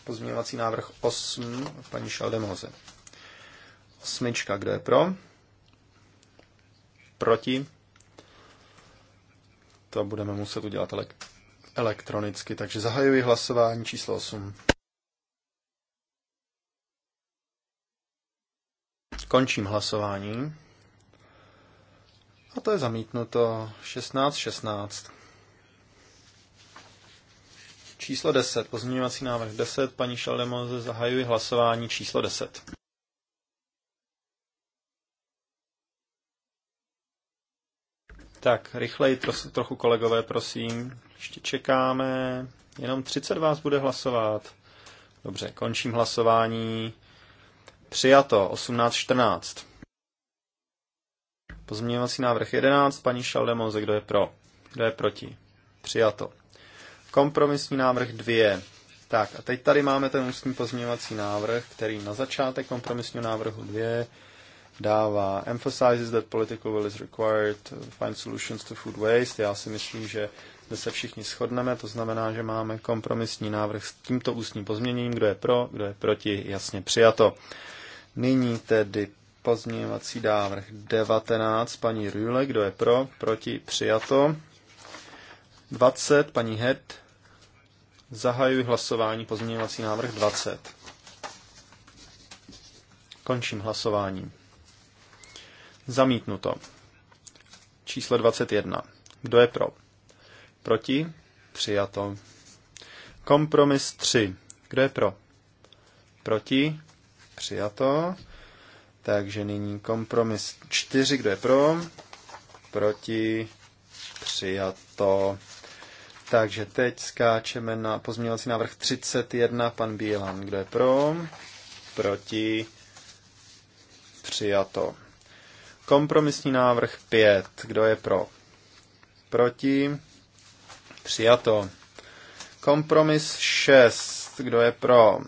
Speaker 1: pozměňovací návrh 8 paní Šaldemoze. Osmička, kdo je pro? Proti? to budeme muset udělat elektronicky. Takže zahajuji hlasování číslo 8. Končím hlasování. A to je zamítnuto 16, 16. Číslo 10, pozměňovací návrh 10, paní Šaldemoze, zahajuji hlasování číslo 10. Tak, rychleji trochu, trochu kolegové, prosím. Ještě čekáme. Jenom 30 vás bude hlasovat. Dobře, končím hlasování. Přijato 18.14. Pozměňovací návrh 11, paní Šaldemoze, kdo je pro? Kdo je proti? Přijato. Kompromisní návrh 2. Tak a teď tady máme ten ústní pozměňovací návrh, který na začátek kompromisního návrhu 2 dává emphasizes that political will is required to find solutions to food waste. Já si myslím, že zde se všichni shodneme, to znamená, že máme kompromisní návrh s tímto ústním pozměněním, kdo je pro, kdo je proti, jasně přijato. Nyní tedy pozměňovací návrh 19, paní Rüle, kdo je pro, proti, přijato. 20, paní Head, zahajuji hlasování pozměňovací návrh 20. Končím hlasováním. Zamítnuto. Číslo 21. Kdo je pro? Proti? Přijato. Kompromis 3. Kdo je pro? Proti? Přijato. Takže nyní kompromis 4. Kdo je pro? Proti? Přijato. Takže teď skáčeme na pozměňovací návrh 31. Pan Bílan. Kdo je pro? Proti? Přijato. Kompromisní návrh 5. Kdo je pro? Proti? Přijato. Kompromis 6. Kdo je pro?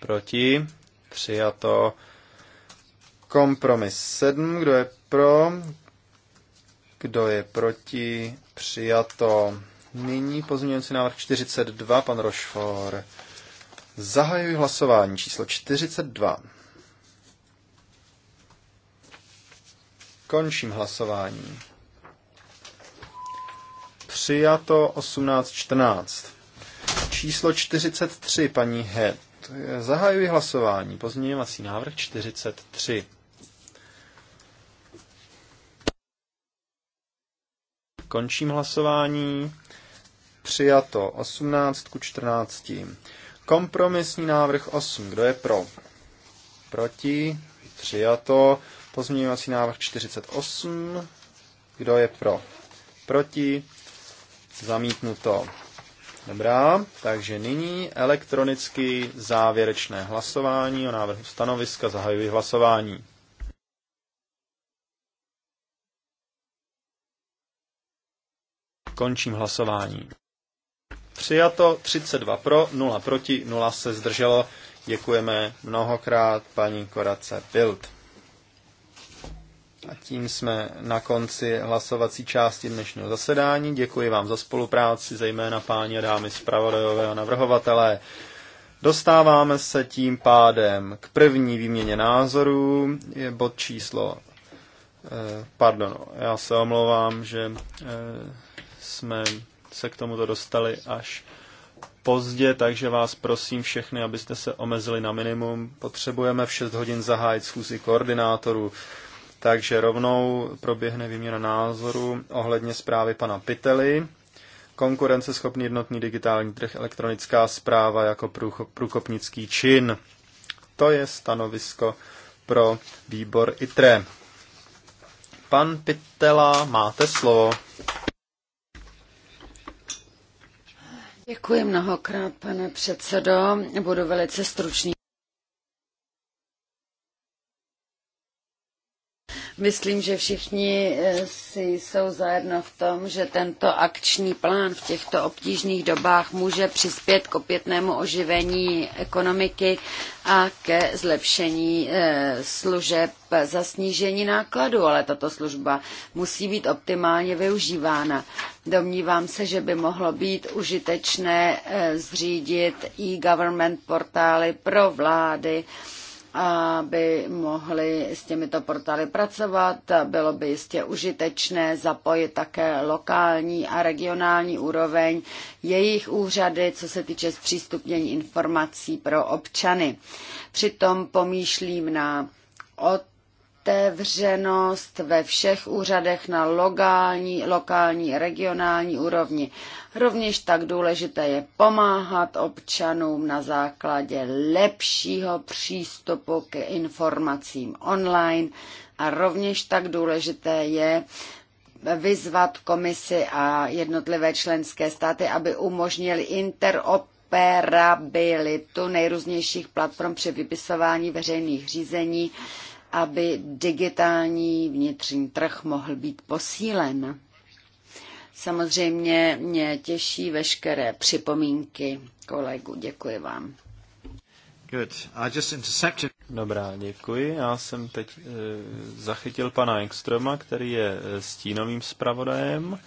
Speaker 1: Proti? Přijato. Kompromis 7. Kdo je pro? Kdo je proti? Přijato. Nyní pozměňující návrh 42, pan Rošfor. Zahajuji hlasování číslo 42. Končím hlasování. Přijato 18.14. Číslo 43, paní Het. Zahajuji hlasování. Pozměňovací návrh 43. Končím hlasování. Přijato 18 ku 14. Kompromisní návrh 8. Kdo je pro? Proti? Přijato. Pozměňovací návrh 48. Kdo je pro? Proti? Zamítnuto. Dobrá, takže nyní elektronicky závěrečné hlasování o návrhu stanoviska. Zahajuji hlasování. Končím hlasování. Přijato 32 pro, 0 proti, 0 se zdrželo. Děkujeme mnohokrát paní Korace Bild. A tím jsme na konci hlasovací části dnešního zasedání. Děkuji vám za spolupráci, zejména páni a dámy zpravodajové a navrhovatelé. Dostáváme se tím pádem k první výměně názorů, je bod číslo, eh, pardon, já se omlouvám, že eh, jsme se k tomuto dostali až pozdě, takže vás prosím všechny, abyste se omezili na minimum. Potřebujeme v 6 hodin zahájit schůzi koordinátorů. Takže rovnou proběhne výměna názoru ohledně zprávy pana Pitely. Konkurenceschopný jednotný digitální trh, elektronická zpráva jako průkopnický čin. To je stanovisko pro výbor ITRE. Pan Pitela, máte slovo.
Speaker 2: Děkuji mnohokrát, pane předsedo. Budu velice stručný. Myslím, že všichni eh, si jsou zajedno v tom, že tento akční plán v těchto obtížných dobách může přispět k opětnému oživení ekonomiky a ke zlepšení eh, služeb za snížení nákladů, ale tato služba musí být optimálně využívána. Domnívám se, že by mohlo být užitečné eh, zřídit e-government portály pro vlády, aby mohli s těmito portály pracovat. Bylo by jistě užitečné zapojit také lokální a regionální úroveň jejich úřady, co se týče zpřístupnění informací pro občany. Přitom pomýšlím na od otevřenost ve všech úřadech na lokální, lokální, regionální úrovni. Rovněž tak důležité je pomáhat občanům na základě lepšího přístupu k informacím online a rovněž tak důležité je vyzvat komisi a jednotlivé členské státy, aby umožnili interop interoperabilitu nejrůznějších platform při vypisování veřejných řízení aby digitální vnitřní trh mohl být posílen. Samozřejmě mě těší veškeré připomínky kolegu. Děkuji vám.
Speaker 1: Good. I just intercepted... Dobrá, děkuji. Já jsem teď e, zachytil pana Engströma, který je eh, stínovým zpravodajem,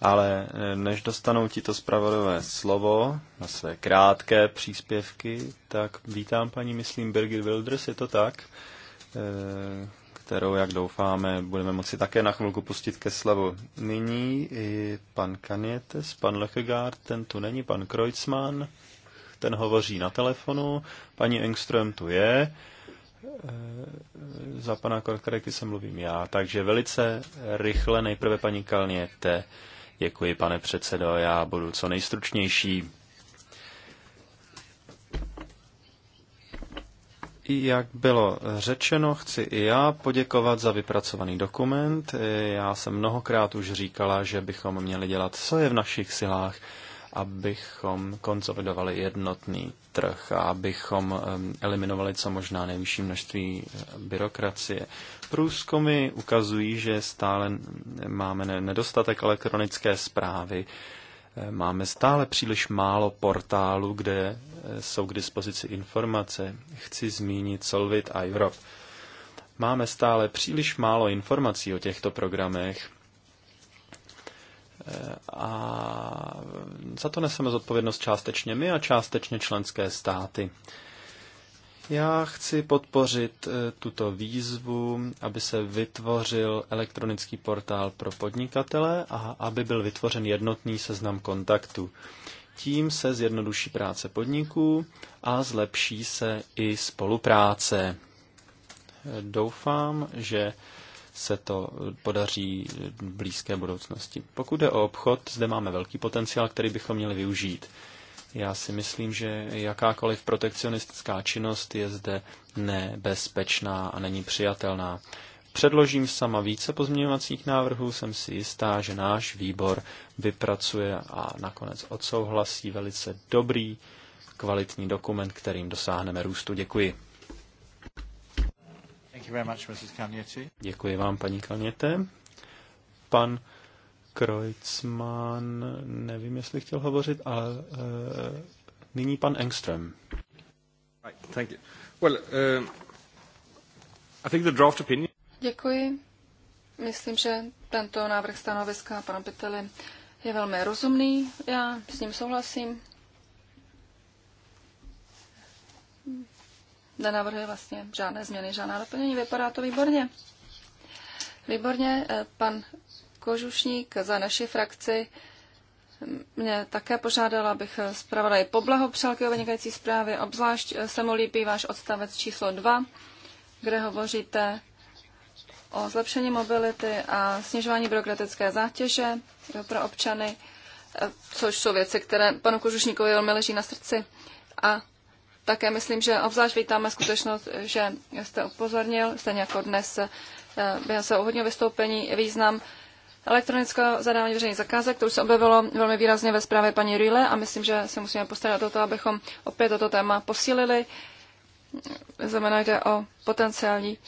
Speaker 1: ale eh, než dostanou ti to zpravodové slovo na své krátké příspěvky, tak vítám paní, myslím, Birgit Wilders, je to tak? E, Eh, kterou, jak doufáme, budeme moci také na chvilku pustit ke slavu. Nyní i pan Kanietes, pan Lechegaard, ten tu není, pan Kreutzmann, ten hovoří na telefonu, paní Engström tu je, eh, za pana Korkareky se mluvím já, takže velice rychle nejprve paní Kalniete. Děkuji, pane předsedo, já budu co nejstručnější. Jak bylo řečeno, chci i já poděkovat za vypracovaný dokument. Já jsem mnohokrát už říkala, že bychom měli dělat, co je v našich silách, abychom konsolidovali jednotný trh a abychom eliminovali co možná nejvyšší množství eh, byrokracie. Průzkumy ukazují, že stále máme nedostatek elektronické zprávy Máme stále příliš málo portálů, kde eh, jsou k dispozici informace. Chci zmínit Solvit a Europe. Máme stále příliš málo informací o těchto programech eh, a za to neseme zodpovědnost částečně my a částečně členské státy. Já chci podpořit eh, tuto výzvu, aby se vytvořil elektronický portál pro podnikatele a aby byl vytvořen jednotný seznam kontaktů. Tím se zjednoduší práce podniků a zlepší se i spolupráce. Doufám, že se to podaří v blízké budoucnosti. Pokud je o obchod, zde máme velký potenciál, který bychom měli využít. Já si myslím, že jakákoliv protekcionistická činnost je zde nebezpečná a není přijatelná. Předložím sama více pozměňovacích návrhů, jsem si jistá, že náš výbor vypracuje a nakonec odsouhlasí velice dobrý, kvalitní dokument, kterým dosáhneme růstu. Děkuji. Děkuji vám, paní Kalněte. Pan Kreutzmann, nevím, jestli chtěl hovořit, ale uh, nyní pan Engström.
Speaker 3: Right, thank you. Well, uh,
Speaker 1: I think the draft opinion...
Speaker 3: Děkuji. Myslím, že tento návrh stanoviska pana Piteli je velmi rozumný. Já s ním souhlasím. Nenavrhuje vlastně žádné změny, žádná doplnění. Vypadá to výborně. Výborně, eh, pan Kožušník za naši frakci mě také požádala, abych zpravodaj poblahopřál k jeho vynikající zprávě. Obzvlášť eh, se mu líbí váš odstavec číslo 2, kde hovoříte o zlepšení mobility a snižování byrokratické zátěže pro občany, eh, což jsou věci, které panu Kožušníkovi velmi leží na srdci. A také myslím, že obzvlášť vítáme skutečnost, že jste upozornil, stejně jako dnes eh, během svého úvodního vystoupení, význam elektronické zadání veřejných zakázek. To už se objevilo velmi výrazně ve zprávě paní Rýle a myslím, že se musíme postarat o to, abychom opět toto téma posílili. Znamená, jde o potenciální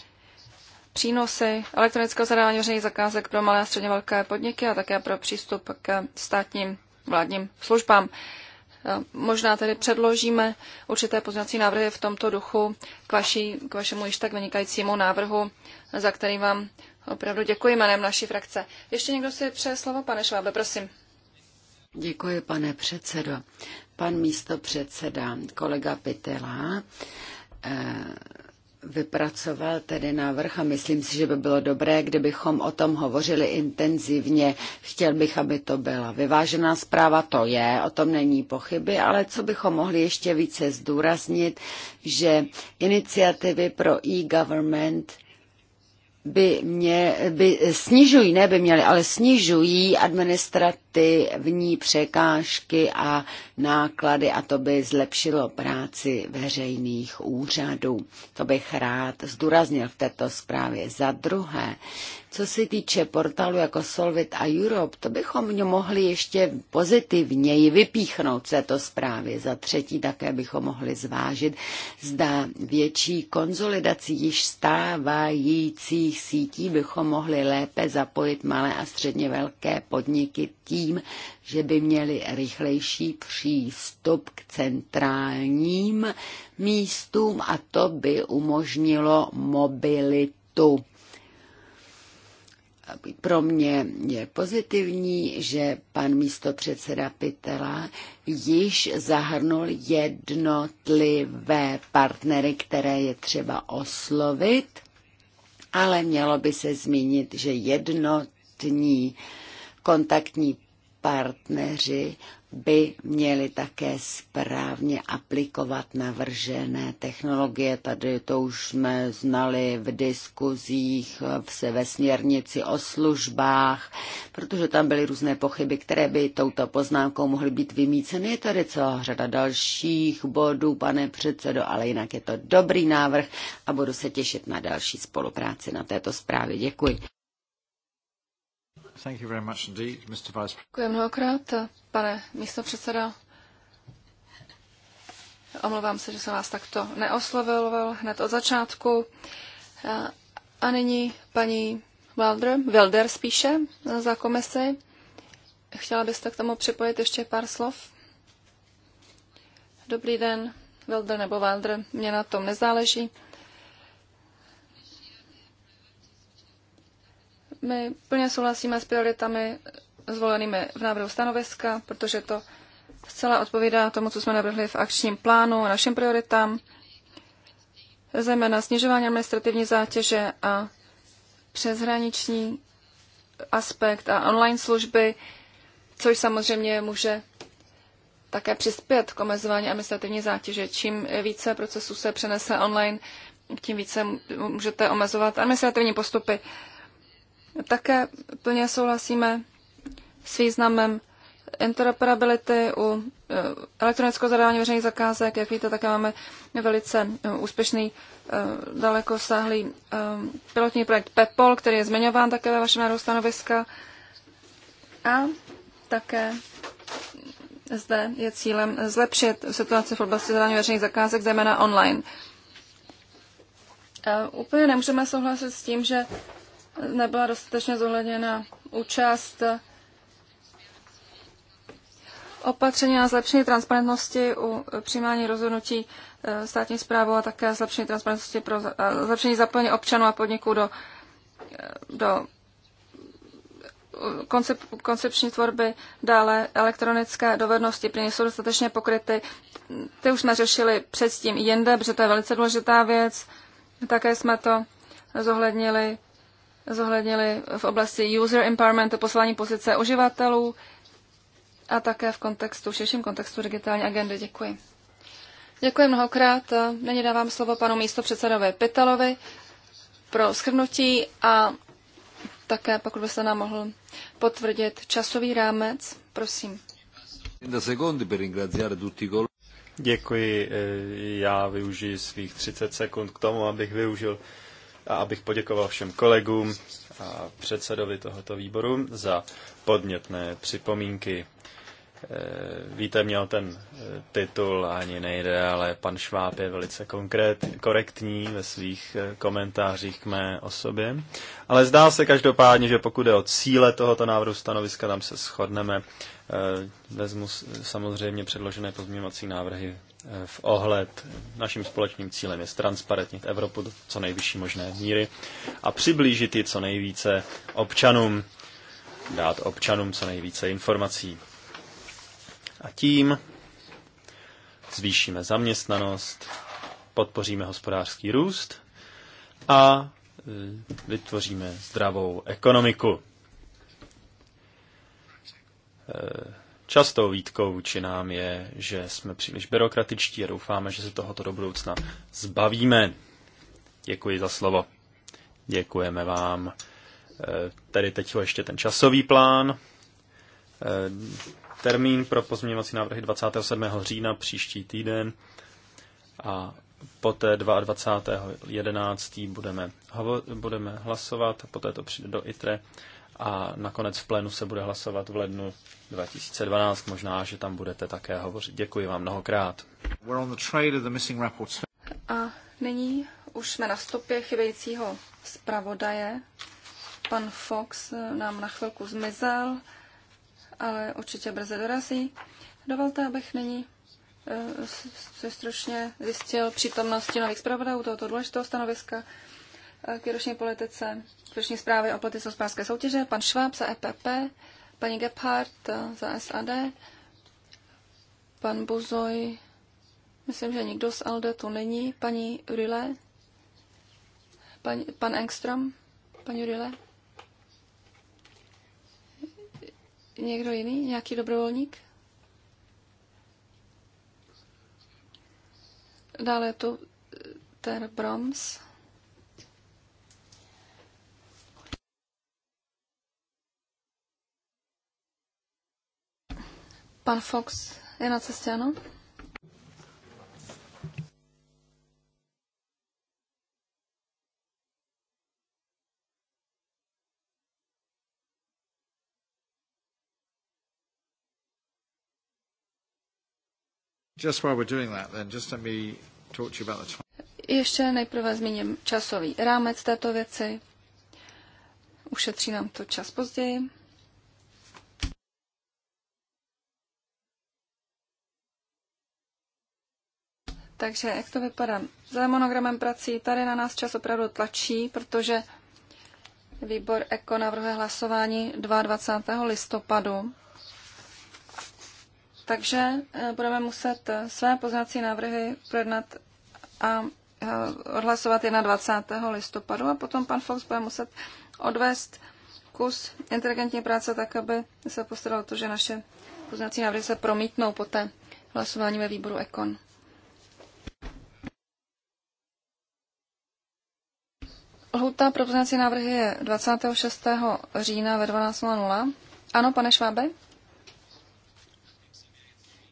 Speaker 3: přínosy elektronického zadání veřejných zakázek pro malé a středně velké podniky a také pro přístup k státním vládním službám. E, možná tedy předložíme určité pozměňovací návrhy v tomto duchu k, vaší, k vašemu již tak vynikajícímu návrhu, za který vám Opravdu děkuji jménem naší frakce. Ještě někdo si přeje slovo, pane Švábe, prosím.
Speaker 2: Děkuji, pane předsedo. Pan místo předseda, kolega Pitela, eh, vypracoval tedy návrh a myslím si, že by bylo dobré, kdybychom o tom hovořili intenzivně. Chtěl bych, aby to byla vyvážená zpráva, to je, o tom není pochyby, ale co bychom mohli ještě více zdůraznit, že iniciativy pro e-government – by, mě, by snižují, ne by měly, ale snižují administrativní překážky a náklady a to by zlepšilo práci veřejných úřadů. To bych rád zdůraznil v této zprávě. Za druhé, co se týče portálu jako Solvit a Europe, to bychom mohli ještě pozitivněji vypíchnout z této zprávy. Za třetí také bychom mohli zvážit, zda větší konzolidací již stávajících sítí bychom mohli lépe zapojit malé a středně velké podniky tím, že by měli rychlejší přístup k centrálním místům a to by umožnilo mobilitu pro mě je pozitivní, že pan místo předseda Pitela již zahrnul jednotlivé partnery, které je třeba oslovit, ale mělo by se zmínit, že jednotní kontaktní partneři by měli také správně aplikovat navržené technologie. Tady to už jsme znali v diskuzích se ve směrnici o službách, protože tam byly různé pochyby, které by touto poznámkou mohly být vymíceny. Je tady celá řada dalších bodů, pane předsedo, ale jinak je to dobrý návrh a budu se těšit na další spolupráci na této zprávě. Děkuji.
Speaker 3: Děkuji mnohokrát, pane předseda. Omlouvám se, že jsem vás takto neoslovil hned od začátku. A nyní paní Wilder, Wilder spíše za komisi. Chtěla byste k tomu připojit ještě pár slov? Dobrý den, Wilder nebo Wilder, mě na tom nezáleží. My plně souhlasíme s prioritami zvolenými v návrhu stanoviska, protože to zcela odpovídá tomu, co jsme navrhli v akčním plánu, našim prioritám, zejména snižování administrativní zátěže a přeshraniční aspekt a online služby, což samozřejmě může také přispět k omezování administrativní zátěže. Čím více procesů se přenese online, tím více můžete omezovat administrativní postupy. Také plně souhlasíme s významem interoperability u eh, elektronického zadávání veřejných zakázek. Jak víte, také máme velice eh, úspěšný eh, dalekosáhlý pilotní projekt PEPOL, který je zmiňován také ve vašem návrhu stanoviska. A také zde je cílem zlepšit situaci v oblasti zadání veřejných zakázek, zejména online. Úplně nemůžeme souhlasit s tím, že nebyla dostatečně zohledněna účast opatření na zlepšení transparentnosti u přijímání rozhodnutí eh, státní zprávou a také zlepšení transparentnosti pro eh, zlepšení zapojení občanů a podniků do, eh, do koncep, koncepční tvorby, dále elektronické dovednosti, protože jsou dostatečně pokryty. Ty už jsme řešili předtím jinde, protože to je velice důležitá věc. Také jsme to zohlednili zohlednili v oblasti user empowerment a poslání pozice uživatelů a také v kontextu, v širším kontextu digitální agendy. Děkuji. Děkuji mnohokrát. Nyní dávám slovo panu místopředsedovi Pitalovi pro schrnutí a také, pokud byste nám mohl potvrdit časový rámec, prosím.
Speaker 1: Děkuji. Já využiji svých 30 sekund k tomu, abych využil a abych poděkoval všem kolegům a předsedovi tohoto výboru za podnětné připomínky. E, víte, měl ten e, titul ani nejde, ale pan Šváb je velice konkrét, korektní ve svých e, komentářích k mé osobě. Ale zdá se každopádně, že pokud je o cíle tohoto návrhu stanoviska, tam se shodneme. Vezmu samozřejmě předložené pozměňovací návrhy v ohled. Naším společným cílem je transparentnit Evropu do co nejvyšší možné míry a přiblížit ji co nejvíce občanům, dát občanům co nejvíce informací. A tím zvýšíme zaměstnanost, podpoříme hospodářský růst a e, vytvoříme zdravou ekonomiku e, Častou výtkou vůči nám je, že jsme příliš byrokratičtí a doufáme, že se tohoto do budoucna zbavíme. Děkuji za slovo. Děkujeme vám. E, tady teď ještě ten časový plán. E, termín pro pozměňovací návrhy 27. října příští týden a poté 22.11. Budeme, budeme hlasovat, poté to přijde do ITRE a nakonec v plénu se bude hlasovat v lednu 2012. Možná, že tam budete také hovořit. Děkuji vám mnohokrát.
Speaker 3: A nyní už jsme na stopě chybějícího zpravodaje. Pan Fox nám na chvilku zmizel, ale určitě brzy dorazí. Dovolte, abych nyní eh, se stručně zjistil přítomnosti nových zpravodajů tohoto důležitého stanoviska eh, k výroční politice, výroční zprávy o politice hospodářské soutěže, pan Šváb za EPP, paní Gephardt eh, za SAD, pan Buzoj, myslím, že nikdo z ALDE tu není, paní Rille, pan, pan Engstrom, paní Rille, Někdo jiný? Nějaký dobrovolník? Dále je tu eh, Ter Broms. Pan Fox je na cestě, ano? Ještě nejprve zmíním časový rámec této věci. Ušetří nám to čas později. Takže jak to vypadá? Za monogramem prací tady na nás čas opravdu tlačí, protože výbor ECO navrhuje hlasování 22. listopadu. Takže eh, budeme muset eh, své poznací návrhy projednat a eh, odhlasovat 21. listopadu a potom pan Fox bude muset odvést kus inteligentní práce tak, aby se postaralo to, že naše poznací návrhy se promítnou poté hlasování ve výboru Ekon. Lhuta pro pozměňovací návrhy je 26. října ve 12.00. Ano, pane Švábe?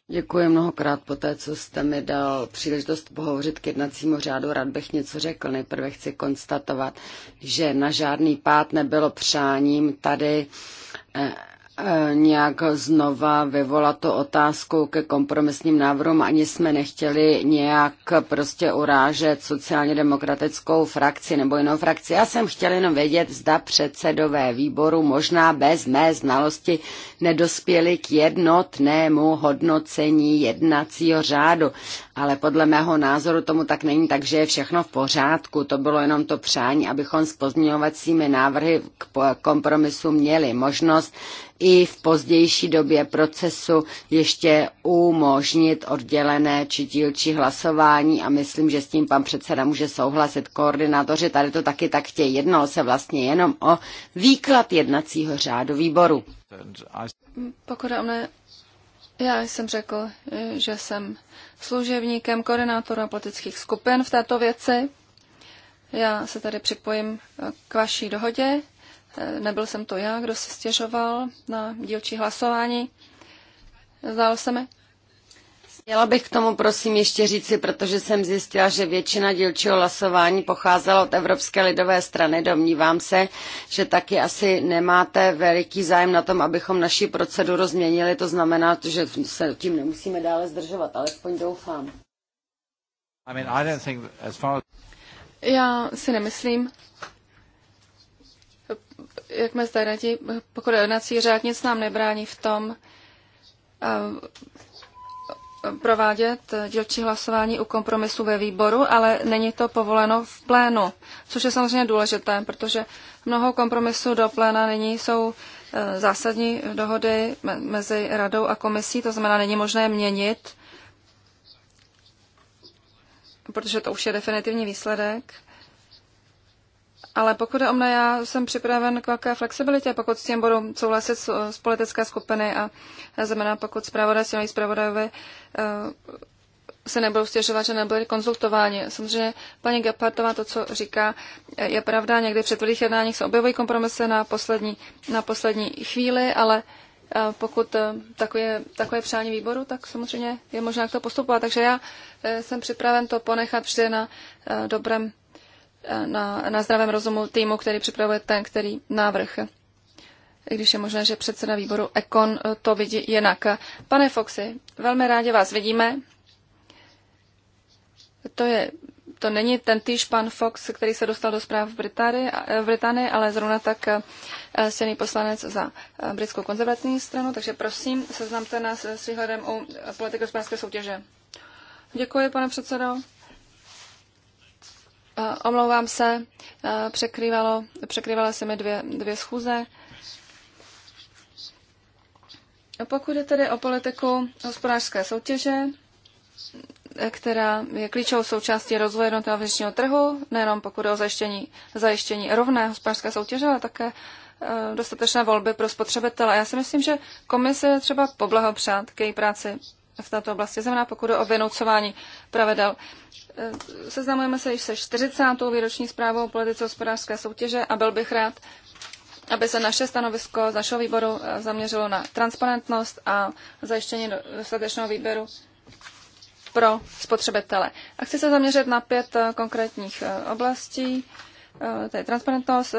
Speaker 2: Děkuji mnohokrát po té, co jste mi dal příležitost pohovořit k jednacímu řádu. Rád bych něco řekl. Nejprve chci konstatovat, že na žádný pát nebylo přáním tady eh, E, nějak znova vyvolat tu otázku ke kompromisním návrhům. Ani jsme nechtěli nějak prostě urážet sociálně demokratickou frakci nebo jinou frakci. Já jsem chtěl jenom vědět, zda předsedové výboru možná bez mé znalosti nedospěli k jednotnému hodnocení jednacího řádu. Ale podle mého názoru tomu tak není, takže je všechno v pořádku. To bylo jenom to přání, abychom s pozměňovacími návrhy k kompromisu měli možnost i v pozdější době procesu ještě umožnit oddělené či dílčí hlasování a myslím, že s tím pan předseda může souhlasit. Koordinátoři tady to taky tak chtějí. Jednalo se vlastně jenom o výklad jednacího řádu výboru.
Speaker 3: Pokud o mne, já jsem řekl, že jsem služebníkem koordinátora politických skupin v této věci. Já se tady připojím k vaší dohodě. Nebyl jsem to já, kdo si stěžoval na dílčí hlasování. Zdálo se mi. Měla bych k
Speaker 2: tomu prosím ještě říci, protože jsem zjistila, že většina dílčího hlasování pocházela od Evropské lidové strany. Domnívám se, že taky asi nemáte veliký zájem na tom, abychom naši proceduru změnili. To znamená, že se tím nemusíme dále zdržovat, alespoň
Speaker 3: doufám. Já si nemyslím, jak jsme zde radí, pokud jednací řád nic nám nebrání v tom eh, provádět dělčí hlasování u kompromisu ve výboru, ale není to povoleno v plénu, což je samozřejmě důležité, protože mnoho kompromisů do pléna není, jsou eh, zásadní dohody mezi radou a komisí, to znamená, není možné měnit, protože to už je definitivní výsledek. Ale pokud je o mne, já jsem připraven k velké flexibilitě, pokud s tím budou souhlasit z politické skupiny a znamená, pokud zpravodaj, silný zpravodajovi eh, se nebudou stěžovat, že nebyli konzultováni. Samozřejmě paní Gepartová to, co říká, eh, je pravda. Někdy při tvrdých jednáních se objevují kompromisy na poslední, na poslední chvíli, ale eh, pokud takové, takové přání výboru, tak samozřejmě je možné jak to postupovat. Takže já jsem připraven to ponechat vždy na dobrém na, na zdravém rozumu týmu, který připravuje ten, který návrh. I když je možné, že předseda výboru Ekon eh, to vidí jinak. Pane Foxy, velmi rádi vás vidíme. To, je, to není ten týž pan Fox, který se dostal do zpráv v Británii, eh, v Británii ale zrovna tak eh, silný poslanec za britskou konzervativní stranu, takže prosím, seznamte nás s výhledem u politiky hospodářské soutěže. Děkuji, pane předsedo. Omlouvám se, překrývalo, překrývala se mi dvě, dvě schůze. Pokud je tedy o politiku hospodářské soutěže, která je klíčovou součástí rozvoje jednotného vnitřního trhu, nejenom pokud je o zajištění, zajištění rovné hospodářské soutěže, ale také e, dostatečné volby pro spotřebitele. Já si myslím, že komise je třeba poblahopřát k její práci v této oblasti, znamená pokud je o vynoucování pravidel. Eh, seznamujeme se již se 40. výroční zprávou o politice hospodářské soutěže a byl bych rád, aby se naše stanovisko z našeho výboru eh, zaměřilo na transparentnost a zajištění dostatečného výběru pro spotřebitele. A chci se zaměřit na pět eh, konkrétních oblastí. To je transparentnost,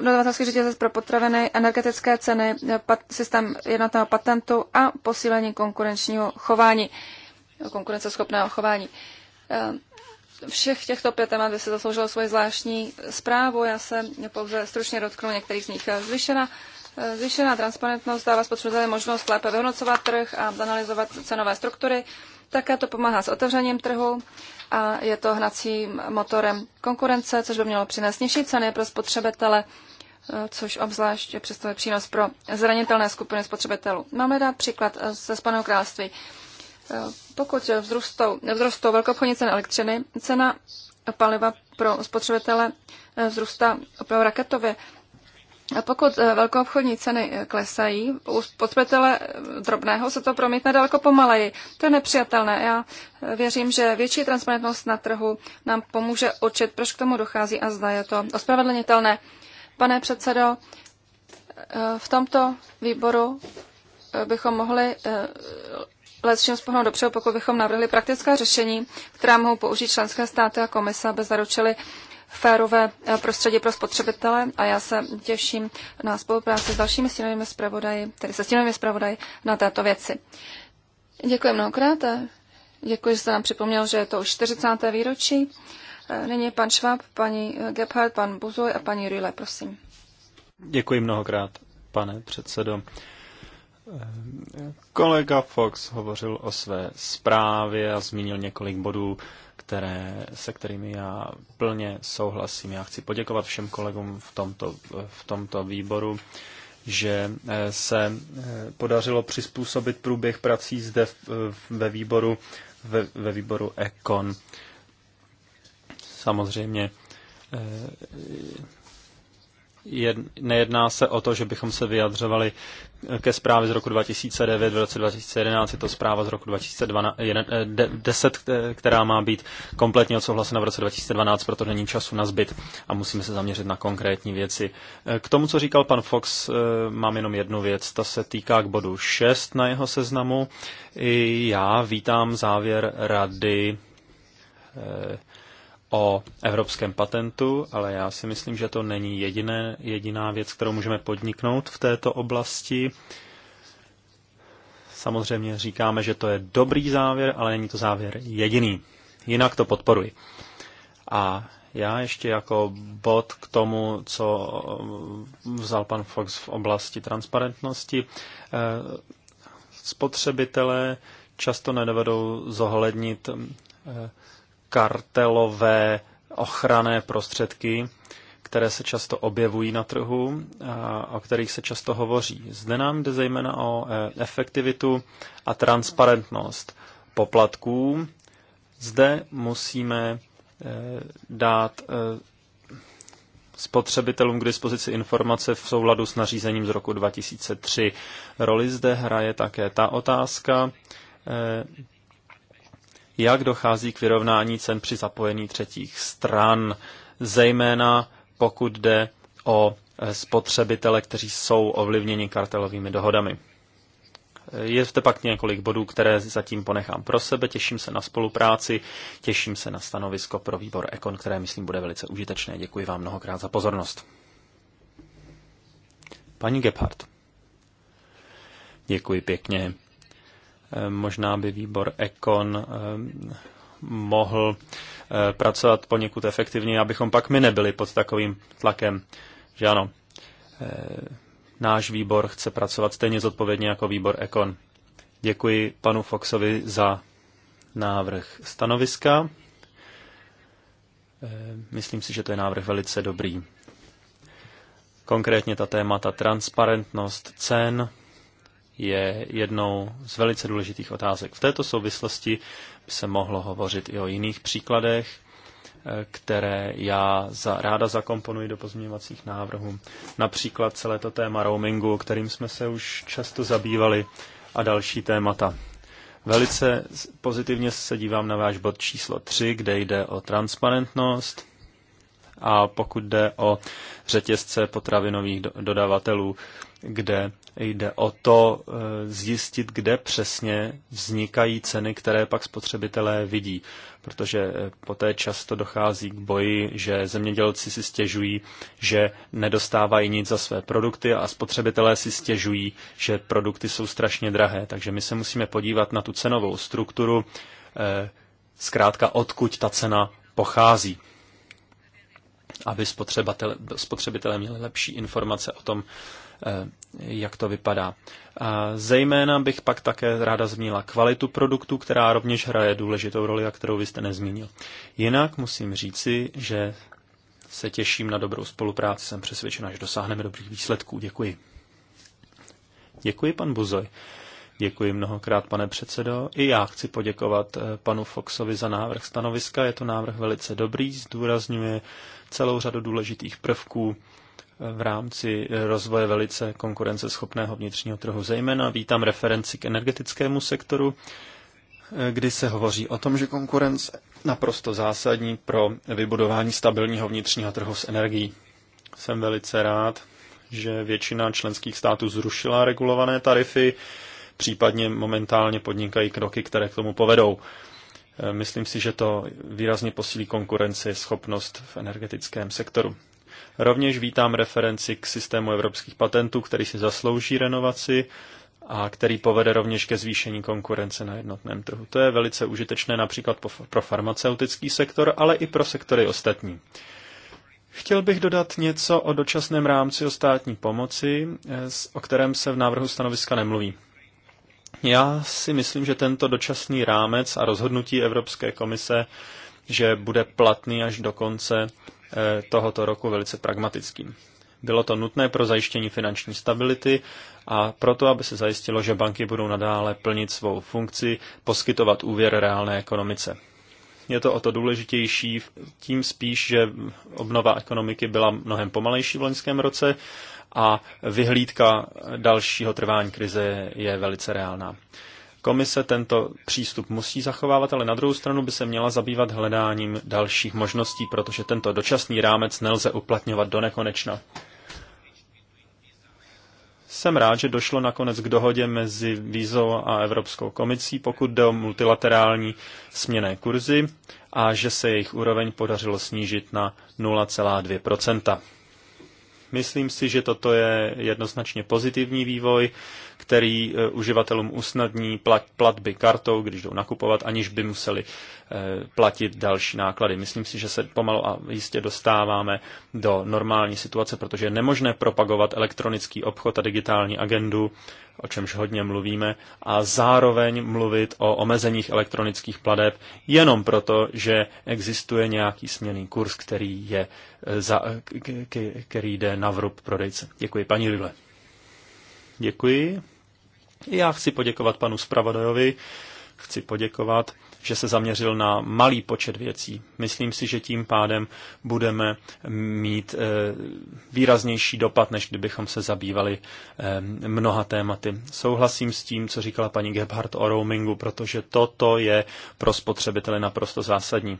Speaker 3: dodavatelský řetězec pro potraviny, energetické ceny, systém jednotného patentu a posílení konkurenčního chování konkurenceschopného chování. Eh, všech těchto pět témat by se zasloužilo svoji zvláštní zprávu. Já se pouze stručně dotknu některých z nich. Eh, Zvýšena, eh, zvýšená transparentnost dává spotřebitelům možnost lépe vyhodnocovat trh a zanalizovat cenové struktury. Také to pomáhá s otevřením trhu a je to hnacím motorem konkurence, což by mělo přinést nižší ceny pro spotřebitele, což obzvlášť představuje přínos pro zranitelné skupiny spotřebitelů. Máme dát příklad ze Spojeného království. Eh, pokud vzrostou, vzrostou velkoobchodní ceny elektřiny, cena paliva pro spotřebitele eh, vzrůstá opravdu raketově. A pokud eh, velkoobchodní ceny klesají, u spotřebitele drobného se to promítne daleko pomaleji. To je nepřijatelné. Já věřím, že větší transparentnost na trhu nám pomůže určit, proč k tomu dochází a zda je to ospravedlnitelné. Pane předsedo, v tomto výboru bychom mohli let všem spohnout dopředu, pokud bychom navrhli praktická řešení, která mohou použít členské státy a komise, aby zaručili férové eh, prostředí pro spotřebitele a já se těším na spolupráci s dalšími stínovými zpravodaji, tedy se stínovými zpravodaji na této věci. Děkuji mnohokrát a děkuji, že jste nám připomněl, že je to už 40. výročí. Eh, nyní pan Švab, paní eh, Gebhardt, pan Buzoj a paní Rüle, prosím.
Speaker 1: Děkuji mnohokrát, pane předsedo. Kolega Fox hovořil o své zprávě a zmínil několik bodů, které, se kterými já plně souhlasím. Já chci poděkovat všem kolegům v tomto, v tomto výboru, že eh, se eh, podařilo přizpůsobit průběh prací zde ve výboru, ve, ve výboru Econ. Samozřejmě eh, nejedná se o to, že bychom se vyjadřovali eh, ke zprávě z roku 2009, v roce 2011 je to zpráva z roku 2010, eh, eh, která má být kompletně odsouhlasena v roce 2012, proto není času na zbyt a musíme se zaměřit na konkrétní věci. K tomu, co říkal pan Fox, mám jenom jednu věc, ta se týká k bodu 6 na jeho seznamu. I já vítám závěr rady o evropském patentu, ale já si myslím, že to není jediné, jediná věc, kterou můžeme podniknout v této oblasti. Samozřejmě říkáme, že to je dobrý závěr, ale není to závěr jediný. Jinak to podporuji. A já ještě jako bod k tomu, co vzal pan Fox v oblasti transparentnosti. Eh, spotřebitelé často nedovedou zohlednit eh, kartelové ochranné prostředky, které se často objevují na trhu a o kterých se často hovoří. Zde nám jde zejména o e, efektivitu a transparentnost poplatků. Zde musíme e, dát e, spotřebitelům k dispozici informace v souladu s nařízením z roku 2003. Roli zde hraje také ta otázka, jak dochází k vyrovnání cen při zapojení třetích stran, zejména pokud jde o eh, spotřebitele, kteří jsou ovlivněni kartelovými dohodami. Eh, je zde pak několik bodů, které zatím ponechám pro sebe. Těším se na spolupráci, těším se na stanovisko pro výbor Ekon, které, myslím, bude velice užitečné. Děkuji vám mnohokrát za pozornost. Paní Gebhardt. Děkuji pěkně. Eh, možná by výbor Ekon eh, mohl eh, pracovat poněkud efektivněji, abychom pak my nebyli pod takovým tlakem. Že ano, náš výbor chce pracovat stejně zodpovědně jako výbor Ekon. Děkuji panu Foxovi za návrh stanoviska. Myslím si, že to je návrh velice dobrý. Konkrétně ta témata transparentnost cen, je jednou z velice důležitých otázek. V této souvislosti by se mohlo hovořit i o jiných příkladech, eh, které já za, ráda zakomponuji do pozměňovacích návrhů. Například celé to téma roamingu, o kterým jsme se už často zabývali, a další témata. Velice pozitivně se dívám na váš bod číslo 3, kde jde o transparentnost a pokud jde o řetězce potravinových dodavatelů, kde jde o to eh, zjistit, kde přesně vznikají ceny, které pak spotřebitelé vidí, protože eh, poté často dochází k boji, že zemědělci si stěžují, že nedostávají nic za své produkty a spotřebitelé si stěžují, že produkty jsou strašně drahé. Takže my se musíme podívat na tu cenovou strukturu, eh, zkrátka odkud ta cena pochází aby spotřebitelé měli lepší informace o tom, eh, jak to vypadá. A zejména bych pak také ráda zmínila kvalitu produktu, která rovněž hraje důležitou roli a kterou vy jste nezmínil. Jinak musím říci, že se těším na dobrou spolupráci, jsem přesvědčena, že dosáhneme dobrých výsledků. Děkuji. Děkuji, pan Buzoj. Děkuji mnohokrát, pane předsedo. I já chci poděkovat eh, panu Foxovi za návrh stanoviska. Je to návrh velice dobrý, zdůrazňuje celou řadu důležitých prvků eh, v rámci eh, rozvoje velice konkurenceschopného vnitřního trhu. Zejména vítám referenci k energetickému sektoru, kdy se hovoří o tom, že konkurence naprosto zásadní pro vybudování stabilního vnitřního trhu s energií. Jsem velice rád, že většina členských států zrušila regulované tarify případně momentálně podnikají kroky, které k tomu povedou. Eh, myslím si, že to výrazně posílí konkurenci schopnost v energetickém sektoru. Rovněž vítám referenci k systému evropských patentů, který si zaslouží renovaci a který povede rovněž ke zvýšení konkurence na jednotném trhu. To je velice užitečné například pro farmaceutický sektor, ale i pro sektory ostatní. Chtěl bych dodat něco o dočasném rámci o státní pomoci, eh, o kterém se v návrhu stanoviska nemluví. Já si myslím, že tento dočasný rámec a rozhodnutí Evropské komise, že bude platný až do konce eh, tohoto roku velice pragmatickým. Bylo to nutné pro zajištění finanční stability a proto, aby se zajistilo, že banky budou nadále plnit svou funkci, poskytovat úvěr reálné ekonomice. Je to o to důležitější, tím spíš, že obnova ekonomiky byla mnohem pomalejší v loňském roce a vyhlídka dalšího trvání krize je velice reálná. Komise tento přístup musí zachovávat, ale na druhou stranu by se měla zabývat hledáním dalších možností, protože tento dočasný rámec nelze uplatňovat do nekonečna. Jsem rád, že došlo nakonec k dohodě mezi Vízou a Evropskou komisí, pokud jde o multilaterální směné kurzy a že se jejich úroveň podařilo snížit na 0,2 Myslím si, že toto je jednoznačně pozitivní vývoj který eh, uživatelům usnadní platby kartou, když jdou nakupovat, aniž by museli eh, platit další náklady. Myslím si, že se pomalu a jistě dostáváme do normální situace, protože je nemožné propagovat elektronický obchod a digitální agendu, o čemž hodně mluvíme, a zároveň mluvit o omezeních elektronických pladeb jenom proto, že existuje nějaký směný kurz, který, je eh, za, k, k, který jde na vrub prodejce. Děkuji, paní Rivle. Děkuji. Já chci poděkovat panu Spravodajovi, chci poděkovat, že se zaměřil na malý počet věcí. Myslím si, že tím pádem budeme mít eh, výraznější dopad, než kdybychom se zabývali eh, mnoha tématy. Souhlasím s tím, co říkala paní Gebhardt o roamingu, protože toto je pro spotřebitele naprosto zásadní.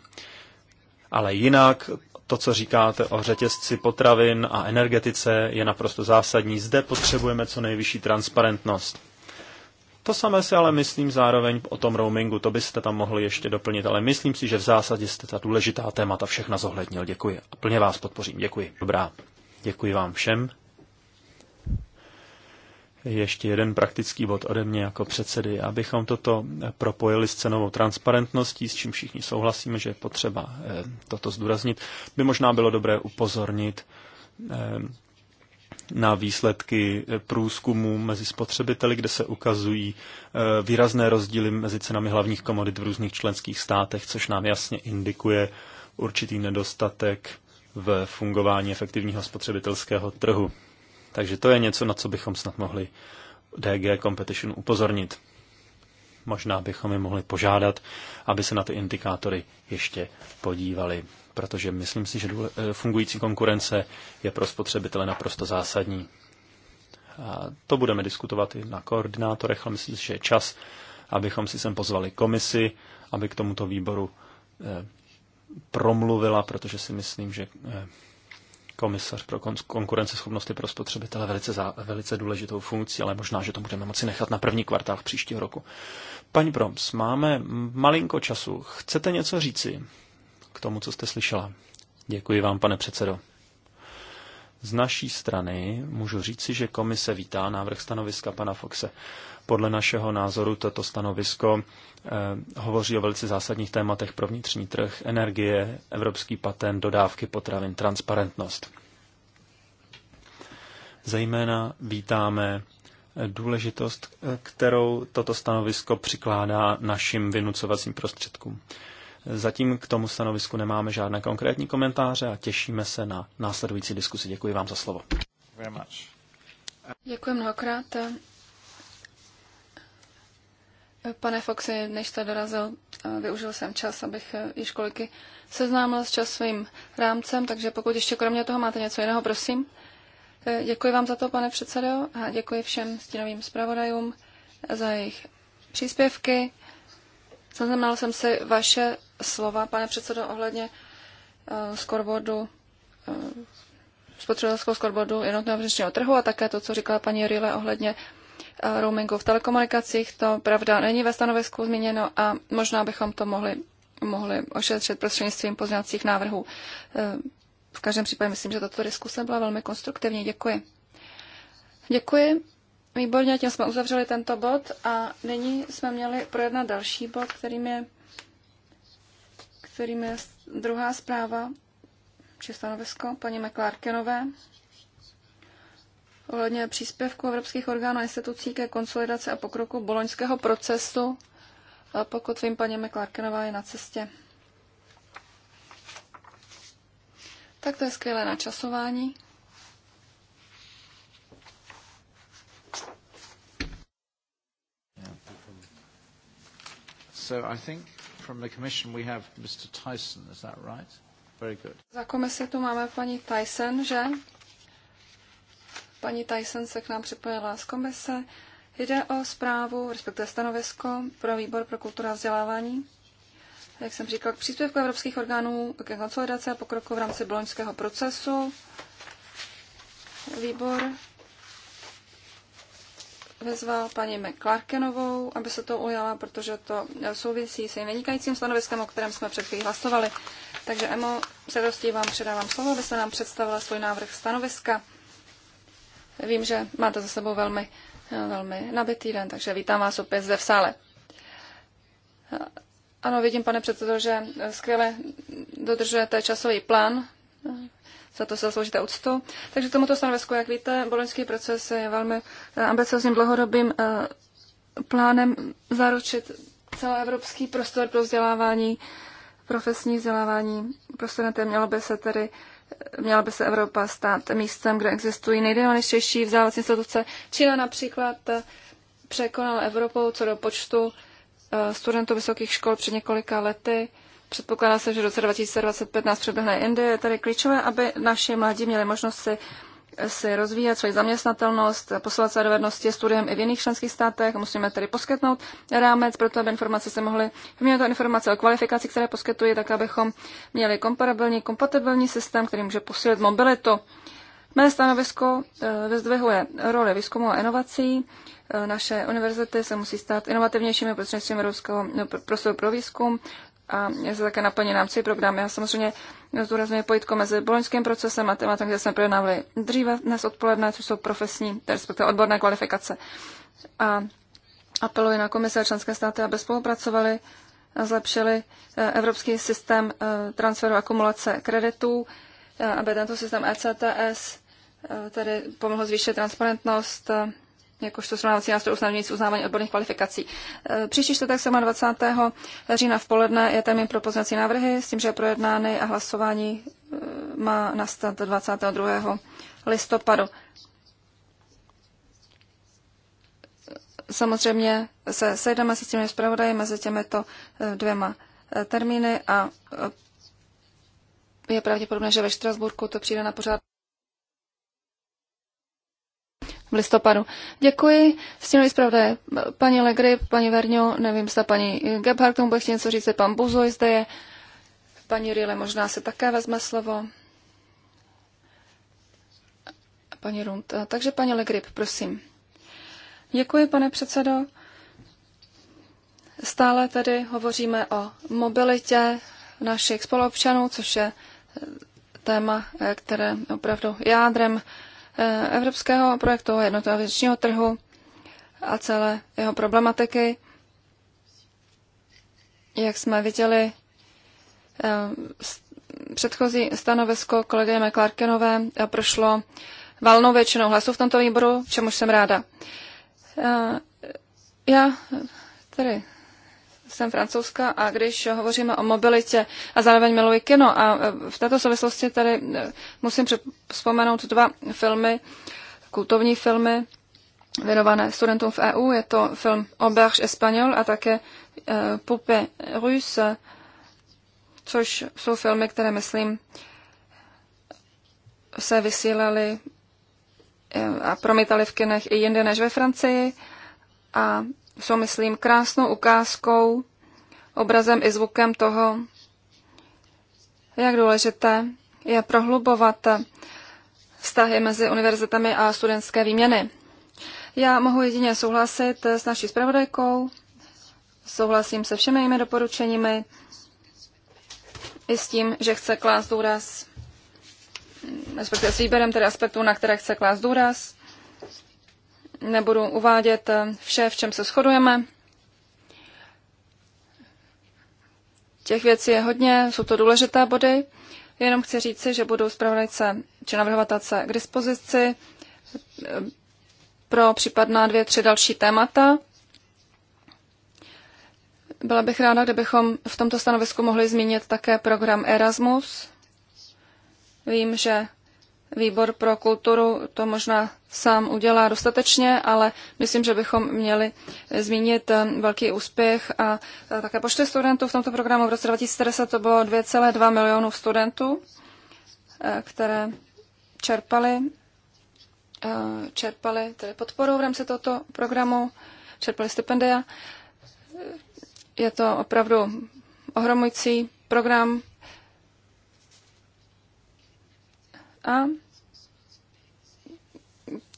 Speaker 1: Ale jinak to, co říkáte o řetězci potravin a energetice, je naprosto zásadní. Zde potřebujeme co nejvyšší transparentnost to samé si ale myslím zároveň o tom roamingu, to byste tam mohli ještě doplnit, ale myslím si, že v zásadě jste ta důležitá témata všechna zohlednil. Děkuji a plně vás podpořím. Děkuji. Dobrá, děkuji vám všem. Ještě jeden praktický bod ode mě jako předsedy, abychom toto propojili s cenovou transparentností, s čím všichni souhlasíme, že je potřeba eh, toto zdůraznit, by možná bylo dobré upozornit eh, na výsledky průzkumu mezi spotřebiteli, kde se ukazují eh, výrazné rozdíly mezi cenami hlavních komodit v různých členských státech, což nám jasně indikuje určitý nedostatek v fungování efektivního spotřebitelského trhu. Takže to je něco, na co bychom snad mohli DG Competition upozornit. Možná bychom je mohli požádat, aby se na ty indikátory ještě podívali protože myslím si, že eh, fungující konkurence je pro spotřebitele naprosto zásadní. A to budeme diskutovat i na koordinátorech, ale myslím si, že je čas, abychom si sem pozvali komisi, aby k tomuto výboru eh, promluvila, protože si myslím, že eh, komisař pro konkurenceschopnost pro spotřebitele velice, za, velice důležitou funkci, ale možná, že to budeme moci nechat na první kvartál příštího roku. Paní Proms, máme malinko času. Chcete něco říci? k tomu, co jste slyšela. Děkuji vám, pane předsedo. Z naší strany můžu říci, že komise vítá návrh stanoviska pana Foxe. Podle našeho názoru toto stanovisko eh, hovoří o velice zásadních tématech pro vnitřní trh, energie, evropský patent, dodávky potravin, transparentnost. Zejména vítáme eh, důležitost, eh, kterou toto stanovisko přikládá našim vynucovacím prostředkům. Eh, Zatím k tomu stanovisku nemáme žádné konkrétní komentáře a těšíme se na následující diskusi. Děkuji vám za slovo.
Speaker 3: Děkuji mnohokrát. Pane Foxy, než jste dorazil, využil jsem čas, abych již koliky seznámil s časovým rámcem, takže pokud ještě kromě toho máte něco jiného, prosím. Děkuji vám za to, pane předsedo, a děkuji všem stínovým zpravodajům za jejich příspěvky. Zaznamenal jsem si vaše slova, pane předsedo, ohledně eh, scoreboardu, eh, spotřebitelského scoreboardu jednotného vřečního trhu a také to, co říkala paní Rile ohledně eh, roamingu v telekomunikacích. To pravda není ve stanovisku zmíněno a možná bychom to mohli, mohli ošetřit prostřednictvím pozněvacích návrhů. V každém případě myslím, že tato diskuse byla velmi konstruktivní. Děkuji. Děkuji. Výborně, tím jsme uzavřeli tento bod a nyní jsme měli projednat další bod, kterým je, kterým je druhá zpráva či stanovisko paní McClarkenové ohledně příspěvku evropských orgánů a institucí ke konsolidaci a pokroku boloňského procesu. pokud vím, paní McClarkenová je na cestě. Tak to je skvělé načasování. So I think from the commission we have Mr. Tyson, is that right? Very good. Za komisi tu máme paní Tyson, že? Paní Tyson se k nám připojila z komise. Jde o zprávu, respektive stanovisko pro výbor pro kulturu a vzdělávání. Jak jsem říkal, k příspěvku evropských orgánů ke konsolidaci a pokroku v rámci boloňského procesu. Výbor vyzval paní McClarkenovou, aby se to ujala, protože to souvisí s jejím vynikajícím stanoviskem, o kterém jsme před chvílí hlasovali. Takže Emo, s vám předávám slovo, aby se nám představila svůj návrh stanoviska. Vím, že máte za sebou velmi, velmi nabitý den, takže vítám vás opět zde v sále. Ano, vidím, pane předsedo, že skvěle dodržujete časový plán za to se zasloužíte úctu. Takže k tomuto stanovisku, jak víte, boloňský proces je velmi eh, ambiciozním dlouhodobým eh, plánem zaručit celoevropský prostor pro vzdělávání, profesní vzdělávání. Prostě na mělo by se tedy eh, měla by se Evropa stát místem, kde existují nejdynamičtější vzdělávací instituce. Čína například překonala Evropou co do počtu studentů vysokých škol před několika lety. Předpokládá se, že v roce 2025 nás přeběhne Indie. Je tady klíčové, aby naši mladí měli možnost si, si rozvíjet svoji zaměstnatelnost, posouvat své dovednosti studiem i v jiných členských státech. Musíme tedy poskytnout rámec pro to, aby informace se mohly to informace o kvalifikaci, které poskytují, tak abychom měli komparabilní, kompatibilní systém, který může posílit mobilitu. Mé stanovisko eh, vyzdvihuje roli výzkumu a inovací. Eh, naše univerzity se musí stát inovativnějšími prostřednictvím Evropského no, prostoru pro výzkum a je se také naplní rámci program. Já samozřejmě zdůrazňuji pojitko mezi boloňským procesem a tématem, které jsme projednávali dříve dnes odpoledne, což jsou profesní, respektive odborné kvalifikace. A apeluji na komise a členské státy, aby spolupracovali a zlepšili eh, evropský systém eh, transferu akumulace kreditů, eh, aby tento systém ECTS tedy pomohl zvýšit transparentnost jakožto srovnávací nástroj usnadňující uznávání odborných kvalifikací. E, příští čtvrtek 27. října v poledne je termín pro poznací návrhy s tím, že je projednány a hlasování e, má nastat 22. listopadu. Samozřejmě se sejdeme se s těmi zpravodaji mezi těmito e, dvěma termíny a je pravděpodobné, že ve Štrasburku to přijde na pořád v listopadu. Děkuji. Stínový zpravodaj, paní Legry, paní Verňo, nevím, zda paní Gebhardt tomu bude chtít něco říct, pan Buzoj zde je. Paní Rile možná se také vezme slovo. Paní Rund. Takže paní Legrip, prosím. Děkuji, pane předsedo. Stále tedy hovoříme o mobilitě našich spoluobčanů, což je téma, které je opravdu jádrem Eh, evropského projektu jednotného vnitřního trhu a celé jeho problematiky. Jak jsme viděli, eh, předchozí stanovisko kolegyně a eh, prošlo valnou většinou hlasů v tomto výboru, čemuž jsem ráda. Já tedy jsem francouzská a když hovoříme o mobilitě a zároveň miluji kino a e, v této souvislosti tady e, musím vzpomenout dva filmy, kultovní filmy věnované studentům v EU. Je to film Auberge Espagnol a také e, Pupe Russe, což jsou filmy, které, myslím, se vysílaly a promítali v kinech i jinde než ve Francii. A jsou, myslím, krásnou ukázkou, obrazem i zvukem toho, jak důležité je prohlubovat vztahy mezi univerzitami a studentské výměny. Já mohu jedině souhlasit s naší zpravodajkou, souhlasím se všemi jejími doporučeními i s tím, že chce klást důraz, respektive s výběrem tedy aspektů, na které chce klást důraz nebudu uvádět eh, vše, v čem se shodujeme. Těch věcí je hodně, jsou to důležité body. Jenom chci říci, že budou zpravodajce či navrhovatelce k dispozici eh, pro případná dvě, tři další témata. Byla bych ráda, kdybychom v tomto stanovisku mohli zmínit také program Erasmus. Vím, že výbor pro kulturu to možná sám udělá dostatečně, ale myslím, že bychom měli zmínit eh, velký úspěch a eh, také počty studentů v tomto programu. V roce 2010 to bylo 2,2 milionů studentů, eh, které čerpali, čerpali tedy podporu v rámci tohoto programu, čerpali stipendia. Je to opravdu ohromující program, a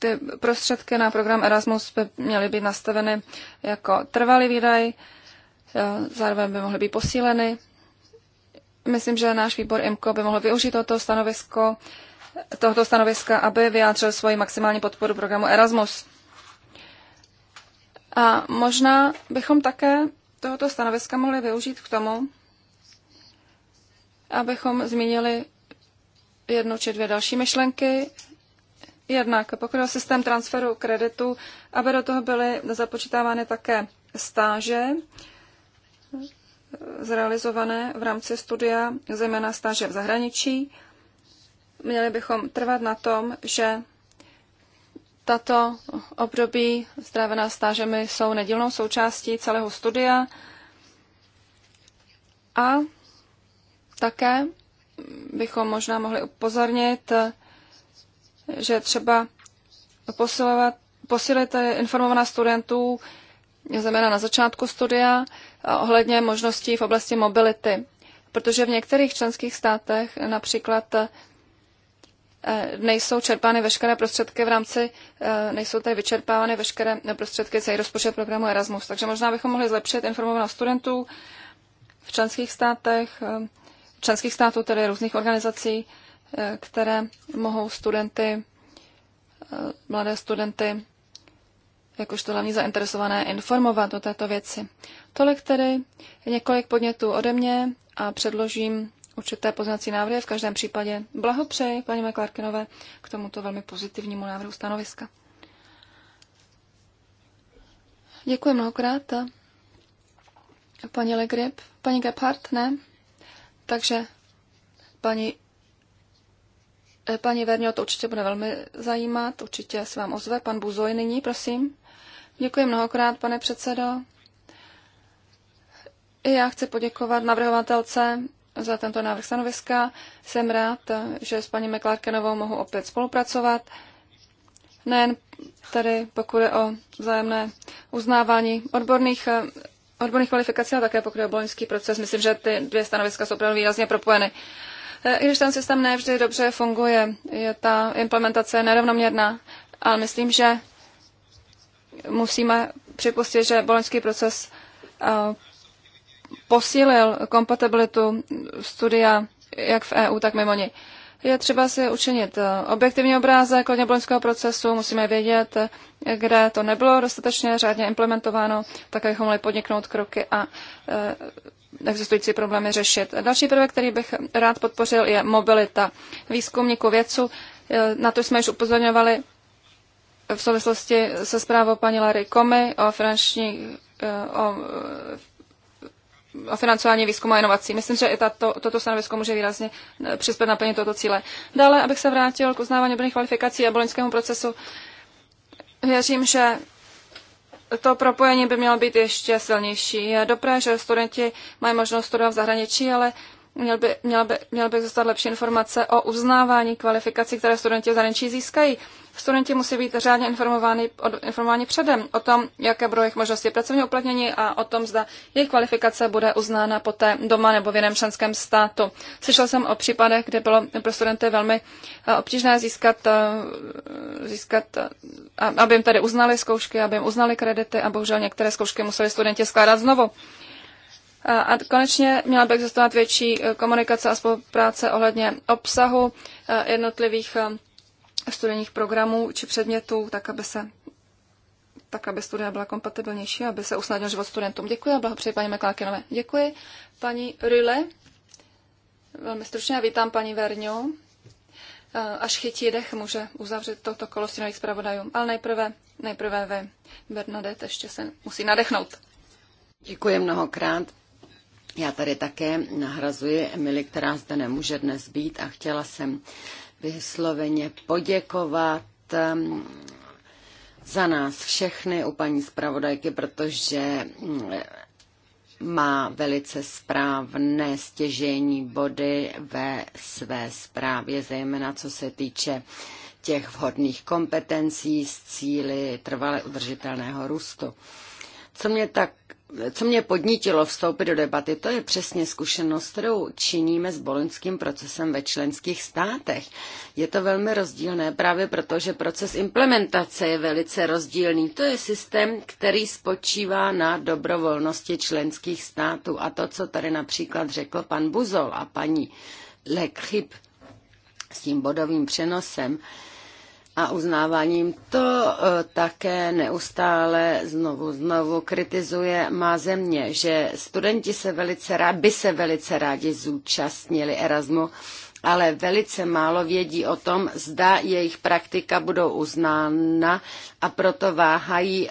Speaker 3: ty prostředky na program Erasmus by měly být nastaveny jako trvalý výdaj, eh, zároveň by mohly být posíleny. Myslím, že náš výbor IMCO by mohl využít toto stanovisko, tohoto stanoviska, aby vyjádřil svoji maximální podporu programu Erasmus. A možná bychom také tohoto stanoviska mohli využít k tomu, abychom zmínili jednu či dvě další myšlenky, Jednak pokud o systém transferu kreditu, aby do toho byly započítávány také stáže zrealizované v rámci studia, zejména stáže v zahraničí. Měli bychom trvat na tom, že tato období strávená stážemi jsou nedílnou součástí celého studia a také bychom možná mohli upozornit že třeba posilovat, posilit informovaná studentů, zejména na začátku studia, ohledně možností v oblasti mobility. Protože v některých členských státech například e, nejsou čerpány veškeré prostředky v rámci, e, nejsou tady vyčerpávány veškeré prostředky celý rozpočet programu Erasmus. Takže možná bychom mohli zlepšit informovanost studentů v členských státech, e, v členských států, tedy různých organizací, které mohou studenty, eh, mladé studenty, jakožto hlavní zainteresované, informovat o této věci. Tolik tedy několik podnětů ode mě a předložím určité poznací návrhy. V každém případě blahopřeji paní McClarkinové k tomuto velmi pozitivnímu návrhu stanoviska. Děkuji mnohokrát. Paní Legrip, paní Gebhardt, ne? Takže paní Eh, paní Verňo, to určitě bude velmi zajímat, určitě se vám ozve. Pan Buzoj nyní, prosím. Děkuji mnohokrát, pane předsedo. I já chci poděkovat navrhovatelce za tento návrh stanoviska. Jsem rád, že s paní Meklárkenovou mohu opět spolupracovat. Nejen tady, pokud je o vzájemné uznávání odborných, odborných kvalifikací, ale také pokud je o boloňský proces. Myslím, že ty dvě stanoviska jsou opravdu výrazně propojeny. Eh, i když ten systém nevždy dobře funguje, je ta implementace nerovnoměrná, ale myslím, že musíme připustit, že boloňský proces eh, posílil kompatibilitu studia jak v EU, tak mimo ní. Je třeba si učinit eh, objektivní obrázek hodně boloňského procesu, musíme vědět, kde to nebylo dostatečně řádně implementováno, tak abychom mohli podniknout kroky a existující problémy řešit. Další prvek, který bych rád podpořil, je mobilita výzkumníků vědců. E, na to jsme již upozorňovali v souvislosti se zprávou paní Larry Komy o finanční e, o, e, o financování výzkumu a inovací. Myslím, že i tato, toto stanovisko může výrazně přispět na plně toto cíle. Dále, abych se vrátil k uznávání obrných kvalifikací a boloňskému procesu, věřím, že to propojení by mělo být ještě silnější. Je dobré, že studenti mají možnost studovat v zahraničí, ale Měl by, měl by, měl by zůstat lepší informace o uznávání kvalifikací, které studenti v zahraničí získají. Studenti musí být řádně informováni, informováni předem o tom, jaké budou jejich možnosti pracovního uplatnění a o tom, zda jejich kvalifikace bude uznána poté doma nebo v jiném členském státu. Slyšel jsem o případech, kde bylo pro studenty velmi eh, obtížné získat, eh, získat eh, aby jim tady uznali zkoušky, aby jim uznali kredity a bohužel některé zkoušky museli studenti skládat znovu. A konečně měla by existovat větší e, komunikace a spolupráce ohledně obsahu e, jednotlivých e, studijních programů či předmětů, tak aby se tak, aby studia byla kompatibilnější, aby se usnadnil život studentům. Děkuji a blahopřeji paní Meklákinové. Děkuji. Paní Ryle, velmi stručně a vítám paní Verňo. Až chytí dech, může uzavřít toto kolo stínových zpravodajů. Ale nejprve, nejprve vy, Bernadette, ještě se musí nadechnout.
Speaker 2: Děkuji mnohokrát. Já tady také nahrazuji Emily, která zde nemůže dnes být a chtěla jsem vysloveně poděkovat um, za nás všechny u paní zpravodajky, protože um, má velice správné stěžení body ve své zprávě, zejména co se týče těch vhodných kompetencí s cíly trvale udržitelného růstu. Co mě tak co mě podnítilo vstoupit do debaty, to je přesně zkušenost, kterou činíme s boloňským procesem ve členských státech. Je to velmi rozdílné právě proto, že proces implementace je velice rozdílný. To je systém, který spočívá na dobrovolnosti členských států. A to, co tady například řekl pan Buzol a paní Lekchyb s tím bodovým přenosem, a uznáváním. To e, také neustále znovu znovu kritizuje má země, že studenti se velice rád, by se velice rádi zúčastnili Erasmu, ale velice málo vědí o tom, zda jejich praktika budou uznána a proto váhají e,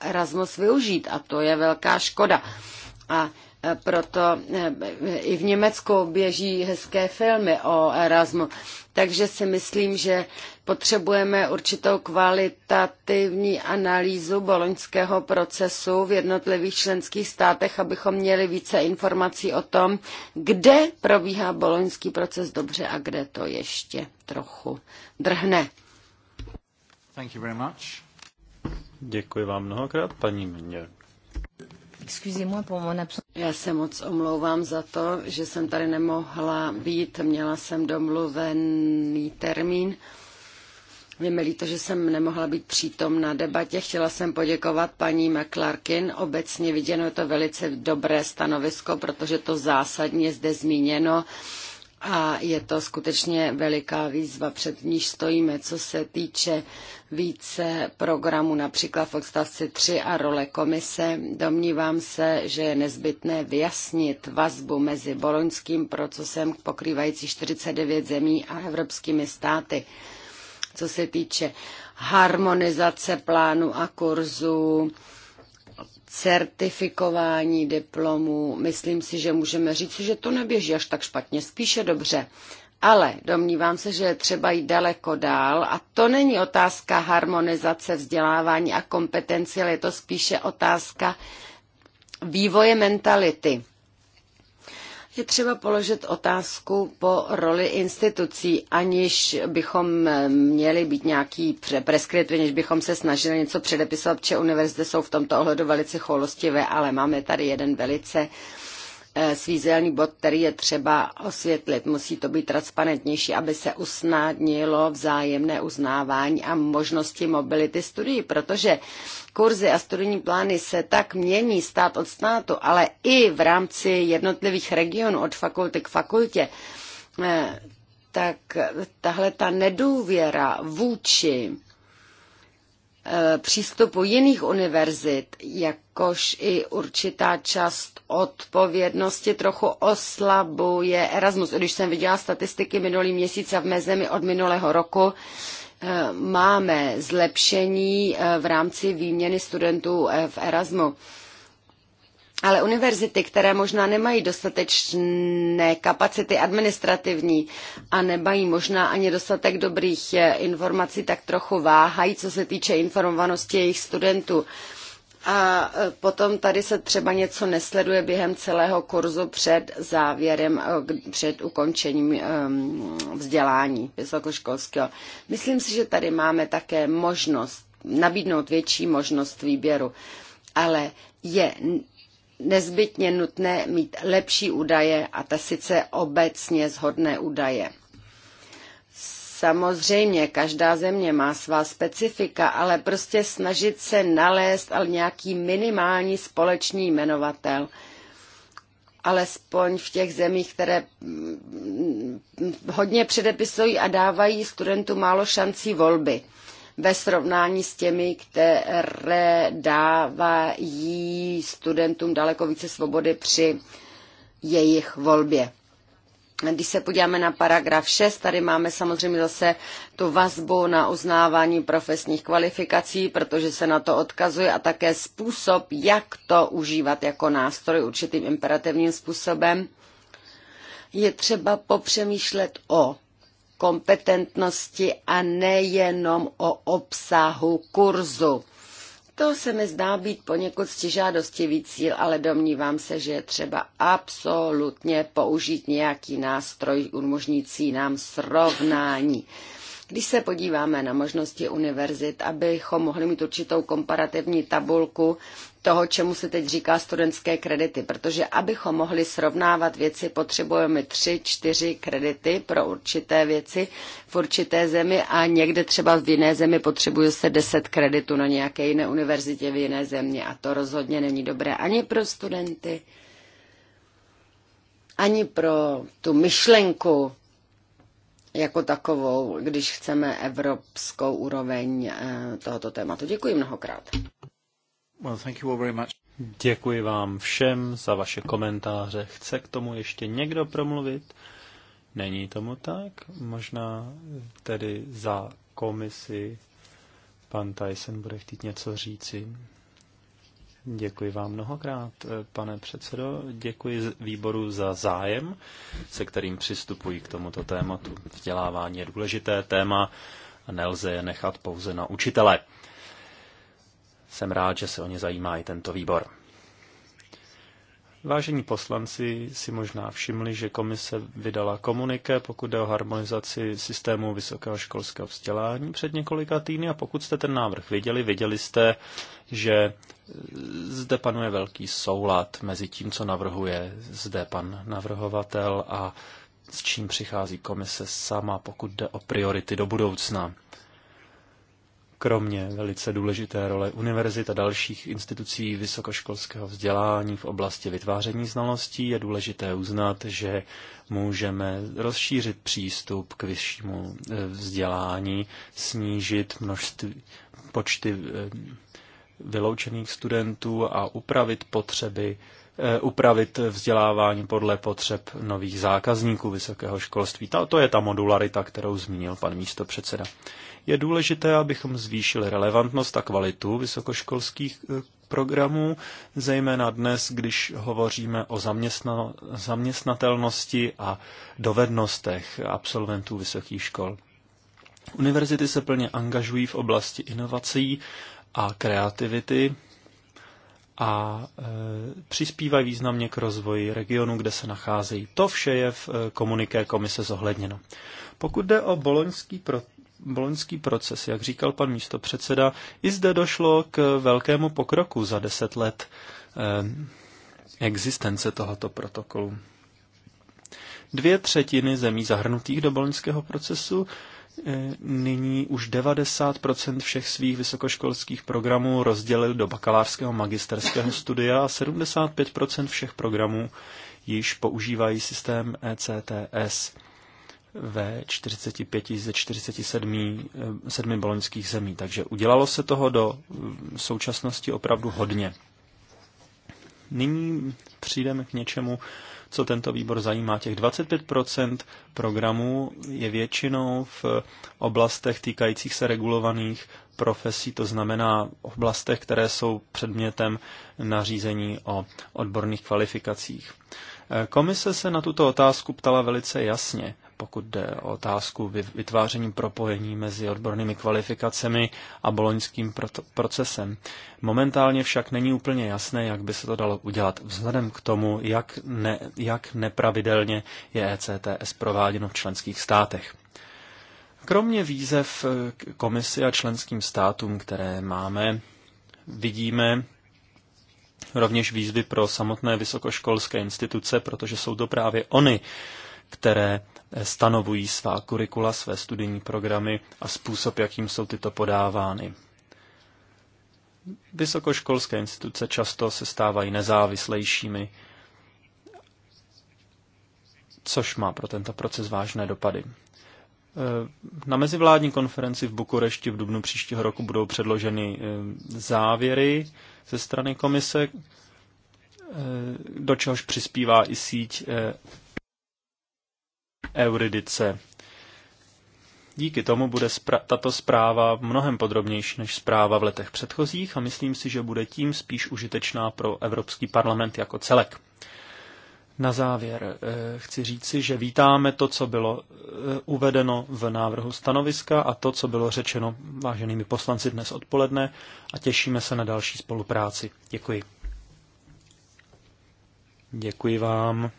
Speaker 2: Erasmus využít a to je velká škoda. A proto eh, i v Německu běží hezké filmy o Erasmu. Takže si myslím, že potřebujeme určitou kvalitativní analýzu boloňského procesu v jednotlivých členských státech, abychom měli více informací o tom, kde probíhá boloňský proces dobře a kde to ještě trochu drhne.
Speaker 3: Thank you very much.
Speaker 1: Děkuji vám mnohokrát, paní Mně.
Speaker 2: Excusez-moi pour mon absence. Já se moc omlouvám za to, že jsem tady nemohla být. Měla jsem domluvený termín. Je mi líto, že jsem nemohla být přítom na debatě. Chtěla jsem poděkovat paní McClarkin. Obecně viděno je to velice dobré stanovisko, protože to zásadně zde zmíněno a je to skutečně veliká výzva, před níž stojíme, co se týče více programů, například v odstavci 3 a role komise. Domnívám se, že je nezbytné vyjasnit vazbu mezi boloňským procesem pokrývající 49 zemí a evropskými státy. Co se týče harmonizace plánu a kurzu, certifikování diplomů. Myslím si, že můžeme říct, že to neběží až tak špatně, spíše dobře. Ale domnívám se, že je třeba jít daleko dál a to není otázka harmonizace vzdělávání a kompetenci, ale je to spíše otázka vývoje mentality je třeba položit otázku po roli institucí, aniž bychom eh, měli být nějaký preskriptiv, než bychom se snažili něco předepisovat, protože univerzity jsou v tomto ohledu velice choulostivé, ale máme tady jeden velice Eh, svízelný bod, který je třeba osvětlit. Musí to být transparentnější, aby se usnadnilo vzájemné uznávání a možnosti mobility studií, protože kurzy a studijní plány se tak mění stát od státu, ale i v rámci jednotlivých regionů od fakulty k fakultě, eh, tak tahle ta nedůvěra vůči Eh, přístupu jiných univerzit, jakož i určitá část odpovědnosti trochu oslabuje Erasmus. Když jsem viděla statistiky minulý měsíc a v mé zemi od minulého roku, eh, máme zlepšení eh, v rámci výměny studentů v Erasmu. Ale univerzity, které možná nemají dostatečné kapacity administrativní a nemají možná ani dostatek dobrých eh, informací, tak trochu váhají, co se týče informovanosti jejich studentů. A eh, potom tady se třeba něco nesleduje během celého kurzu před závěrem, eh, před ukončením ehm, vzdělání vysokoškolského. Myslím si, že tady máme také možnost nabídnout větší možnost výběru, ale je nezbytně nutné mít lepší údaje a ta sice obecně zhodné údaje. Samozřejmě, každá země má svá specifika, ale prostě snažit se nalézt ale nějaký minimální společný jmenovatel, alespoň v těch zemích, které mm, mm, hodně předepisují a dávají studentům málo šancí volby ve srovnání s těmi, které dávají studentům daleko více svobody při jejich volbě. Když se podíváme na paragraf 6, tady máme samozřejmě zase tu vazbu na uznávání profesních kvalifikací, protože se na to odkazuje a také způsob, jak to užívat jako nástroj určitým imperativním způsobem. Je třeba popřemýšlet o kompetentnosti a nejenom o obsahu kurzu. To se mi zdá být poněkud stěžádostivý cíl, ale domnívám se, že je třeba absolutně použít nějaký nástroj umožnící nám srovnání. Když se podíváme na možnosti univerzit, abychom mohli mít určitou komparativní tabulku toho, čemu se teď říká studentské kredity, protože abychom mohli srovnávat věci, potřebujeme tři, čtyři kredity pro určité věci v určité zemi a někde třeba v jiné zemi potřebuje se deset kreditů na nějaké jiné univerzitě v jiné země a to rozhodně není dobré ani pro studenty, ani pro tu myšlenku jako takovou, když chceme evropskou úroveň eh, tohoto tématu. Děkuji mnohokrát.
Speaker 1: Well, thank you all very much. Děkuji vám všem za vaše komentáře. Chce k tomu ještě někdo promluvit? Není tomu tak? Možná tedy za komisi pan Tyson bude chtít něco říci. Děkuji vám mnohokrát, pane předsedo. Děkuji výboru za zájem, se kterým přistupuji k tomuto tématu. Vzdělávání je důležité téma a nelze je nechat pouze na učitele. Jsem rád, že se o ně zajímá i tento výbor. Vážení poslanci si možná všimli, že komise vydala komuniké, pokud jde o harmonizaci systému vysokého školského vzdělání před několika týdny a pokud jste ten návrh viděli, viděli jste, že zde panuje velký soulad mezi tím, co navrhuje zde pan navrhovatel a s čím přichází komise sama, pokud jde o priority do budoucna kromě velice důležité role univerzit a dalších institucí vysokoškolského vzdělání v oblasti vytváření znalostí je důležité uznat, že můžeme rozšířit přístup k vyššímu eh, vzdělání, snížit množství, počty eh, vyloučených studentů a upravit potřeby Eh, upravit vzdělávání podle potřeb nových zákazníků vysokého školství. Ta, to je ta modularita, kterou zmínil pan místo předseda. Je důležité, abychom zvýšili relevantnost a kvalitu vysokoškolských eh, programů, zejména dnes, když hovoříme o zaměstna, zaměstnatelnosti a dovednostech absolventů vysokých škol. Univerzity se plně angažují v oblasti inovací a kreativity, a e, přispívají významně k rozvoji regionu, kde se nacházejí. To vše je v e, komuniké komise zohledněno. Pokud jde o boloňský pro, boloňský proces, jak říkal pan místopředseda, i zde došlo k velkému pokroku za deset let e, existence tohoto protokolu. Dvě třetiny zemí zahrnutých do boloňského procesu Eh, nyní už 90% všech svých vysokoškolských programů rozdělil do bakalářského magisterského studia a 75% všech programů již používají systém ECTS ve 45 ze 47 eh, sedmi boloňských zemí. Takže udělalo se toho do současnosti opravdu hodně. Nyní přijdeme k něčemu, co tento výbor zajímá. Těch 25% programů je většinou v oblastech týkajících se regulovaných profesí, to znamená oblastech, které jsou předmětem nařízení o odborných kvalifikacích. Komise se na tuto otázku ptala velice jasně pokud jde o otázku vytváření propojení mezi odbornými kvalifikacemi a boloňským procesem. Momentálně však není úplně jasné, jak by se to dalo udělat vzhledem k tomu, jak, ne, jak nepravidelně je ECTS prováděno v členských státech. Kromě výzev eh, komisi a členským státům, které máme, vidíme, rovněž výzvy pro samotné vysokoškolské instituce, protože jsou to právě oni, které stanovují svá kurikula, své studijní programy a způsob, jakým jsou tyto podávány. Vysokoškolské instituce často se stávají nezávislejšími, což má pro tento proces vážné dopady. E, na mezivládní konferenci v Bukurešti v dubnu příštího roku budou předloženy e, závěry ze strany komise, e, do čehož přispívá i síť Euridice. Díky tomu bude tato zpráva mnohem podrobnější než zpráva v letech předchozích a myslím si, že bude tím spíš užitečná pro Evropský parlament jako celek. Na závěr eh, chci říci, že vítáme to, co bylo eh, uvedeno v návrhu stanoviska a to, co bylo řečeno váženými poslanci dnes odpoledne a těšíme se na další spolupráci. Děkuji. Děkuji vám.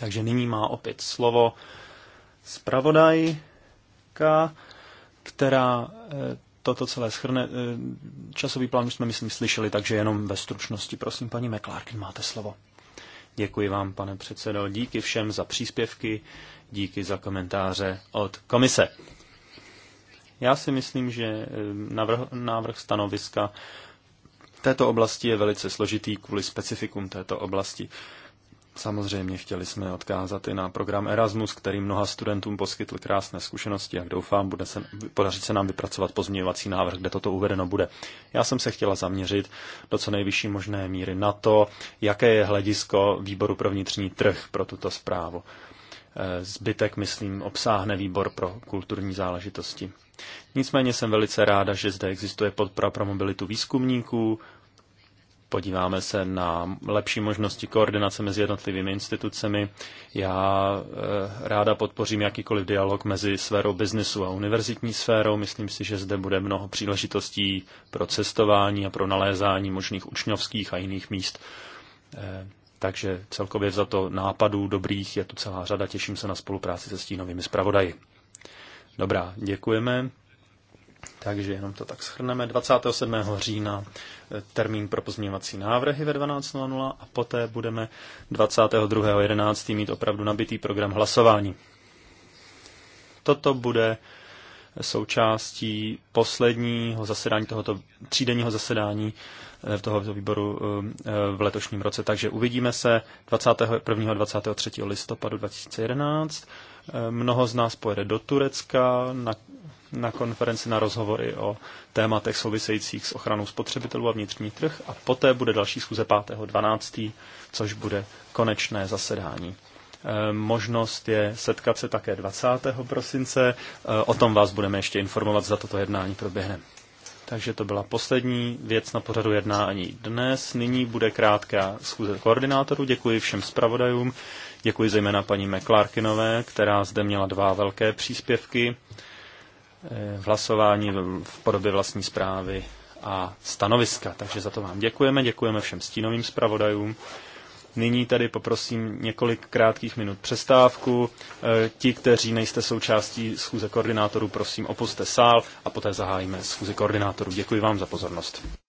Speaker 1: Takže nyní má opět slovo zpravodajka, která eh, toto celé schrne. Eh, časový plán už jsme, myslím, slyšeli, takže jenom ve stručnosti. Prosím, paní McLarkin, máte slovo. Děkuji vám, pane předsedo. Díky všem za příspěvky, díky za komentáře od komise. Já si myslím, že eh, návrh, návrh stanoviska této oblasti je velice složitý kvůli specifikum této oblasti. Samozřejmě chtěli jsme odkázat i na program Erasmus, který mnoha studentům poskytl krásné zkušenosti, jak doufám, bude se, podařit se nám vypracovat pozměňovací návrh, kde toto uvedeno bude. Já jsem se chtěla zaměřit do co nejvyšší možné míry na to, jaké je hledisko výboru pro vnitřní trh pro tuto zprávu. E, zbytek, myslím, obsáhne výbor pro kulturní záležitosti. Nicméně jsem velice ráda, že zde existuje podpora pro mobilitu výzkumníků, podíváme se na lepší možnosti koordinace mezi jednotlivými institucemi. Já eh, ráda podpořím jakýkoliv dialog mezi sférou biznesu a univerzitní sférou. Myslím si, že zde bude mnoho příležitostí pro cestování a pro nalézání možných učňovských a jiných míst. Eh, takže celkově za to nápadů dobrých je tu celá řada. Těším se na spolupráci se stínovými zpravodaji. Dobrá, děkujeme. Takže jenom to tak schrneme. 27. října eh, termín pro pozměňovací návrhy ve 12.00 a poté budeme 22.11. mít opravdu nabitý program hlasování. Toto bude součástí posledního zasedání tohoto třídenního zasedání eh, tohoto výboru eh, v letošním roce. Takže uvidíme se 21. a 23. listopadu 2011. Mnoho z nás pojede do Turecka na na konferenci na rozhovory o tématech souvisejících s ochranou spotřebitelů a vnitřní trh a poté bude další schůze 5.12., což bude konečné zasedání. Eh, možnost je setkat se také 20. prosince. Eh, o tom vás budeme ještě informovat, za toto jednání proběhne. Takže to byla poslední věc na pořadu jednání dnes. Nyní bude krátká schůze koordinátorů. Děkuji všem zpravodajům. Děkuji zejména paní McClarkinové, která zde měla dva velké příspěvky v hlasování v podobě vlastní zprávy a stanoviska. Takže za to vám děkujeme, děkujeme všem stínovým zpravodajům. Nyní tady poprosím několik krátkých minut přestávku. Eh, ti, kteří nejste součástí schůze koordinátorů, prosím opuste sál a poté zahájíme schůzi koordinátorů. Děkuji vám za pozornost.